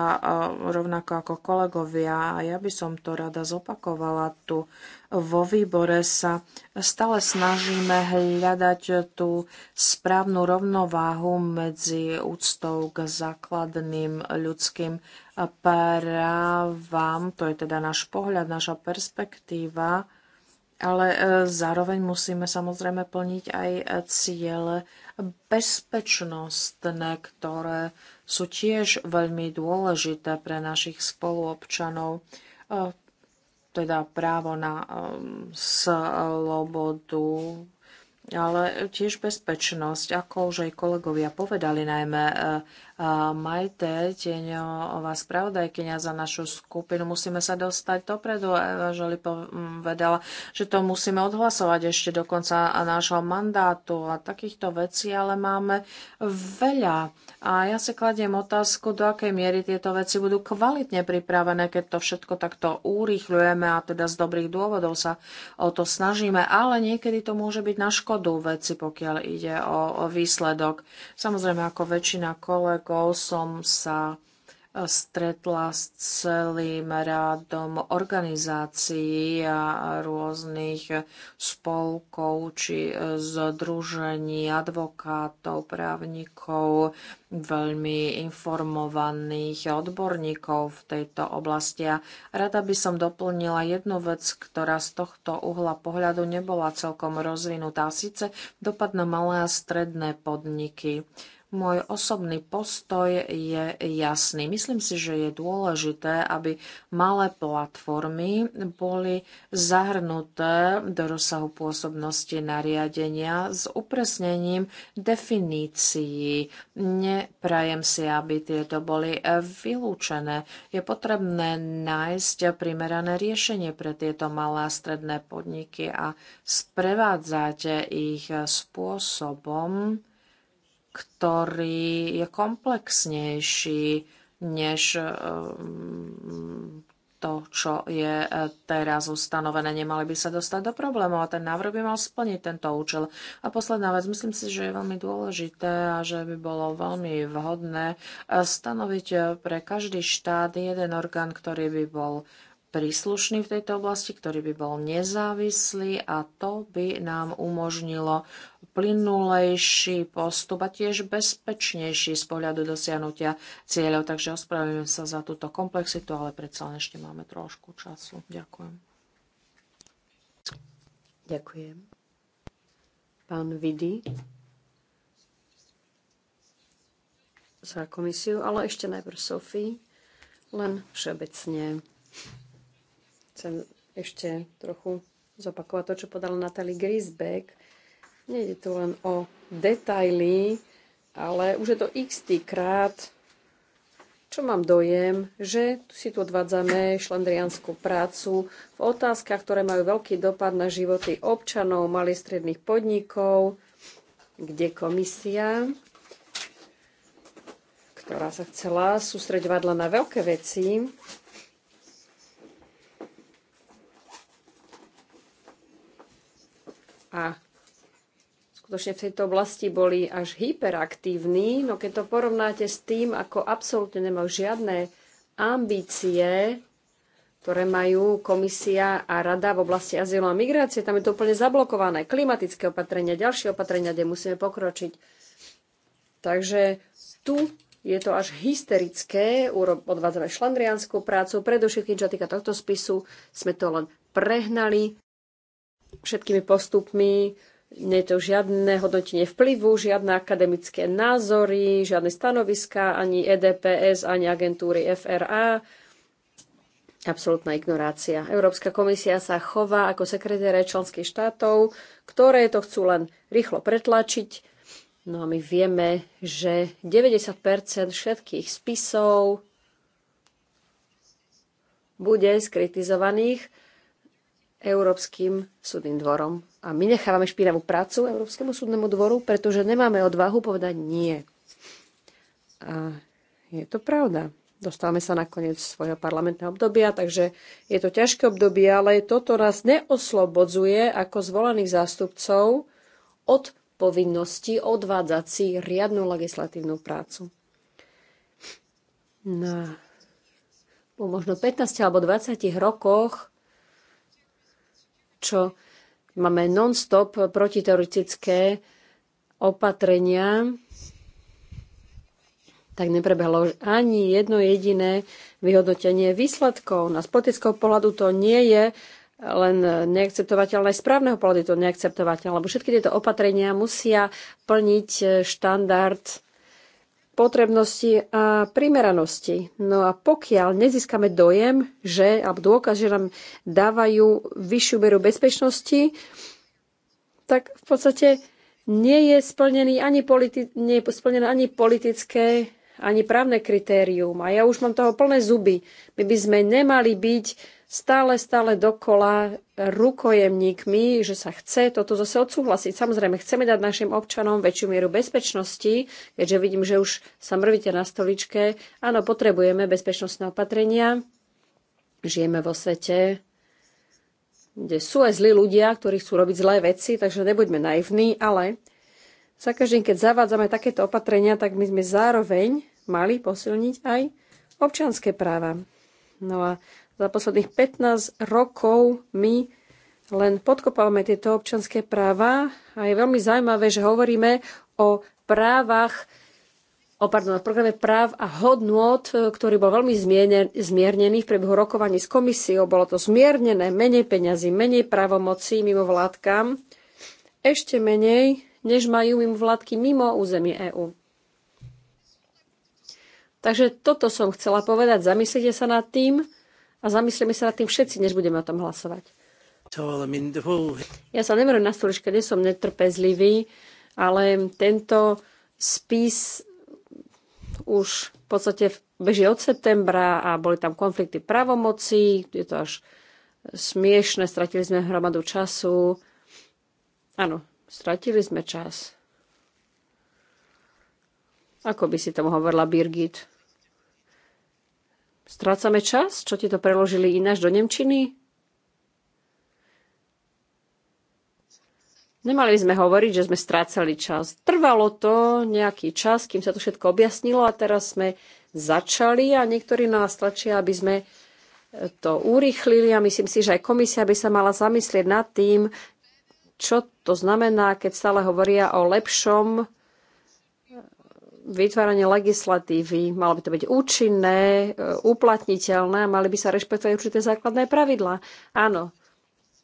rovnako ako kolegovia, ja by som to rada zopakovala tu vo výbore sa stále snažíme hľadať tú správnu rovnováhu medzi úctou k základným ľudským právam, to je teda náš pohľad, naša perspektíva, ale e, zároveň musíme samozrejme plniť aj e, ciele bezpečnostné, ktoré sú tiež veľmi dôležité pre našich spoluobčanov, e, teda právo na slobodu, ale tiež bezpečnosť, ako už aj kolegovia povedali, najmä Majte, tieňová spravodajkynia za našu skupinu. Musíme sa dostať dopredu. Eva Žoli povedala, že to musíme odhlasovať ešte do konca nášho mandátu a takýchto vecí, ale máme veľa. A ja si kladiem otázku, do akej miery tieto veci budú kvalitne pripravené, keď to všetko takto urýchľujeme a teda z dobrých dôvodov sa o to snažíme, ale niekedy to môže byť na škodu veci, pokiaľ ide o, výsledok. Samozrejme, ako väčšina kolek rokov som sa e, stretla s celým rádom organizácií a rôznych spolkov či e, združení advokátov, právnikov, veľmi informovaných odborníkov v tejto oblasti. A rada by som doplnila jednu vec, ktorá z tohto uhla pohľadu nebola celkom rozvinutá, síce dopad na malé a stredné podniky. Môj osobný postoj je jasný. Myslím si, že je dôležité, aby malé platformy boli zahrnuté do rozsahu pôsobnosti nariadenia s upresnením definícií. Neprajem si, aby tieto boli vylúčené. Je potrebné nájsť primerané riešenie pre tieto malé a stredné podniky a sprevádzať ich spôsobom, ktorý je komplexnejší než eh, to, čo je eh, teraz ustanovené. Nemali by sa dostať do problémov a ten návrh by mal splniť tento účel. A posledná vec, myslím si, že je veľmi dôležité a že by bolo veľmi vhodné eh, stanoviť pre každý štát jeden orgán, ktorý by bol príslušný v tejto oblasti, ktorý by bol nezávislý a to by nám umožnilo plynulejší postup a tiež bezpečnejší z pohľadu dosiahnutia cieľov. Takže ospravedlňujem sa za túto komplexitu, ale predsa len ešte máme trošku času. Ďakujem. Ďakujem. Pán Vidy za komisiu, ale ešte najprv Sofii, len všeobecne. Chcem ešte trochu zopakovať to, čo podala Natalie Grisbeck. je tu len o detaily, ale už je to x krát, čo mám dojem, že si tu odvádzame šlandriánsku prácu v otázkach, ktoré majú veľký dopad na životy občanov, malých stredných podnikov, kde komisia, ktorá sa chcela sústreďovať len na veľké veci, a skutočne v tejto oblasti boli až hyperaktívni, no keď to porovnáte s tým, ako absolútne nemajú žiadne ambície, ktoré majú komisia a rada v oblasti azylu a migrácie, tam je to úplne zablokované. Klimatické opatrenia, ďalšie opatrenia, kde musíme pokročiť. Takže tu je to až hysterické, odvádzame šlandriánskú prácu, predovšetkým, čo týka tohto spisu, sme to len prehnali všetkými postupmi. Nie je to žiadne hodnotenie vplyvu, žiadne akademické názory, žiadne stanoviska, ani EDPS, ani agentúry FRA. Absolutná ignorácia. Európska komisia sa chová ako sekretáre členských štátov, ktoré to chcú len rýchlo pretlačiť, No a my vieme, že 90% všetkých spisov bude skritizovaných Európskym súdnym dvorom. A my nechávame špinavú prácu Európskemu súdnemu dvoru, pretože nemáme odvahu povedať nie. A je to pravda. Dostávame sa na koniec svojho parlamentného obdobia, takže je to ťažké obdobie, ale toto nás neoslobodzuje ako zvolených zástupcov od povinnosti odvádzať si riadnu legislatívnu prácu. No, po možno 15 alebo 20 rokoch čo máme non-stop protiteroristické opatrenia, tak neprebehlo ani jedno jediné vyhodnotenie výsledkov. Na z politického pohľadu to nie je len neakceptovateľné, aj správneho pohľadu je to neakceptovateľné, lebo všetky tieto opatrenia musia plniť štandard potrebnosti a primeranosti. No a pokiaľ nezískame dojem, že, alebo dôkaz, že nám dávajú vyššiu mieru bezpečnosti, tak v podstate nie je, splnený ani politi- nie je splnené ani politické, ani právne kritérium. A ja už mám toho plné zuby. My by sme nemali byť stále, stále dokola rukojemníkmi, že sa chce toto zase odsúhlasiť. Samozrejme, chceme dať našim občanom väčšiu mieru bezpečnosti, keďže vidím, že už sa mrvíte na stoličke. Áno, potrebujeme bezpečnostné opatrenia. Žijeme vo svete, kde sú aj zlí ľudia, ktorí chcú robiť zlé veci, takže nebuďme naivní, ale za každým, keď zavádzame takéto opatrenia, tak my sme zároveň mali posilniť aj občanské práva. No a za posledných 15 rokov my len podkopávame tieto občanské práva a je veľmi zaujímavé, že hovoríme o právach, o, pardon, o programe práv a hodnot, e, ktorý bol veľmi zmiernený v priebehu rokovaní s komisiou. Bolo to zmiernené, menej peňazí, menej právomocí mimo vládkam, ešte menej, než majú mimo vládky mimo územie EÚ. Takže toto som chcela povedať, zamyslite sa nad tým a zamyslíme sa nad tým všetci, než budeme o tom hlasovať. Ja sa nemerujem na stoličke, nie som netrpezlivý, ale tento spis už v podstate beží od septembra a boli tam konflikty pravomocí. je to až smiešne, stratili sme hromadu času. Áno, stratili sme čas. Ako by si tomu hovorila Birgit? Strácame čas? Čo ti to preložili ináč do Nemčiny? Nemali by sme hovoriť, že sme strácali čas. Trvalo to nejaký čas, kým sa to všetko objasnilo a teraz sme začali a niektorí nás tlačia, aby sme to urýchlili a myslím si, že aj komisia by sa mala zamyslieť nad tým, čo to znamená, keď stále hovoria o lepšom vytváranie legislatívy. Malo by to byť účinné, e, uplatniteľné mali by sa rešpektovať určité základné pravidlá. Áno,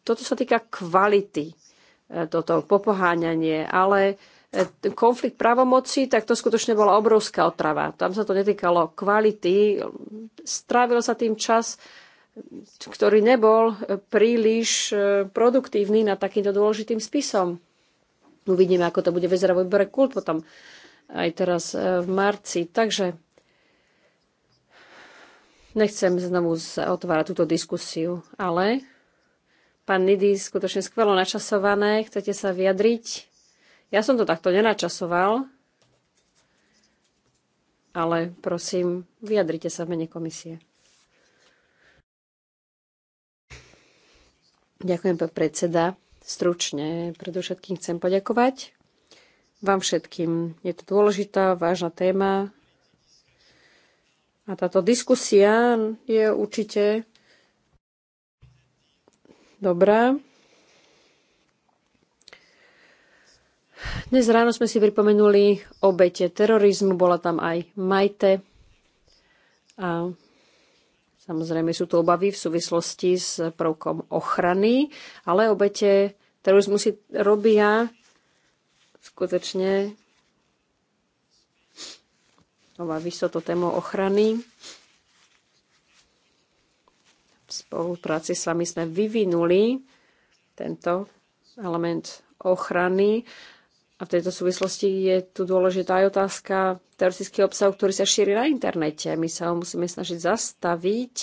toto sa týka kvality, e, toto popoháňanie, ale e, konflikt právomoci, tak to skutočne bola obrovská otrava. Tam sa to netýkalo kvality, strávil sa tým čas, ktorý nebol príliš produktívny na takýmto dôležitým spisom. Uvidíme, ako to bude vyzerať výbore kult potom aj teraz e, v marci. Takže nechcem znovu otvárať túto diskusiu, ale pán Nidy, skutočne skvelo načasované. Chcete sa vyjadriť? Ja som to takto nenačasoval, ale prosím, vyjadrite sa v mene komisie. Ďakujem, pán predseda. Stručne predovšetkým chcem poďakovať vám všetkým. Je to dôležitá, vážna téma a táto diskusia je určite dobrá. Dnes ráno sme si pripomenuli obete terorizmu, bola tam aj Majte. A samozrejme sú tu obavy v súvislosti s prvkom ochrany, ale obete terorizmu si robia skutočne baví vysoto tému ochrany. V spolupráci s vami sme vyvinuli tento element ochrany. A v tejto súvislosti je tu dôležitá aj otázka teoretický obsah, ktorý sa šíri na internete. My sa ho musíme snažiť zastaviť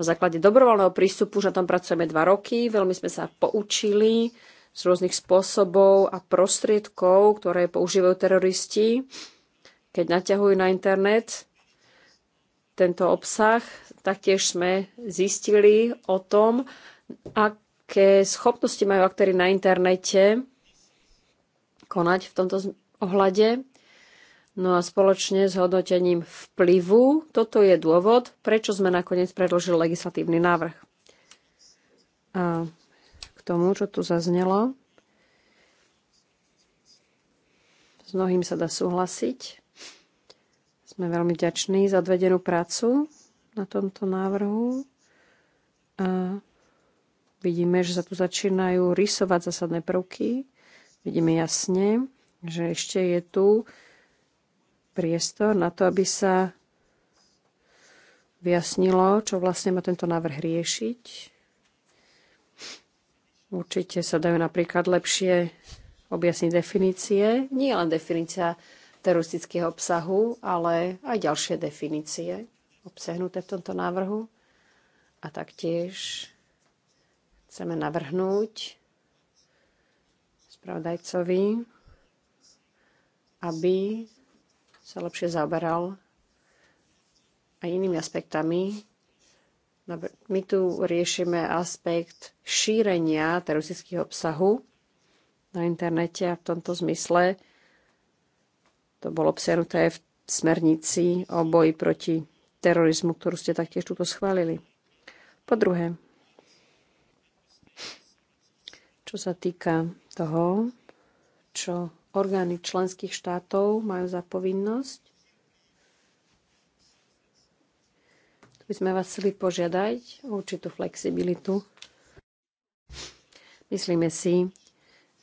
na základe dobrovoľného prístupu, že na tom pracujeme dva roky, veľmi sme sa poučili z rôznych spôsobov a prostriedkov, ktoré používajú teroristi, keď naťahujú na internet tento obsah. Taktiež sme zistili o tom, aké schopnosti majú aktéry na internete konať v tomto ohľade. No a spoločne s hodnotením vplyvu, toto je dôvod, prečo sme nakoniec predložili legislatívny návrh. A tomu, čo tu zaznelo. S mnohým sa dá súhlasiť. Sme veľmi ďační za odvedenú prácu na tomto návrhu. A vidíme, že sa tu začínajú rysovať zásadné prvky. Vidíme jasne, že ešte je tu priestor na to, aby sa vyjasnilo, čo vlastne má tento návrh riešiť. Určite sa dajú napríklad lepšie objasniť definície. Nie len definícia teroristického obsahu, ale aj ďalšie definície obsahnuté v tomto návrhu. A taktiež chceme navrhnúť spravodajcovi, aby sa lepšie zaoberal aj inými aspektami my tu riešime aspekt šírenia teroristických obsahu na internete a v tomto zmysle to bolo obsiahnuté v smernici o boji proti terorizmu, ktorú ste taktiež tuto schválili. Po druhé, čo sa týka toho, čo orgány členských štátov majú za povinnosť, by sme vás chceli požiadať o určitú flexibilitu. Myslíme si,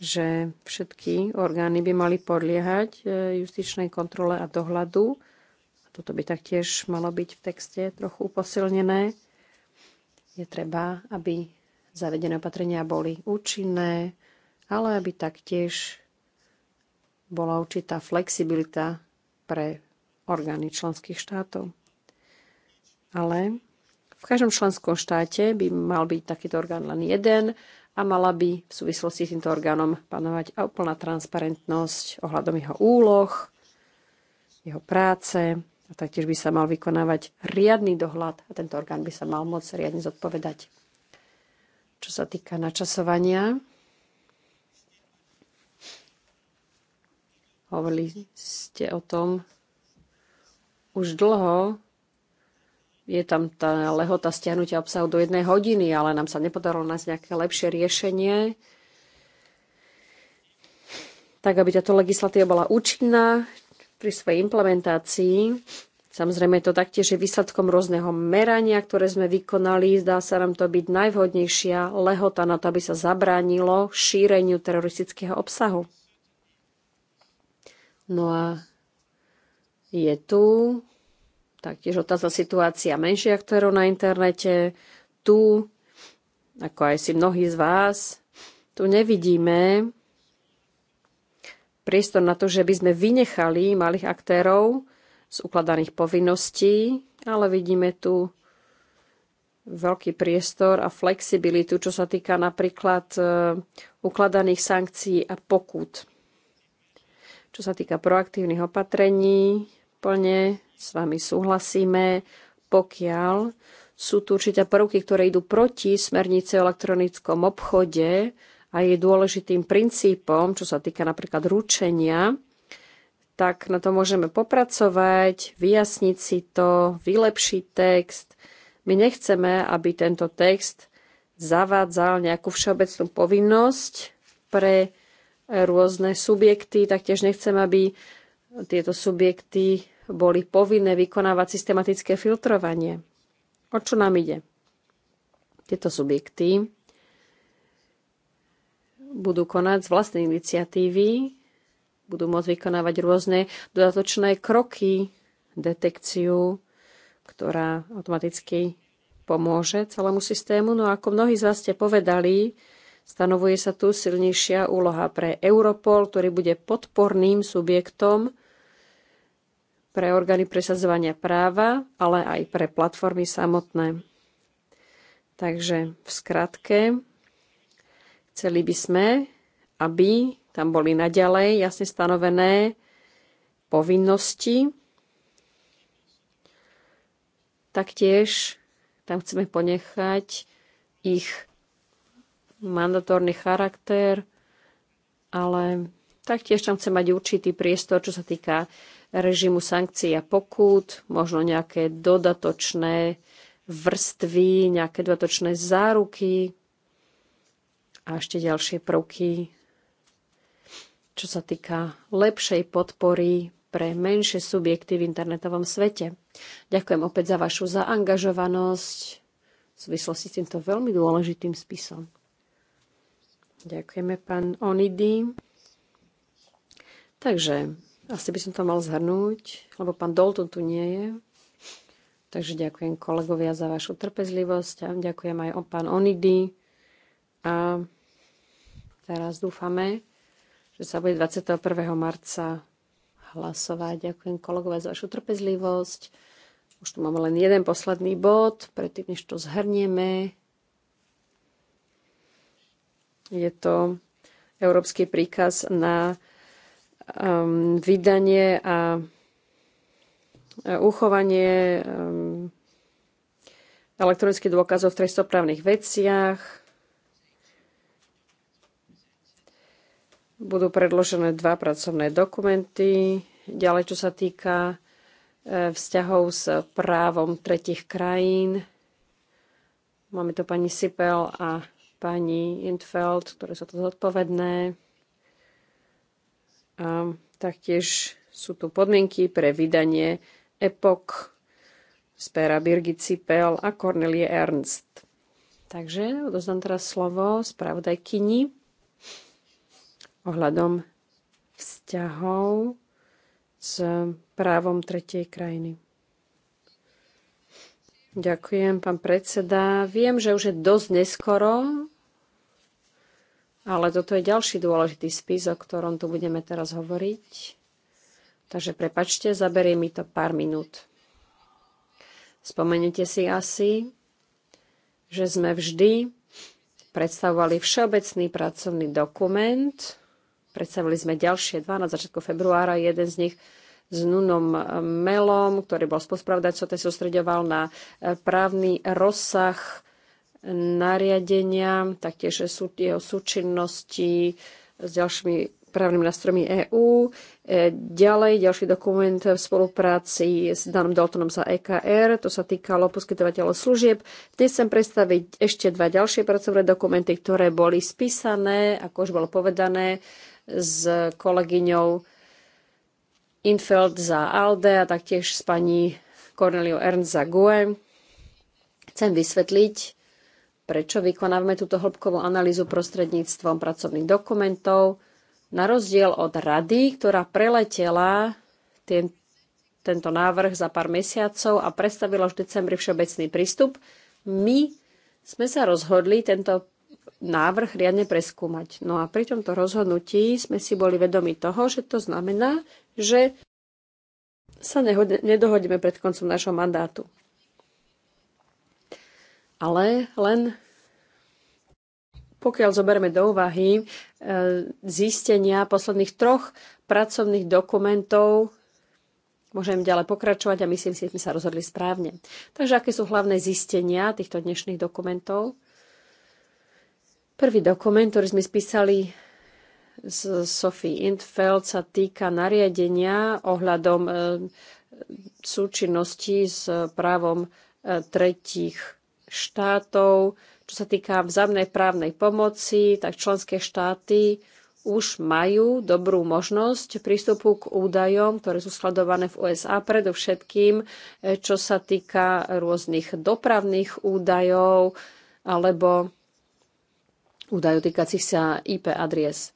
že všetky orgány by mali podliehať e, justičnej kontrole a dohľadu. A toto by taktiež malo byť v texte trochu posilnené. Je treba, aby zavedené opatrenia boli účinné, ale aby taktiež bola určitá flexibilita pre orgány členských štátov ale v každom členskom štáte by mal byť takýto orgán len jeden a mala by v súvislosti s týmto orgánom panovať úplná transparentnosť ohľadom jeho úloh, jeho práce a taktiež by sa mal vykonávať riadny dohľad a tento orgán by sa mal môcť riadne zodpovedať. Čo sa týka načasovania, hovorili ste o tom už dlho, je tam tá lehota stiahnutia obsahu do jednej hodiny, ale nám sa nepodarilo nájsť nejaké lepšie riešenie, tak aby táto legislatíva bola účinná pri svojej implementácii. Samozrejme je to taktiež je výsledkom rôzneho merania, ktoré sme vykonali. Zdá sa nám to byť najvhodnejšia lehota na to, aby sa zabránilo šíreniu teroristického obsahu. No a je tu Taktiež otázna situácia menších aktérov na internete. Tu, ako aj si mnohí z vás, tu nevidíme priestor na to, že by sme vynechali malých aktérov z ukladaných povinností, ale vidíme tu veľký priestor a flexibilitu, čo sa týka napríklad e, ukladaných sankcií a pokút. Čo sa týka proaktívnych opatrení, plne s vami súhlasíme, pokiaľ sú tu určité prvky, ktoré idú proti smernice o elektronickom obchode a je dôležitým princípom, čo sa týka napríklad ručenia, tak na to môžeme popracovať, vyjasniť si to, vylepšiť text. My nechceme, aby tento text zavádzal nejakú všeobecnú povinnosť pre rôzne subjekty, taktiež nechcem, aby tieto subjekty boli povinné vykonávať systematické filtrovanie. O čo nám ide? Tieto subjekty budú konať z vlastnej iniciatívy, budú môcť vykonávať rôzne dodatočné kroky, detekciu, ktorá automaticky pomôže celému systému. No a ako mnohí z vás ste povedali, stanovuje sa tu silnejšia úloha pre Europol, ktorý bude podporným subjektom pre orgány presadzovania práva, ale aj pre platformy samotné. Takže v skratke, chceli by sme, aby tam boli naďalej jasne stanovené povinnosti. Taktiež tam chceme ponechať ich mandatórny charakter, ale taktiež tam chceme mať určitý priestor, čo sa týka režimu sankcií a pokút, možno nejaké dodatočné vrstvy, nejaké dodatočné záruky a ešte ďalšie prvky, čo sa týka lepšej podpory pre menšie subjekty v internetovom svete. Ďakujem opäť za vašu zaangažovanosť v súvislosti s týmto veľmi dôležitým spisom. Ďakujeme, pán Onidy. Takže asi by som to mal zhrnúť, lebo pán Dalton tu nie je. Takže ďakujem kolegovia za vašu trpezlivosť a ďakujem aj o pán Onidy. A teraz dúfame, že sa bude 21. marca hlasovať. Ďakujem kolegovia za vašu trpezlivosť. Už tu máme len jeden posledný bod, predtým než to zhrnieme. Je to európsky príkaz na um, vydanie a uchovanie um, elektronických dôkazov v trestoprávnych veciach. Budú predložené dva pracovné dokumenty. Ďalej, čo sa týka e, vzťahov s právom tretich krajín. Máme tu pani Sipel a pani Intfeld, ktoré sú to zodpovedné. A taktiež sú tu podmienky pre vydanie EPOK z pera Birgit Cipel a Cornelie Ernst. Takže odozdám teraz slovo spravodajkyni ohľadom vzťahov s právom tretej krajiny. Ďakujem, pán predseda. Viem, že už je dosť neskoro, ale toto je ďalší dôležitý spis, o ktorom tu budeme teraz hovoriť. Takže prepačte, zaberie mi to pár minút. Spomenete si asi, že sme vždy predstavovali všeobecný pracovný dokument. Predstavili sme ďalšie dva na začiatku februára. Jeden z nich s Nunom Melom, ktorý bol spospravdať, co ten sústredoval na e, právny rozsah nariadenia, taktiež jeho súčinnosti s ďalšími právnymi nástrojmi EÚ. E, ďalej, ďalší dokument v spolupráci s Danom Daltonom za EKR, to sa týkalo poskytovateľov služieb. Dnes chcem predstaviť ešte dva ďalšie pracovné dokumenty, ktoré boli spísané, ako už bolo povedané, s kolegyňou Infeld za ALDE a taktiež s pani Corneliou Ernst za GUE. Chcem vysvetliť, Prečo vykonávame túto hĺbkovú analýzu prostredníctvom pracovných dokumentov? Na rozdiel od rady, ktorá preletela ten, tento návrh za pár mesiacov a predstavila už v decembri všeobecný prístup, my sme sa rozhodli tento návrh riadne preskúmať. No a pri tomto rozhodnutí sme si boli vedomi toho, že to znamená, že sa nedohodíme pred koncom našho mandátu ale len pokiaľ zoberieme do úvahy e, zistenia posledných troch pracovných dokumentov, môžem ďalej pokračovať a myslím si, že sme sa rozhodli správne. Takže aké sú hlavné zistenia týchto dnešných dokumentov? Prvý dokument, ktorý sme spísali z Sophie Intfeld, sa týka nariadenia ohľadom e, súčinnosti s právom e, tretích štátov. Čo sa týka vzájomnej právnej pomoci, tak členské štáty už majú dobrú možnosť prístupu k údajom, ktoré sú sledované v USA, predovšetkým eh, čo sa týka rôznych dopravných údajov alebo údajov týkacích sa IP adries.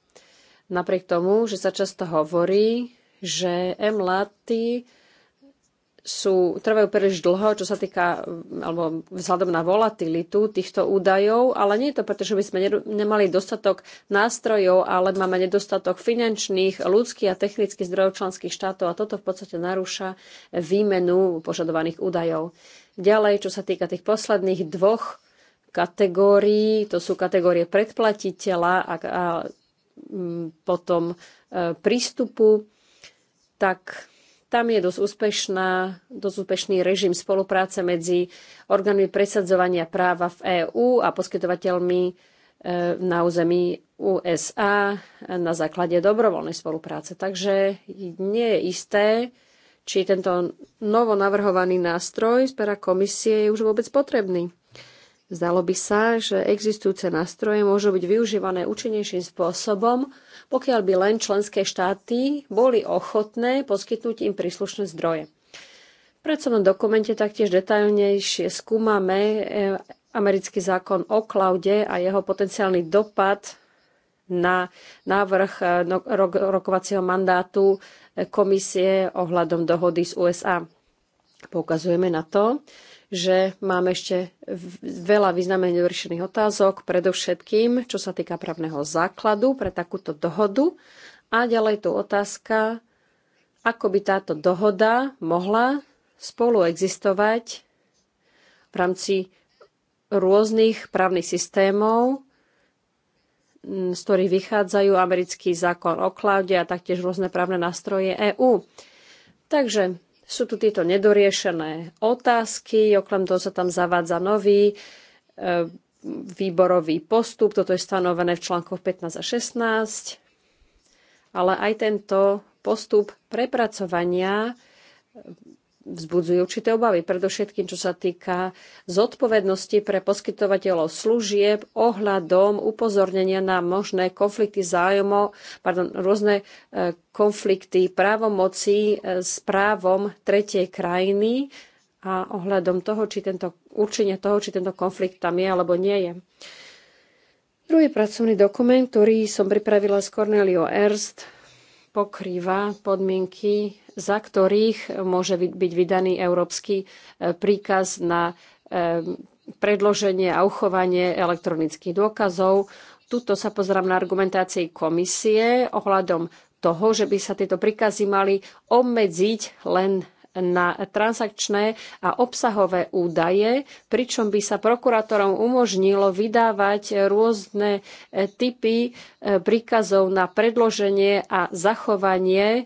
Napriek tomu, že sa často hovorí, že MLATy sú, trvajú príliš dlho, čo sa týka, mm, alebo vzhľadom na volatilitu týchto údajov, ale nie je to preto, že by sme nemali dostatok nástrojov, ale máme nedostatok finančných, ľudských a technických zdrojov členských štátov a toto v podstate narúša výmenu požadovaných údajov. Ďalej, čo sa týka tých posledných dvoch kategórií, to sú kategórie predplatiteľa a, a mm, potom e, prístupu, tak tam je dosť, úspešná, dosť úspešný režim spolupráce medzi orgánmi presadzovania práva v EÚ a poskytovateľmi e, na území USA na základe dobrovoľnej spolupráce. Takže nie je isté, či tento novo navrhovaný nástroj z pera komisie je už vôbec potrebný. Zdalo by sa, že existujúce nástroje môžu byť využívané účinnejším spôsobom, pokiaľ by len členské štáty boli ochotné poskytnúť im príslušné zdroje. V pracovnom dokumente taktiež detailnejšie skúmame e, americký zákon o klaude a jeho potenciálny dopad na návrh e, no, rokovacieho mandátu e, komisie ohľadom dohody z USA. Poukazujeme na to, že máme ešte veľa významných nedorešených otázok, predovšetkým, čo sa týka právneho základu pre takúto dohodu. A ďalej tu otázka, ako by táto dohoda mohla spolu existovať v rámci rôznych právnych systémov, z ktorých vychádzajú americký zákon o cloude a taktiež rôzne právne nástroje EÚ. Takže sú tu tieto nedoriešené otázky, okrem toho sa tam zavádza nový e, výborový postup, toto je stanovené v článkoch 15 a 16, ale aj tento postup prepracovania vzbudzujú určité obavy, predovšetkým čo sa týka zodpovednosti pre poskytovateľov služieb ohľadom upozornenia na možné konflikty zájomov, pardon, rôzne e, konflikty právomocí e, s právom tretej krajiny a ohľadom toho, či tento, určenia toho, či tento konflikt tam je alebo nie je. Druhý pracovný dokument, ktorý som pripravila s Cornelio Ernst, pokrýva podmienky, za ktorých môže byť vydaný európsky e, príkaz na e, predloženie a uchovanie elektronických dôkazov. Tuto sa pozerám na argumentácii komisie ohľadom toho, že by sa tieto príkazy mali obmedziť len na transakčné a obsahové údaje, pričom by sa prokurátorom umožnilo vydávať rôzne e, typy e, príkazov na predloženie a zachovanie e,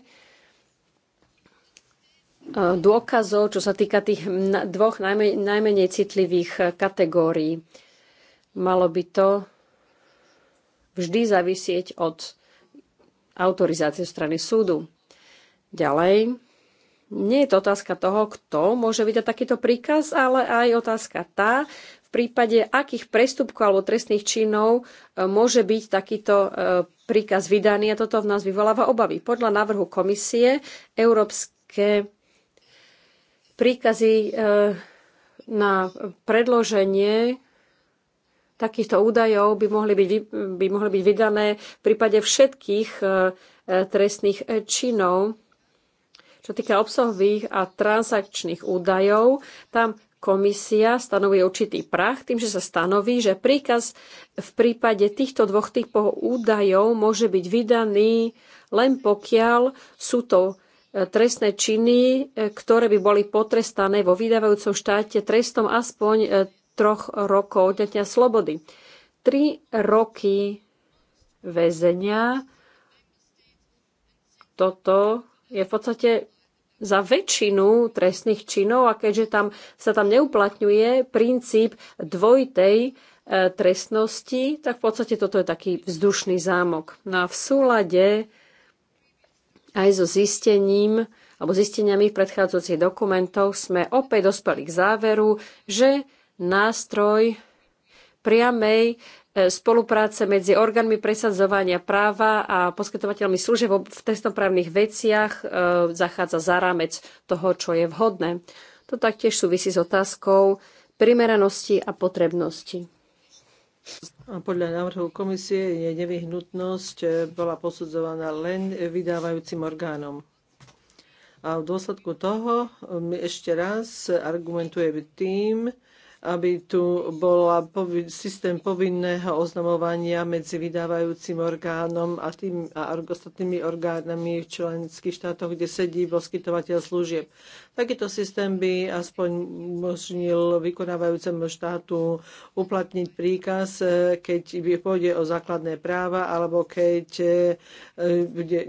dôkazov, čo sa týka tých dvoch najmenej, citlivých kategórií. Malo by to vždy zavisieť od autorizácie strany súdu. Ďalej, nie je to otázka toho, kto môže vydať takýto príkaz, ale aj otázka tá, v prípade akých prestupkov alebo trestných činov e, môže byť takýto e, príkaz vydaný a toto v nás vyvoláva obavy. Podľa návrhu komisie európske príkazy e, na predloženie takýchto údajov by mohli byť, by mohli byť vydané v prípade všetkých trestných činov čo týka obsahových a transakčných údajov, tam komisia stanovuje určitý prach tým, že sa stanoví, že príkaz v prípade týchto dvoch typov údajov môže byť vydaný len pokiaľ sú to e, trestné činy, e, ktoré by boli potrestané vo vydávajúcom štáte trestom aspoň e, troch rokov odňatia slobody. Tri roky väzenia. Toto je v podstate za väčšinu trestných činov a keďže tam sa tam neuplatňuje princíp dvojitej e, trestnosti, tak v podstate toto je taký vzdušný zámok. No a v súlade aj so zistením alebo zisteniami predchádzajúcich dokumentov sme opäť dospeli k záveru, že nástroj priamej spolupráce medzi orgánmi presadzovania práva a poskytovateľmi služieb v trestnoprávnych veciach e, zachádza za rámec toho, čo je vhodné. To taktiež súvisí s otázkou primeranosti a potrebnosti. A podľa návrhu komisie je nevyhnutnosť e, bola posudzovaná len vydávajúcim orgánom. A v dôsledku toho ešte raz argumentuje tým, aby tu bol systém povinného oznamovania medzi vydávajúcim orgánom a, tým, a ostatnými orgánami v členských štátoch, kde sedí poskytovateľ služieb. Takýto systém by aspoň umožnil vykonávajúcemu štátu uplatniť príkaz, e, keď pôjde o základné práva alebo keď e,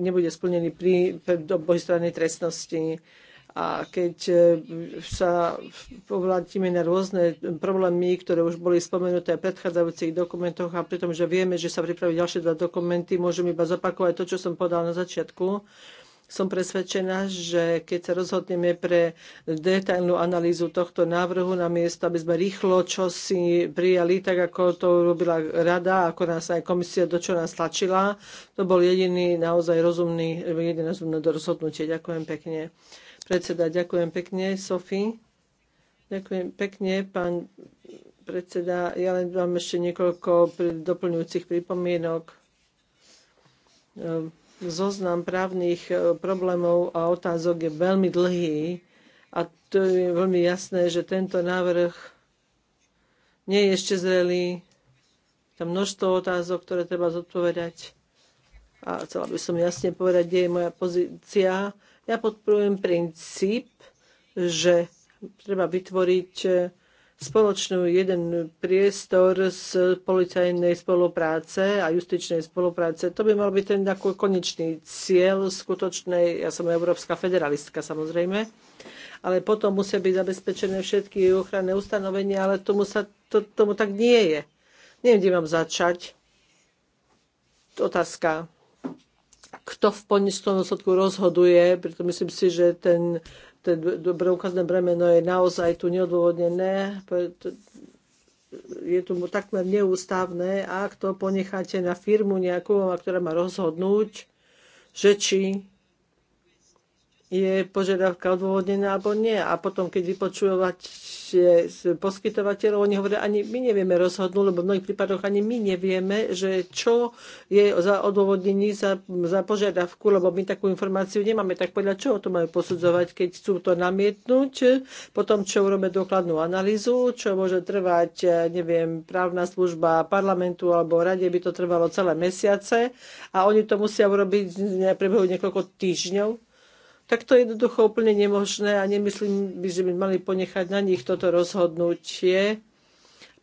nebude splnený pri do strany trestnosti. A keď e, sa povládime na rôzne problémy, ktoré už boli spomenuté v predchádzajúcich dokumentoch a pritom, že vieme, že sa pripravujú ďalšie dva dokumenty, môžem iba zopakovať to, čo som podal na začiatku. Som presvedčená, že keď sa rozhodneme pre detailnú analýzu tohto návrhu na miesto, aby sme rýchlo čo si prijali, tak ako to robila rada, ako nás aj komisia do čo nás tlačila, to bol jediný naozaj rozumný, jediné rozumné rozhodnutie. Ďakujem pekne. Predseda, ďakujem pekne. Sofie. Ďakujem pekne, pán predseda. Ja len mám ešte niekoľko doplňujúcich pripomienok. E, zoznam právnych e, problémov a otázok je veľmi dlhý a to je veľmi jasné, že tento návrh nie je ešte zrelý. Tam množstvo otázok, ktoré treba zodpovedať. A chcela by som jasne povedať, kde je moja pozícia ja podporujem princíp, že treba vytvoriť e, spoločnú jeden priestor z policajnej spolupráce a justičnej spolupráce. To by mal byť ten ako konečný cieľ skutočnej, ja som európska federalistka samozrejme, ale potom musia byť zabezpečené všetky ochranné ustanovenia, ale tomu, sa, to, tomu tak nie je. Neviem, kde mám začať. Otázka kto v konečnom dôsledku rozhoduje, preto myslím si, že ten, ten ukazné bremeno je naozaj tu neodôvodnené, je tu takmer neústavné, ak to ponecháte na firmu nejakú, ktorá má rozhodnúť, že či je požiadavka odôvodnená alebo nie. A potom, keď vypočúvať poskytovateľov, oni hovoria, ani my nevieme rozhodnúť, lebo v mnohých prípadoch ani my nevieme, že čo je za odôvodnení za, za požiadavku, lebo my takú informáciu nemáme. Tak podľa čoho to majú posudzovať, keď chcú to namietnúť, potom čo urobíme dokladnú analýzu, čo môže trvať, neviem, právna služba parlamentu alebo rade by to trvalo celé mesiace a oni to musia urobiť v niekoľko týždňov tak to je jednoducho úplne nemožné a nemyslím, by sme mali ponechať na nich toto rozhodnutie.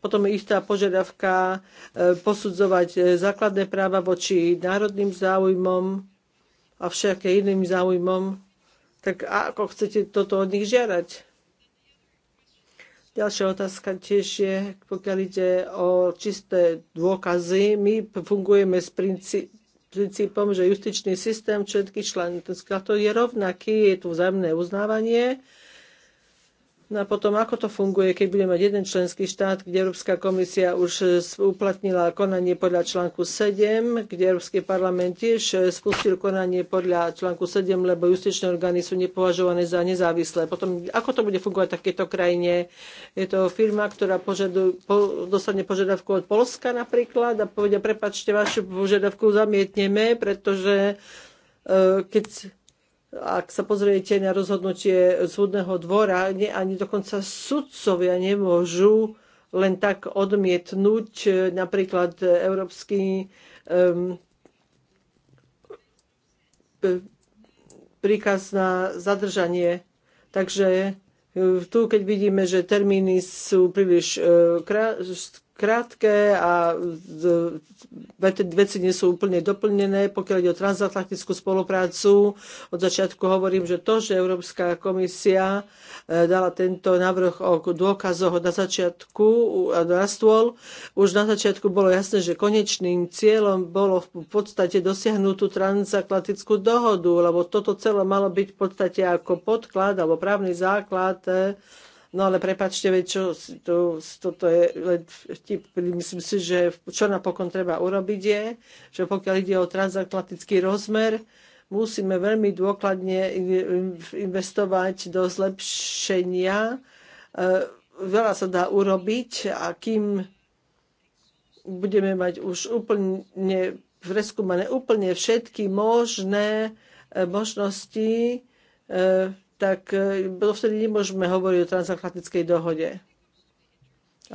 Potom je istá požiadavka e, posudzovať e, základné práva voči národným záujmom a všaké iným záujmom. Tak ako chcete toto od nich žiadať? Ďalšia otázka tiež je, pokiaľ ide o čisté dôkazy, my fungujeme z princípu princípom, že justičný systém všetkých členských štátov je rovnaký, je tu vzájomné uznávanie No a potom, ako to funguje, keď bude mať jeden členský štát, kde Európska komisia už e, uplatnila konanie podľa článku 7, kde Európsky parlament tiež e, spustil konanie podľa článku 7, lebo justičné orgány sú nepovažované za nezávislé. Potom, ako to bude fungovať v takéto krajine? Je to firma, ktorá požadu, po, dostane požiadavku od Polska napríklad a povedia, prepačte, vašu požiadavku zamietneme, pretože e, keď ak sa pozriete na rozhodnutie súdneho dvora, nie, ani dokonca sudcovia nemôžu len tak odmietnúť e, napríklad európsky um, príkaz na zadržanie. Takže e, tu, keď vidíme, že termíny sú príliš uh, krátke a veci nie sú úplne doplnené. Pokiaľ ide o transatlantickú spoluprácu, od začiatku hovorím, že to, že Európska komisia e, dala tento návrh o dôkazoch na začiatku a na stôl, už na začiatku bolo jasné, že konečným cieľom bolo v podstate dosiahnuť tú transatlantickú dohodu, lebo toto celé malo byť v podstate ako podklad alebo právny základ e, No ale prepačte, veď čo, to, toto je len vtip. Myslím si, že čo napokon treba urobiť je, že pokiaľ ide o transatlantický rozmer, musíme veľmi dôkladne investovať do zlepšenia. E, veľa sa dá urobiť a kým budeme mať už úplne preskúmané úplne všetky možné e, možnosti, e, tak e, vtedy nemôžeme hovoriť o transatlantickej dohode.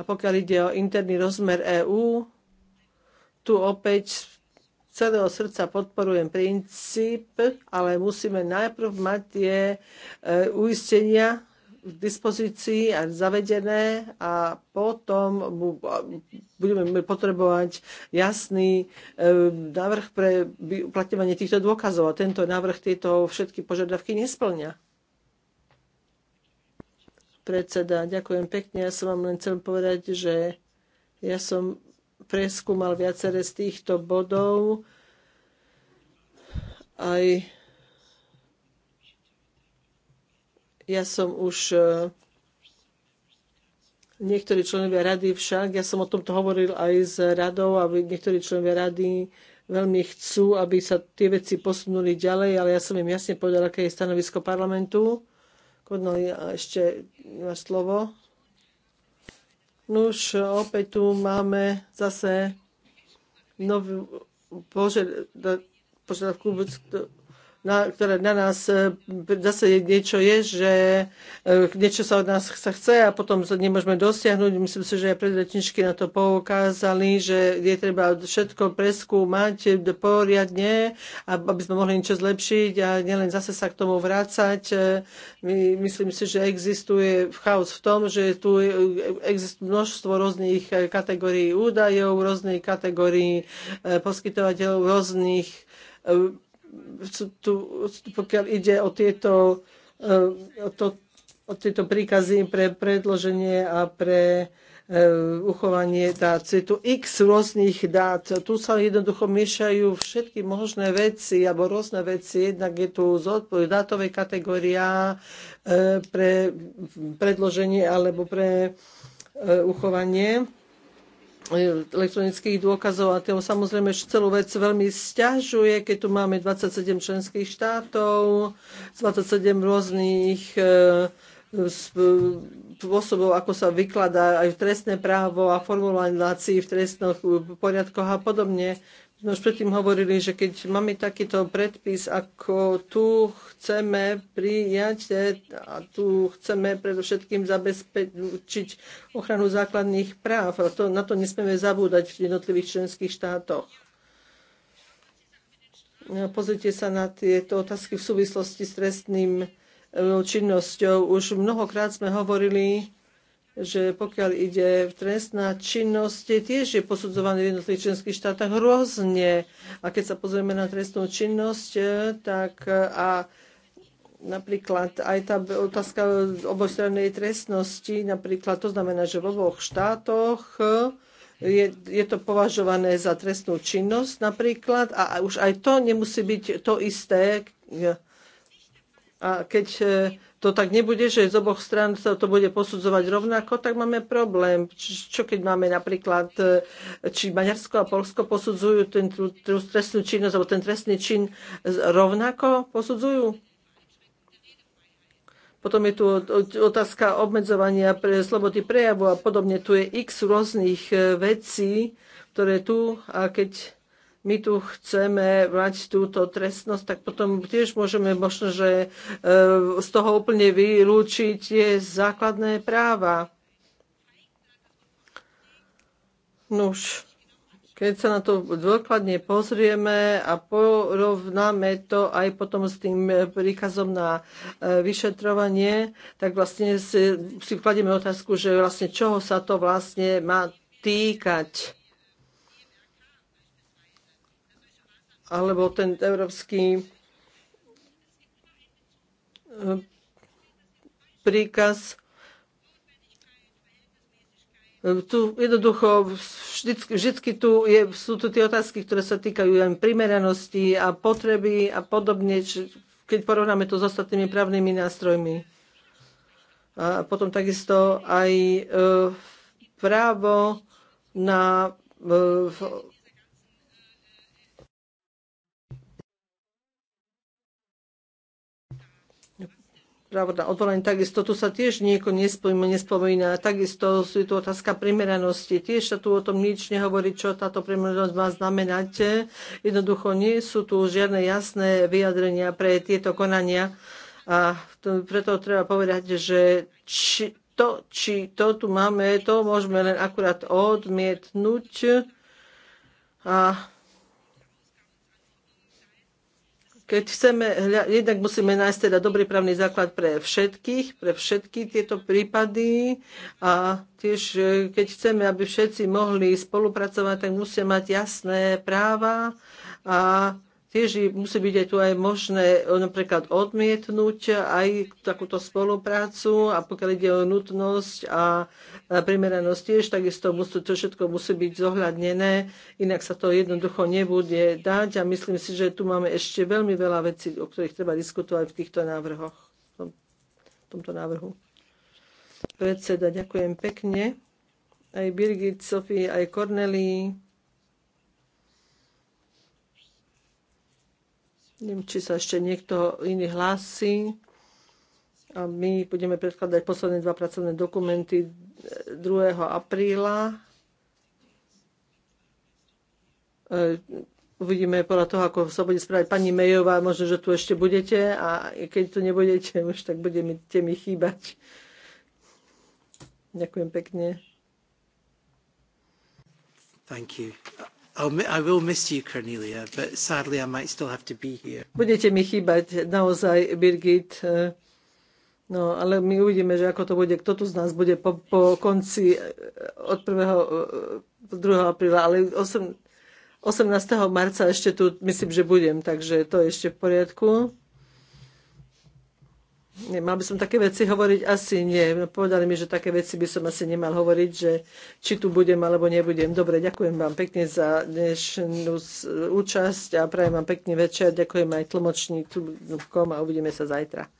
A pokiaľ ide o interný rozmer EÚ, tu opäť celého srdca podporujem princíp, ale musíme najprv mať tie e, uistenia v dispozícii a zavedené a potom budeme potrebovať jasný e, návrh pre uplatňovanie týchto dôkazov. A tento návrh tieto všetky požiadavky nesplňa predseda. Ďakujem pekne. Ja som vám len chcel povedať, že ja som preskúmal viaceré z týchto bodov. Aj ja som už e, niektorí členovia rady však, ja som o tomto hovoril aj s radou aby niektorí členovia rady veľmi chcú, aby sa tie veci posunuli ďalej, ale ja som im jasne povedal, aké je stanovisko parlamentu Kodnoli, ešte máš slovo. Nuž, no opäť tu máme zase novú požiadavku, na, ktoré na nás e, zase niečo je, že e, niečo sa od nás sa chce a potom sa nemôžeme dosiahnuť. Myslím si, že aj predrečničky na to poukázali, že je treba všetko preskúmať poriadne, aby sme mohli niečo zlepšiť a nielen zase sa k tomu vrácať. E, my, myslím si, že existuje chaos v tom, že tu existuje množstvo rôznych kategórií údajov, rôznych kategórií poskytovateľov, rôznych tu, pokiaľ ide o tieto, eh, o to, o tieto príkazy pre predloženie a pre eh, uchovanie dát. Je tu x rôznych dát. Tu sa jednoducho miešajú všetky možné veci alebo rôzne veci. Jednak je tu dátové kategória eh, pre predloženie alebo pre uchovanie E, elektronických dôkazov a to samozrejme celú vec veľmi stiažuje, keď tu máme 27 členských štátov, 27 rôznych e, e, spôsobov, ako sa vykladá aj v trestné právo a formulácii v trestných poriadkoch a podobne sme už predtým hovorili, že keď máme takýto predpis, ako tu chceme prijať a tu chceme predovšetkým zabezpečiť ochranu základných práv. A to, na to nesmieme zabúdať v jednotlivých členských štátoch. Pozrite sa na tieto otázky v súvislosti s trestným e, činnosťou. Už mnohokrát sme hovorili že pokiaľ ide v trestná činnosť, tiež je posudzovaný v jednotlivých členských štátach rôzne. A keď sa pozrieme na trestnú činnosť, e, tak e, a napríklad aj tá otázka obojstrannej trestnosti, napríklad to znamená, že v oboch štátoch e, je, je to považované za trestnú činnosť napríklad a už aj to nemusí byť to isté. A keď to tak nebude, že z oboch strán sa to bude posudzovať rovnako, tak máme problém. Čo keď máme napríklad, e, či Maďarsko a Polsko posudzujú ten, tú trestnú činnosť, alebo ten trestný čin rovnako posudzujú? Potom je tu otázka obmedzovania pre slobody prejavu a podobne. Tu je x rôznych e, vecí, ktoré tu a keď my tu chceme mať túto trestnosť, tak potom tiež môžeme možno, že e, z toho úplne vylúčiť tie základné práva. Nuž, keď sa na to dôkladne pozrieme a porovnáme to aj potom s tým príkazom na e, vyšetrovanie, tak vlastne si, si kladieme otázku, že vlastne čoho sa to vlastne má týkať alebo ten európsky eh, príkaz eh, tu jednoducho vždycky, tu je, sú tu tie otázky, ktoré sa týkajú aj primeranosti a potreby a podobne, keď porovnáme to s ostatnými právnymi nástrojmi. A potom takisto aj e, právo na e, právo na odvolanie, takisto tu sa tiež nieko nespomína, nespomína. Takisto je tu otázka primeranosti. Tiež sa tu o tom nič nehovorí, čo táto primeranosť má znamenať. Jednoducho nie sú tu žiadne jasné vyjadrenia pre tieto konania. A to, preto treba povedať, že či, to, či to tu máme, to môžeme len akurát odmietnúť. A Keď chceme, jednak musíme nájsť teda dobrý právny základ pre všetkých, pre všetky tieto prípady a tiež e, keď chceme, aby všetci mohli spolupracovať, tak musia mať jasné práva a Tiež musí byť aj tu aj možné eh, napríklad odmietnúť aj takúto spoluprácu a pokiaľ ide o nutnosť a primeranosť tiež, takisto musí, to všetko musí byť zohľadnené, inak sa to jednoducho nebude dať a myslím si, že tu máme ešte veľmi veľa vecí, o ktorých treba diskutovať v týchto návrhoch, v tomto návrhu. Predseda, ďakujem pekne. Aj Birgit, Sofie, aj Kornelii. Neviem, či sa ešte niekto iný hlási. A my budeme predkladať posledné dva pracovné dokumenty 2. apríla. E, uvidíme podľa toho, ako sa bude spraviť pani Mejová, možno, že tu ešte budete a keď tu nebudete, už tak budete mi chýbať. Ďakujem pekne. Thank you. I will miss you, Cornelia, but sadly I might still have to be here. Budete mi chýbať naozaj, Birgit. Eh, no, ale my uvidíme, že ako to bude, kto tu z nás bude po, po konci eh, od 1. 2. Eh, apríla, ale 8, 18. marca ešte tu myslím, že budem, takže to je ešte v poriadku. Mal by som také veci hovoriť? Asi nie. Povedali mi, že také veci by som asi nemal hovoriť, že či tu budem alebo nebudem. Dobre, ďakujem vám pekne za dnešnú účasť a prajem vám pekný večer. Ďakujem aj tlmočníkom a uvidíme sa zajtra.